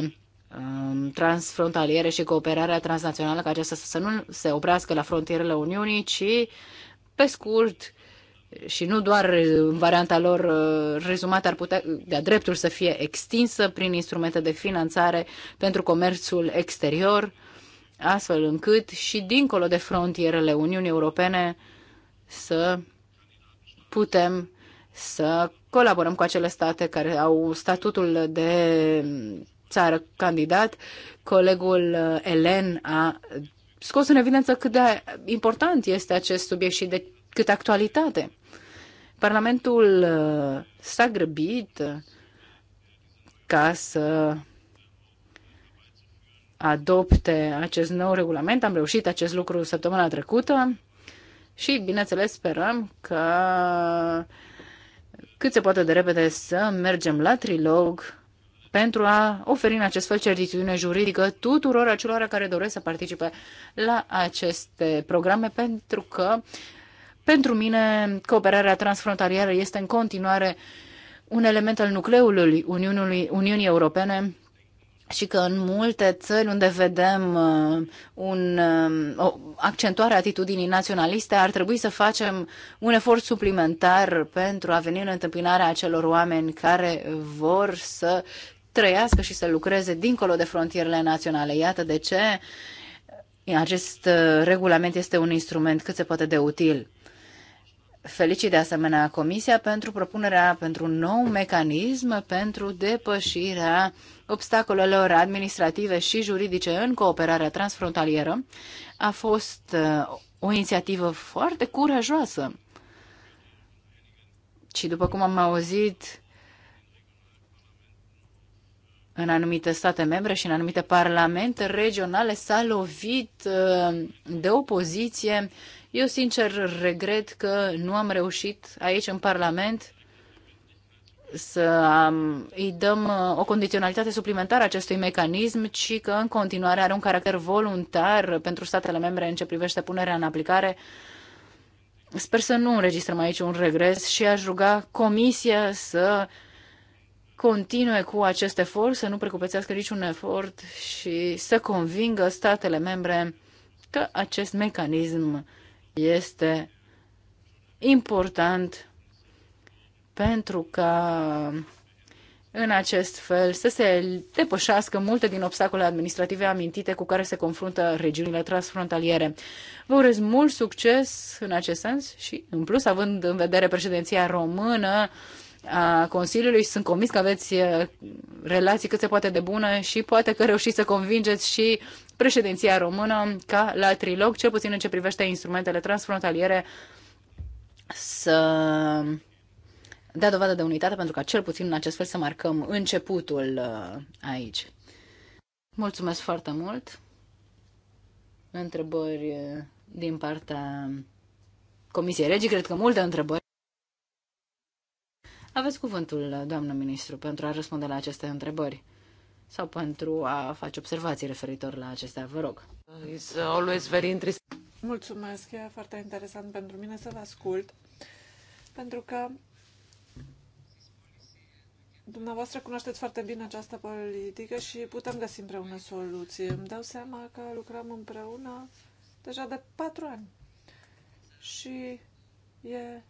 um, transfrontaliere și cooperarea transnațională, ca aceasta să nu se oprească la frontierele Uniunii, ci pe scurt și nu doar în varianta lor uh, rezumată ar putea, de-a dreptul să fie extinsă prin instrumente de finanțare pentru comerțul exterior, astfel încât și dincolo de frontierele Uniunii Europene să putem să colaborăm cu acele state care au statutul de țară candidat. Colegul uh, Elen a scos în evidență cât de important este acest subiect și de cât actualitate. Parlamentul uh, s-a grăbit uh, ca să adopte acest nou regulament. Am reușit acest lucru săptămâna trecută și, bineînțeles, sperăm că cât se poate de repede să mergem la trilog pentru a oferi în acest fel certitudine juridică tuturor acelora care doresc să participe la aceste programe, pentru că pentru mine cooperarea transfrontalieră este în continuare un element al nucleului Uniunii Europene și că în multe țări unde vedem uh, un, uh, o accentuare a atitudinii naționaliste ar trebui să facem un efort suplimentar pentru a veni în întâmpinarea acelor oameni care vor să trăiască și să lucreze dincolo de frontierele naționale. Iată de ce acest uh, regulament este un instrument cât se poate de util. Felicit de asemenea Comisia pentru propunerea pentru un nou mecanism pentru depășirea uh, obstacolelor administrative și juridice în cooperarea transfrontalieră a fost uh, o inițiativă foarte curajoasă. Și după cum am auzit în anumite state membre și în anumite parlamente regionale s-a lovit uh, de opoziție. Eu sincer regret că nu am reușit aici în Parlament să um, îi dăm uh, o condiționalitate suplimentară acestui mecanism, ci că în continuare are un caracter voluntar pentru statele membre în ce privește punerea în aplicare. Sper să nu înregistrăm aici un regres și aș ruga Comisia să continue cu acest efort, să nu precupețească niciun efort și să convingă statele membre că acest mecanism este important pentru ca în acest fel să se depășească multe din obstacolele administrative amintite cu care se confruntă regiunile transfrontaliere. Vă urez mult succes în acest sens și, în plus, având în vedere președinția română a Consiliului, sunt convins că aveți uh, relații cât se poate de bune și poate că reușiți să convingeți și președinția română ca la trilog, cel puțin în ce privește instrumentele transfrontaliere, să dea dovadă de unitate pentru ca cel puțin în acest fel să marcăm începutul uh, aici. Mulțumesc foarte mult. Întrebări uh, din partea Comisiei Regii, cred că multe întrebări. Aveți cuvântul, uh, doamnă ministru, pentru a răspunde la aceste întrebări sau pentru a face observații referitor la acestea, vă rog. It's always very interesting.
Mulțumesc, e foarte interesant pentru mine să vă ascult, pentru că Dumneavoastră cunoașteți foarte bine această politică și putem găsi împreună soluții. Îmi dau seama că lucrăm împreună deja de patru ani. Și e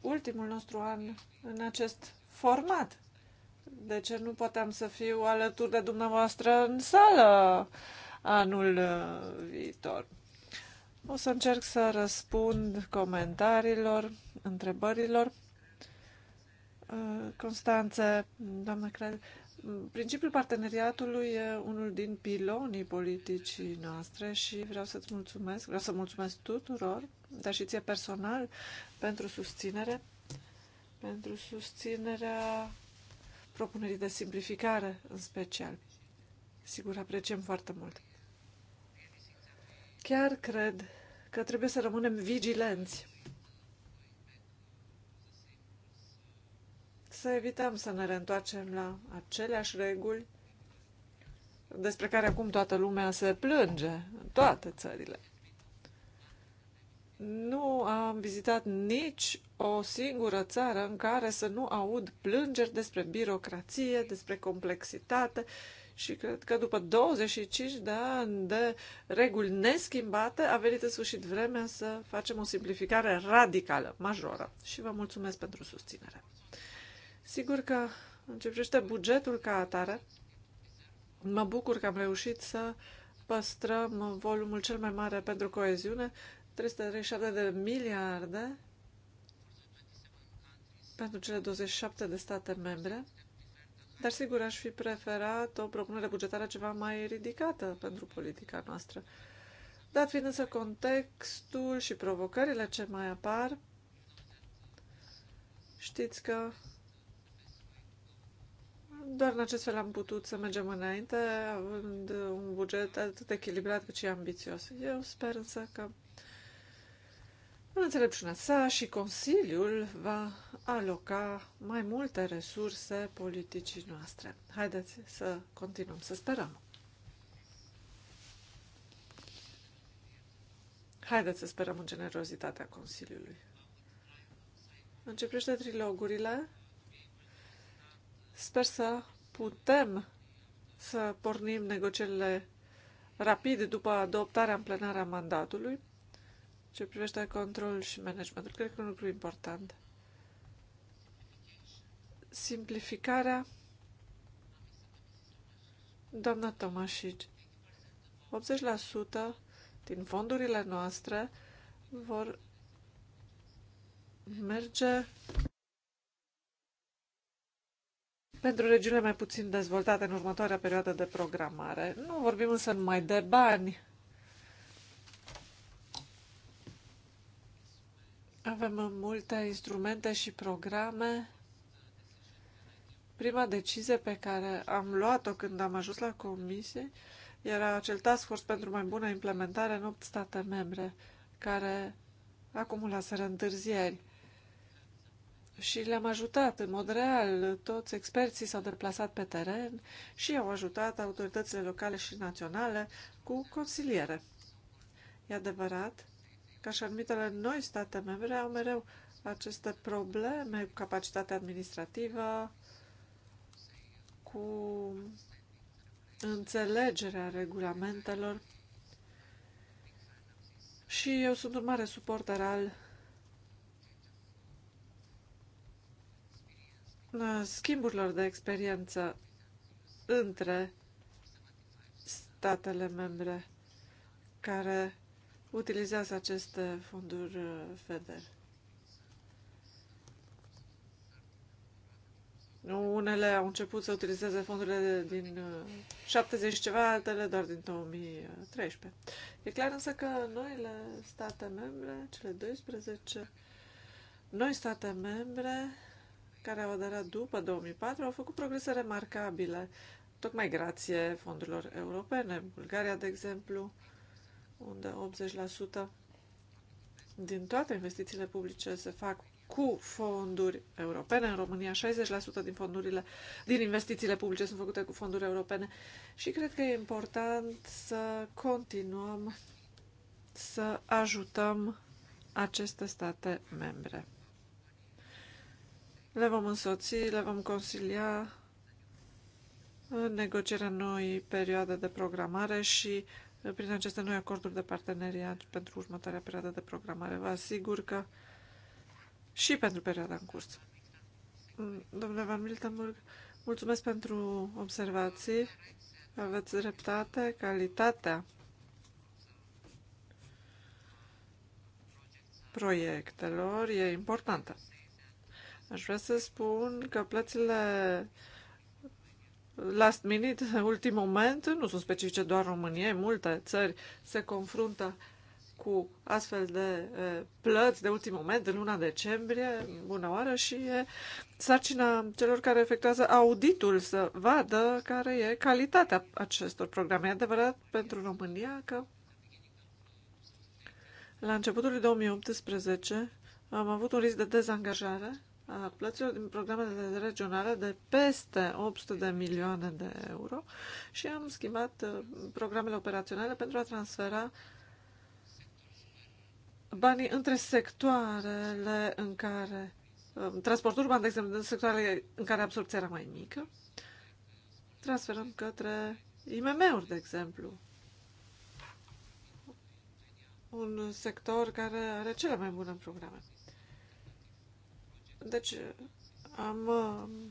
ultimul nostru an în acest format. De ce nu puteam să fiu alături de dumneavoastră în sală anul uh, viitor? O să încerc să răspund comentariilor, întrebărilor. Uh, Constanță, doamnă Crel, principiul parteneriatului e unul din pilonii politicii noastre și vreau să-ți mulțumesc, vreau să mulțumesc tuturor, dar și ție personal, pentru susținere, pentru susținerea propunerii de simplificare în special. Sigur, apreciem foarte mult. Chiar cred că trebuie să rămânem vigilenți să evităm să ne reîntoarcem la aceleași reguli despre care acum toată lumea se plânge în toate țările. Nu am vizitat nici o singură țară în care să nu aud plângeri despre birocrație, despre complexitate și cred că după 25 de ani de reguli neschimbate a venit în sfârșit vremea să facem o simplificare radicală, majoră. Și vă mulțumesc pentru susținere. Sigur că în ce privește bugetul ca atare, mă bucur că am reușit să păstrăm volumul cel mai mare pentru coeziune, 337 de miliarde pentru cele 27 de state membre, dar sigur aș fi preferat o propunere bugetară ceva mai ridicată pentru politica noastră. Dat fiind însă contextul și provocările ce mai apar, știți că doar în acest fel am putut să mergem înainte, având un buget atât echilibrat cât și ambițios. Eu sper însă că în înțelepciunea sa și Consiliul va aloca mai multe resurse politicii noastre. Haideți să continuăm să sperăm. Haideți să sperăm în generozitatea Consiliului. Începește trilogurile, Sper să putem să pornim negocierile rapid după adoptarea în plenarea a mandatului ce privește control și management, Cred că e un lucru important. Simplificarea Doamna Tomașici, 80% din fondurile noastre vor merge pentru regiunile mai puțin dezvoltate în următoarea perioadă de programare. Nu vorbim însă numai de bani. Avem multe instrumente și programe. Prima decizie pe care am luat-o când am ajuns la comisie era acel task force pentru mai bună implementare în 8 state membre, care acumulaseră întârzieri și le-am ajutat în mod real. Toți experții s-au deplasat pe teren și au ajutat autoritățile locale și naționale cu consiliere. E adevărat că și anumitele noi state membre au mereu aceste probleme cu capacitatea administrativă, cu înțelegerea regulamentelor și eu sunt un mare suporter al schimburilor de experiență între statele membre care utilizează aceste fonduri uh, FEDER. Unele au început să utilizeze fondurile din 70 uh, și ceva, altele doar din 2013. E clar însă că noile state membre, cele 12, noi state membre, care au aderat după 2004 au făcut progrese remarcabile, tocmai grație fondurilor europene. Bulgaria, de exemplu, unde 80% din toate investițiile publice se fac cu fonduri europene. În România, 60% din fondurile, din investițiile publice sunt făcute cu fonduri europene și cred că e important să continuăm să ajutăm aceste state membre. Le vom însoți, le vom consilia în negocierea noi perioade de programare și eh, prin aceste noi acorduri de parteneriat pentru următoarea perioadă de programare. Vă asigur că și pentru perioada în curs. Mm, domnule Van Miltenburg, mulțumesc pentru observații. Aveți dreptate, calitatea proiectelor e importantă. Aș vrea să spun că plățile last minute, ultim moment, nu sunt specifice doar României, multe țări se confruntă cu astfel de plăți de ultim moment în luna decembrie, bună oară, și e sarcina celor care efectuează auditul să vadă care e calitatea acestor programe. E adevărat pentru România că la începutul 2018 am avut un risc de dezangajare a plăților din programele regionale de peste 800 de milioane de euro și am schimbat uh, programele operaționale pentru a transfera banii între sectoarele în care um, transportul urban, de exemplu, în sectoarele în care absorpția era mai mică, transferăm către IMM-uri, de exemplu. Un sector care are cele mai bune programe. Deci am uh,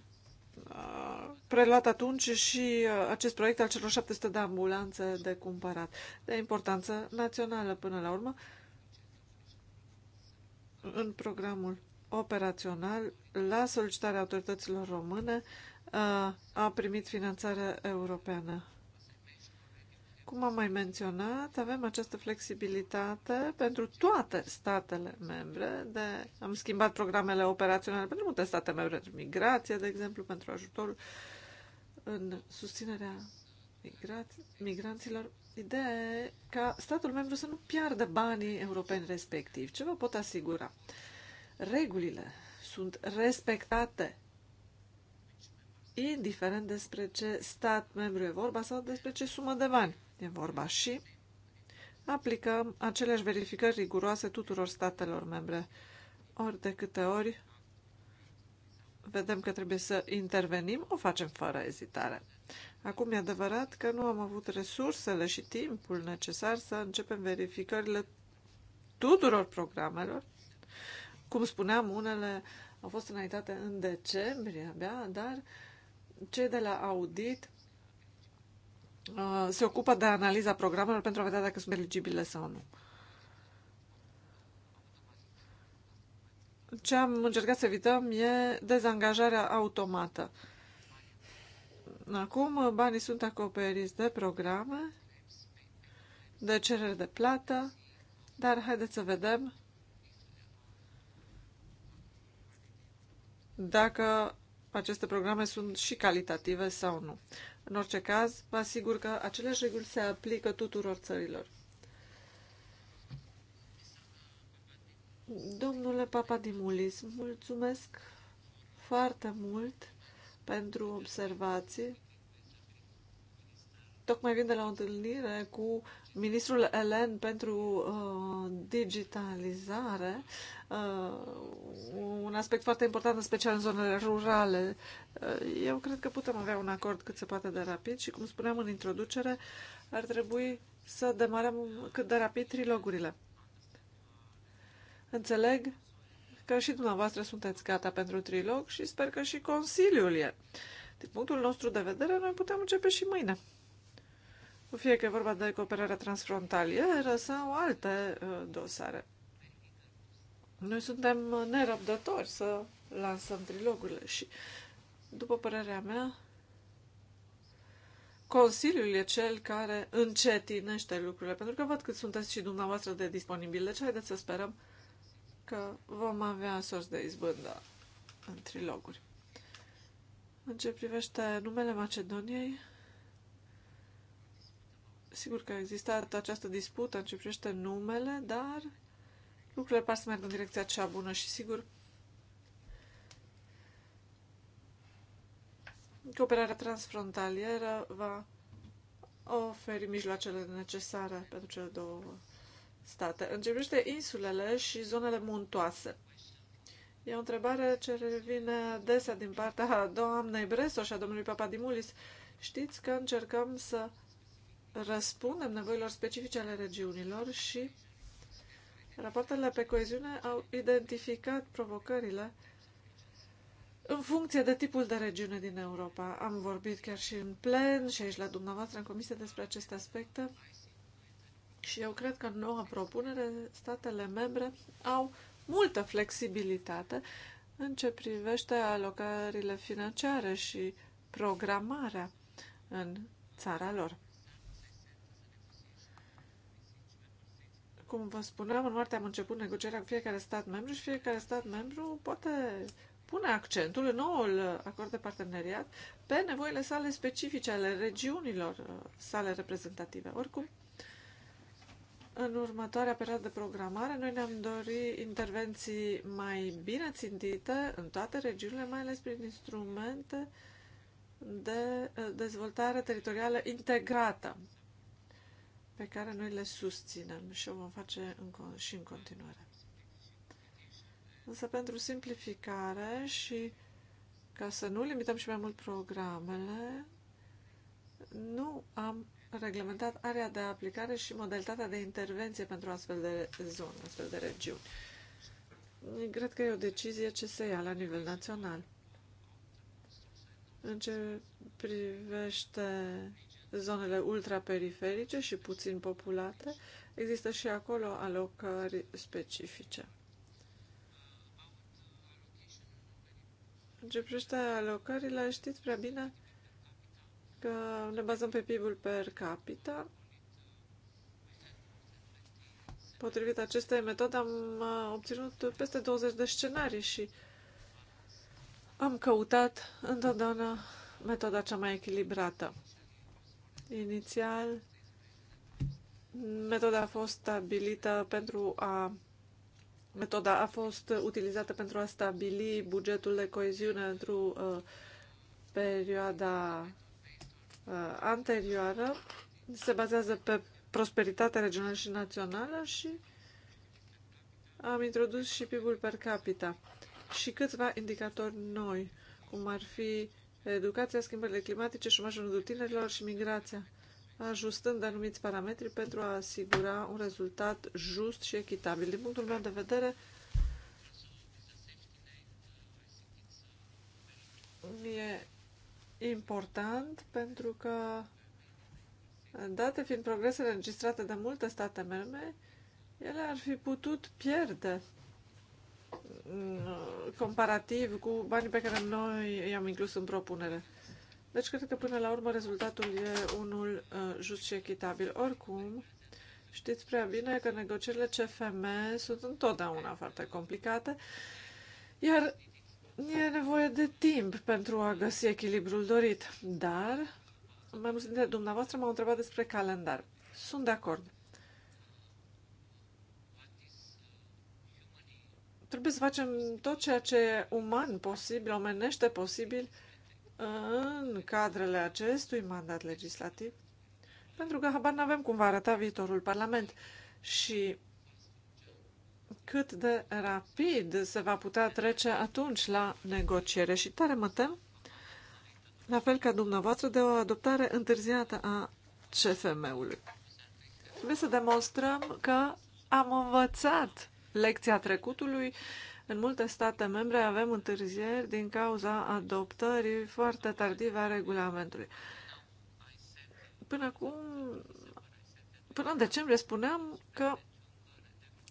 uh, preluat atunci și uh, acest proiect al celor 700 de ambulanțe de cumpărat, de importanță națională până la urmă, în programul operațional, la solicitarea autorităților române, a primit finanțare europeană. Cum am mai menționat, avem această flexibilitate pentru toate statele membre. De, am schimbat programele operaționale pentru multe state membre, pentru migrație, de exemplu, pentru ajutorul în susținerea migrați, migranților. Ideea e ca statul membru să nu piardă banii europeni respectiv. Ce vă pot asigura? Regulile sunt respectate indiferent despre ce stat membru e vorba sau despre ce sumă de bani e vorba și aplicăm aceleași verificări riguroase tuturor statelor membre. Ori de câte ori vedem că trebuie să intervenim, o facem fără ezitare. Acum e adevărat că nu am avut resursele și timpul necesar să începem verificările tuturor programelor. Cum spuneam, unele au fost înaintate în decembrie abia, dar cei de la audit Uh, se ocupă de analiza programelor pentru a vedea dacă sunt eligibile sau nu. Ce am încercat să evităm e dezangajarea automată. Acum uh, banii sunt acoperiți de programe, de cerere de plată, dar haideți să vedem dacă aceste programe sunt și calitative sau nu. În orice caz, vă asigur că aceleași reguli se aplică tuturor țărilor. Domnule Papadimulis, mulțumesc foarte mult pentru observații Tocmai vin de la o întâlnire cu ministrul Elen pentru uh, digitalizare, uh, un aspect foarte important, în special în zonele rurale. Uh, eu cred că putem avea un acord cât se poate de rapid și, cum spuneam în introducere, ar trebui să demarăm cât de rapid trilogurile. Înțeleg că și dumneavoastră sunteți gata pentru trilog și sper că și Consiliul e. Din punctul nostru de vedere, noi putem începe și mâine fie că e vorba de cooperarea transfrontalieră sau alte uh, dosare. Noi suntem nerăbdători să lansăm trilogurile și, după părerea mea, Consiliul e cel care încetinește lucrurile, pentru că văd cât sunteți și dumneavoastră de disponibil. Deci haideți să sperăm că vom avea sorți de izbândă în triloguri. În ce privește numele Macedoniei, Sigur că a existat această dispută în ce privește numele, dar lucrurile par să meargă în direcția cea bună și sigur cooperarea transfrontalieră va oferi mijloacele necesare pentru cele două state. În ce privește insulele și zonele muntoase. E o întrebare ce revine adesea din partea doamnei Breso și a domnului Papadimulis. Știți că încercăm să răspundem nevoilor specifice ale regiunilor și rapoartele pe coeziune au identificat provocările în funcție de tipul de regiune din Europa. Am vorbit chiar și în plen și aici la dumneavoastră în comisie despre aceste aspecte și eu cred că în noua propunere statele membre au multă flexibilitate în ce privește alocările financiare și programarea în țara lor. Cum vă spuneam, în martie am început negocierea cu fiecare stat membru și fiecare stat membru poate pune accentul în noul acord de parteneriat pe nevoile sale specifice ale regiunilor uh, sale reprezentative. Oricum, în următoarea perioadă de programare, noi ne-am dorit intervenții mai bine țintite în toate regiunile, mai ales prin instrumente de uh, dezvoltare teritorială integrată pe care noi le susținem și o vom face în, și în continuare. Însă pentru simplificare și ca să nu limităm și mai mult programele, nu am reglementat area de aplicare și modalitatea de intervenție pentru astfel de zone, astfel de regiuni. Cred că e o decizie ce se ia la nivel național. În ce privește zonele ultraperiferice și puțin populate, există și acolo alocări specifice. În ce privește alocările, știți prea bine că ne bazăm pe PIB-ul per capita. Potrivit acestei metode am uh, obținut peste 20 de scenarii și am căutat întotdeauna metoda cea mai echilibrată. Inițial, metoda a fost stabilită pentru a metoda a fost utilizată pentru a stabili bugetul de coeziune într-o uh, perioada uh, anterioară. Se bazează pe prosperitatea regională și națională și am introdus și PIB-ul per capita și câțiva indicatori noi, cum ar fi educația, schimbările climatice, șomajul rândul tinerilor și migrația, ajustând anumiți parametri pentru a asigura un rezultat just și echitabil. Din punctul meu de vedere, e important pentru că, date fiind progresele înregistrate de multe state membre, ele ar fi putut pierde comparativ cu banii pe care noi i-am inclus în propunere. Deci cred că până la urmă rezultatul e unul uh, just și echitabil. Oricum, știți prea bine că negocierile CFM sunt întotdeauna foarte complicate, iar e nevoie de timp pentru a găsi echilibrul dorit. Dar mai mulți dintre dumneavoastră m-au întrebat despre calendar. Sunt de acord. Trebuie să facem tot ceea ce e uman posibil, omenește posibil, în cadrele acestui mandat legislativ, pentru că habar n-avem cum va arăta viitorul Parlament și cât de rapid se va putea trece atunci la negociere. Și tare mă tem, la fel ca dumneavoastră, de o adoptare întârziată a CFM-ului. Trebuie să demonstrăm că am învățat lecția trecutului. În multe state membre avem întârzieri din cauza adoptării foarte tardive a regulamentului. Până acum, până în decembrie spuneam că,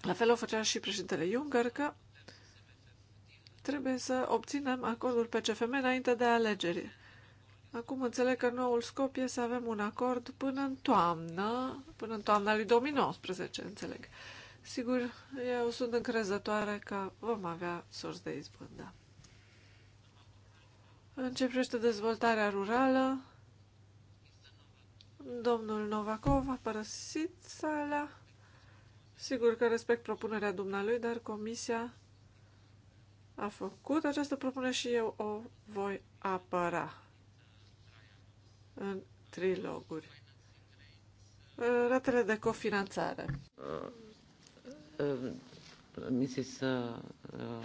la fel o făcea și președintele Juncker, că trebuie să obținem acordul pe CFM înainte de alegeri. Acum înțeleg că noul scop e să avem un acord până în toamnă, până în toamna lui 2019, înțeleg. Sigur, eu sunt încrezătoare că vom avea sorți de izbândă. În ce privește dezvoltarea rurală, domnul Novakov a părăsit sala. Sigur că respect propunerea dumnealui, dar comisia a făcut această propunere și eu o voi apăra în triloguri. Ratele de cofinanțare.
Uh Uh, uh,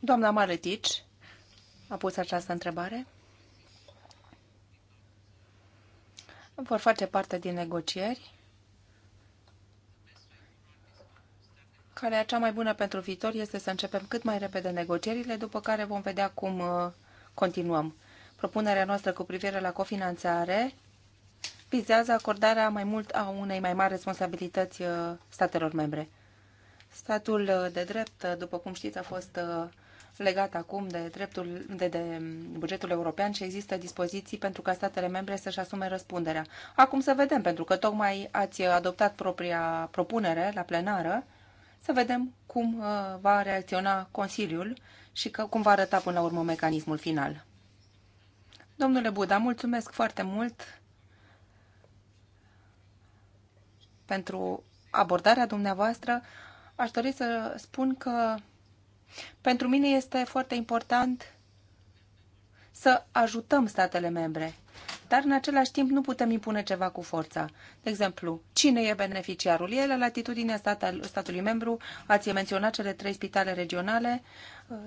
Doamna Maletici a pus această întrebare. Vor face parte din negocieri. e cea mai bună pentru viitor este să începem cât mai repede negocierile, după care vom vedea cum uh, continuăm. Propunerea noastră cu privire la cofinanțare vizează acordarea mai mult a unei mai mari responsabilități uh, statelor membre. Statul uh, de drept, uh, după cum știți, a fost legat acum de, dreptul, de, de mm, bugetul european și există dispoziții pentru ca statele membre să-și asume răspunderea. Acum să vedem, pentru că tocmai ați adoptat propria propunere la plenară, să vedem cum va reacționa Consiliul și că, cum va arăta până la urmă mecanismul final. Domnule Buda, mulțumesc foarte mult pentru abordarea dumneavoastră. Aș dori să spun că pentru mine este foarte important să ajutăm statele membre, dar în același timp nu putem impune ceva cu forța. De exemplu, cine e beneficiarul? E la latitudinea statul, statului membru, ați menționat cele trei spitale regionale,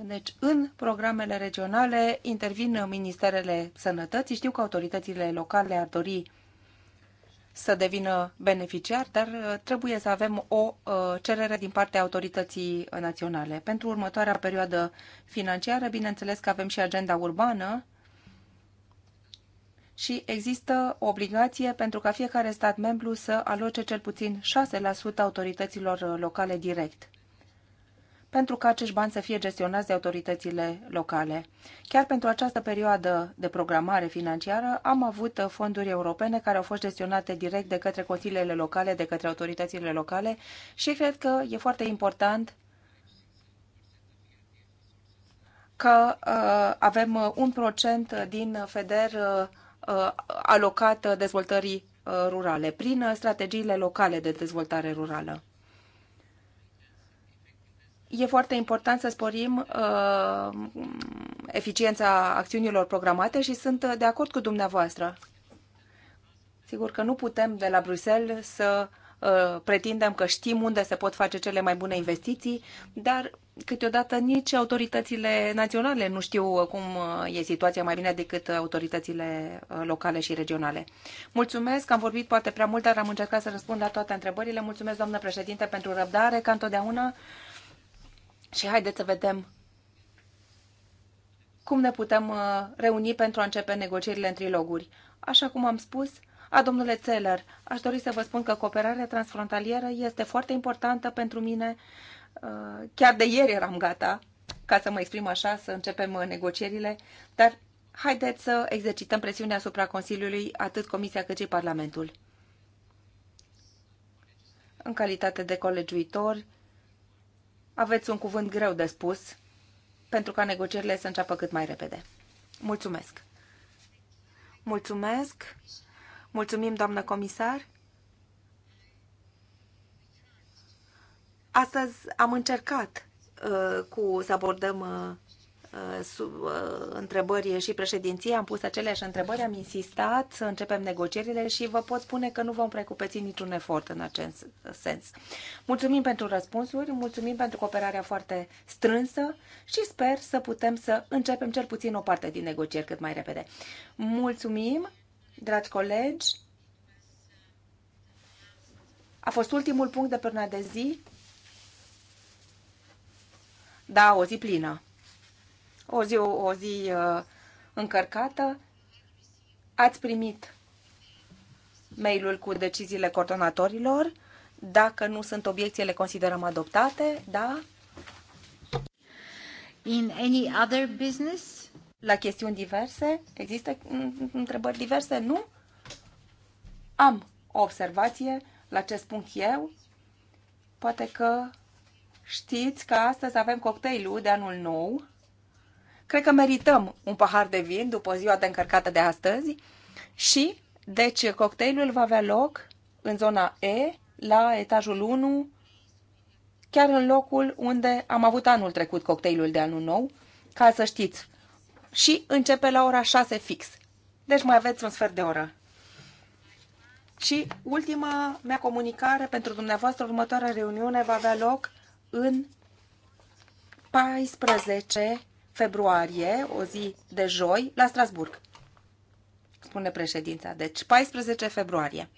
deci în programele regionale intervin ministerele sănătății, știu că autoritățile locale ar dori să devină beneficiar, dar uh, trebuie să avem o uh, cerere din partea autorității naționale. Pentru următoarea perioadă financiară, bineînțeles că avem și agenda urbană și există o obligație pentru ca fiecare stat membru să aloce cel puțin 6% autorităților uh, locale direct pentru ca acești bani să fie gestionați de autoritățile locale. Chiar pentru această perioadă de programare financiară am avut fonduri europene care au fost gestionate direct de către consiliile locale, de către autoritățile locale și cred că e foarte important că uh, avem uh, un procent din FEDER uh, uh alocat dezvoltării uh, rurale prin strategiile locale de dezvoltare rurală e foarte important să sporim uh, eficiența acțiunilor programate și sunt de acord cu dumneavoastră. Sigur că nu putem de la Bruxelles să uh, pretindem că știm unde se pot face cele mai bune investiții, dar câteodată nici autoritățile naționale nu știu uh, cum uh, e situația mai bine decât autoritățile uh, locale și regionale. Mulțumesc, am vorbit poate prea mult, dar am încercat să răspund la toate întrebările. Mulțumesc, doamnă președinte, pentru răbdare, ca întotdeauna. Și haideți să vedem cum ne putem uh, reuni pentru a începe negocierile în triloguri. Așa cum am spus, a, domnule Țeler, aș dori să vă spun că cooperarea transfrontalieră este foarte importantă pentru mine. Uh, chiar de ieri eram gata, ca să mă exprim așa, să începem uh, negocierile, dar haideți să exercităm presiunea asupra Consiliului, atât Comisia cât și Parlamentul. În calitate de colegiuitor aveți un cuvânt greu de spus pentru ca negocierile să înceapă cât mai repede. Mulțumesc! Mulțumesc! Mulțumim, doamnă comisar! Astăzi am încercat uh, cu, să abordăm uh, Uh, sub uh, întrebări și președinția, am pus aceleași întrebări, am insistat să începem negocierile și vă pot spune că nu vom precupeți niciun efort în acest sens. Mulțumim pentru răspunsuri, mulțumim pentru cooperarea foarte strânsă și sper să putem să începem cel puțin o parte din negocieri cât mai repede. Mulțumim, dragi colegi! A fost ultimul punct de până de zi. Da, o zi plină o zi, o zi uh, încărcată. Ați primit mailul cu deciziile coordonatorilor. Dacă nu sunt obiecții, le considerăm adoptate, da? In any other business? La chestiuni diverse? Există mm, mm, întrebări diverse? Nu? Am o observație la acest punct eu. Poate că știți că astăzi avem cocktailul de anul nou Cred că merităm un pahar de vin după ziua de încărcată de astăzi și, deci, cocktailul va avea loc în zona E, la etajul 1, chiar în locul unde am avut anul trecut cocktailul de anul nou, ca să știți. Și începe la ora 6 fix. Deci mai aveți un sfert de oră. Și ultima mea comunicare pentru dumneavoastră, următoarea reuniune va avea loc în 14 februarie, o zi de joi, la Strasburg, spune președinta. Deci 14 februarie.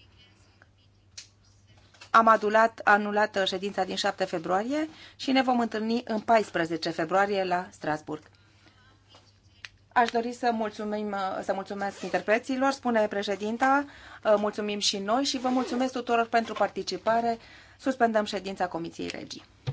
Am adulat, anulat uh, ședința din 7 februarie și ne vom întâlni în 14 februarie la Strasburg. Aș dori să, mulțumim, uh, să mulțumesc interpreților, spune președinta, uh, mulțumim și noi și vă mulțumesc tuturor pentru participare. Suspendăm ședința Comisiei Regii.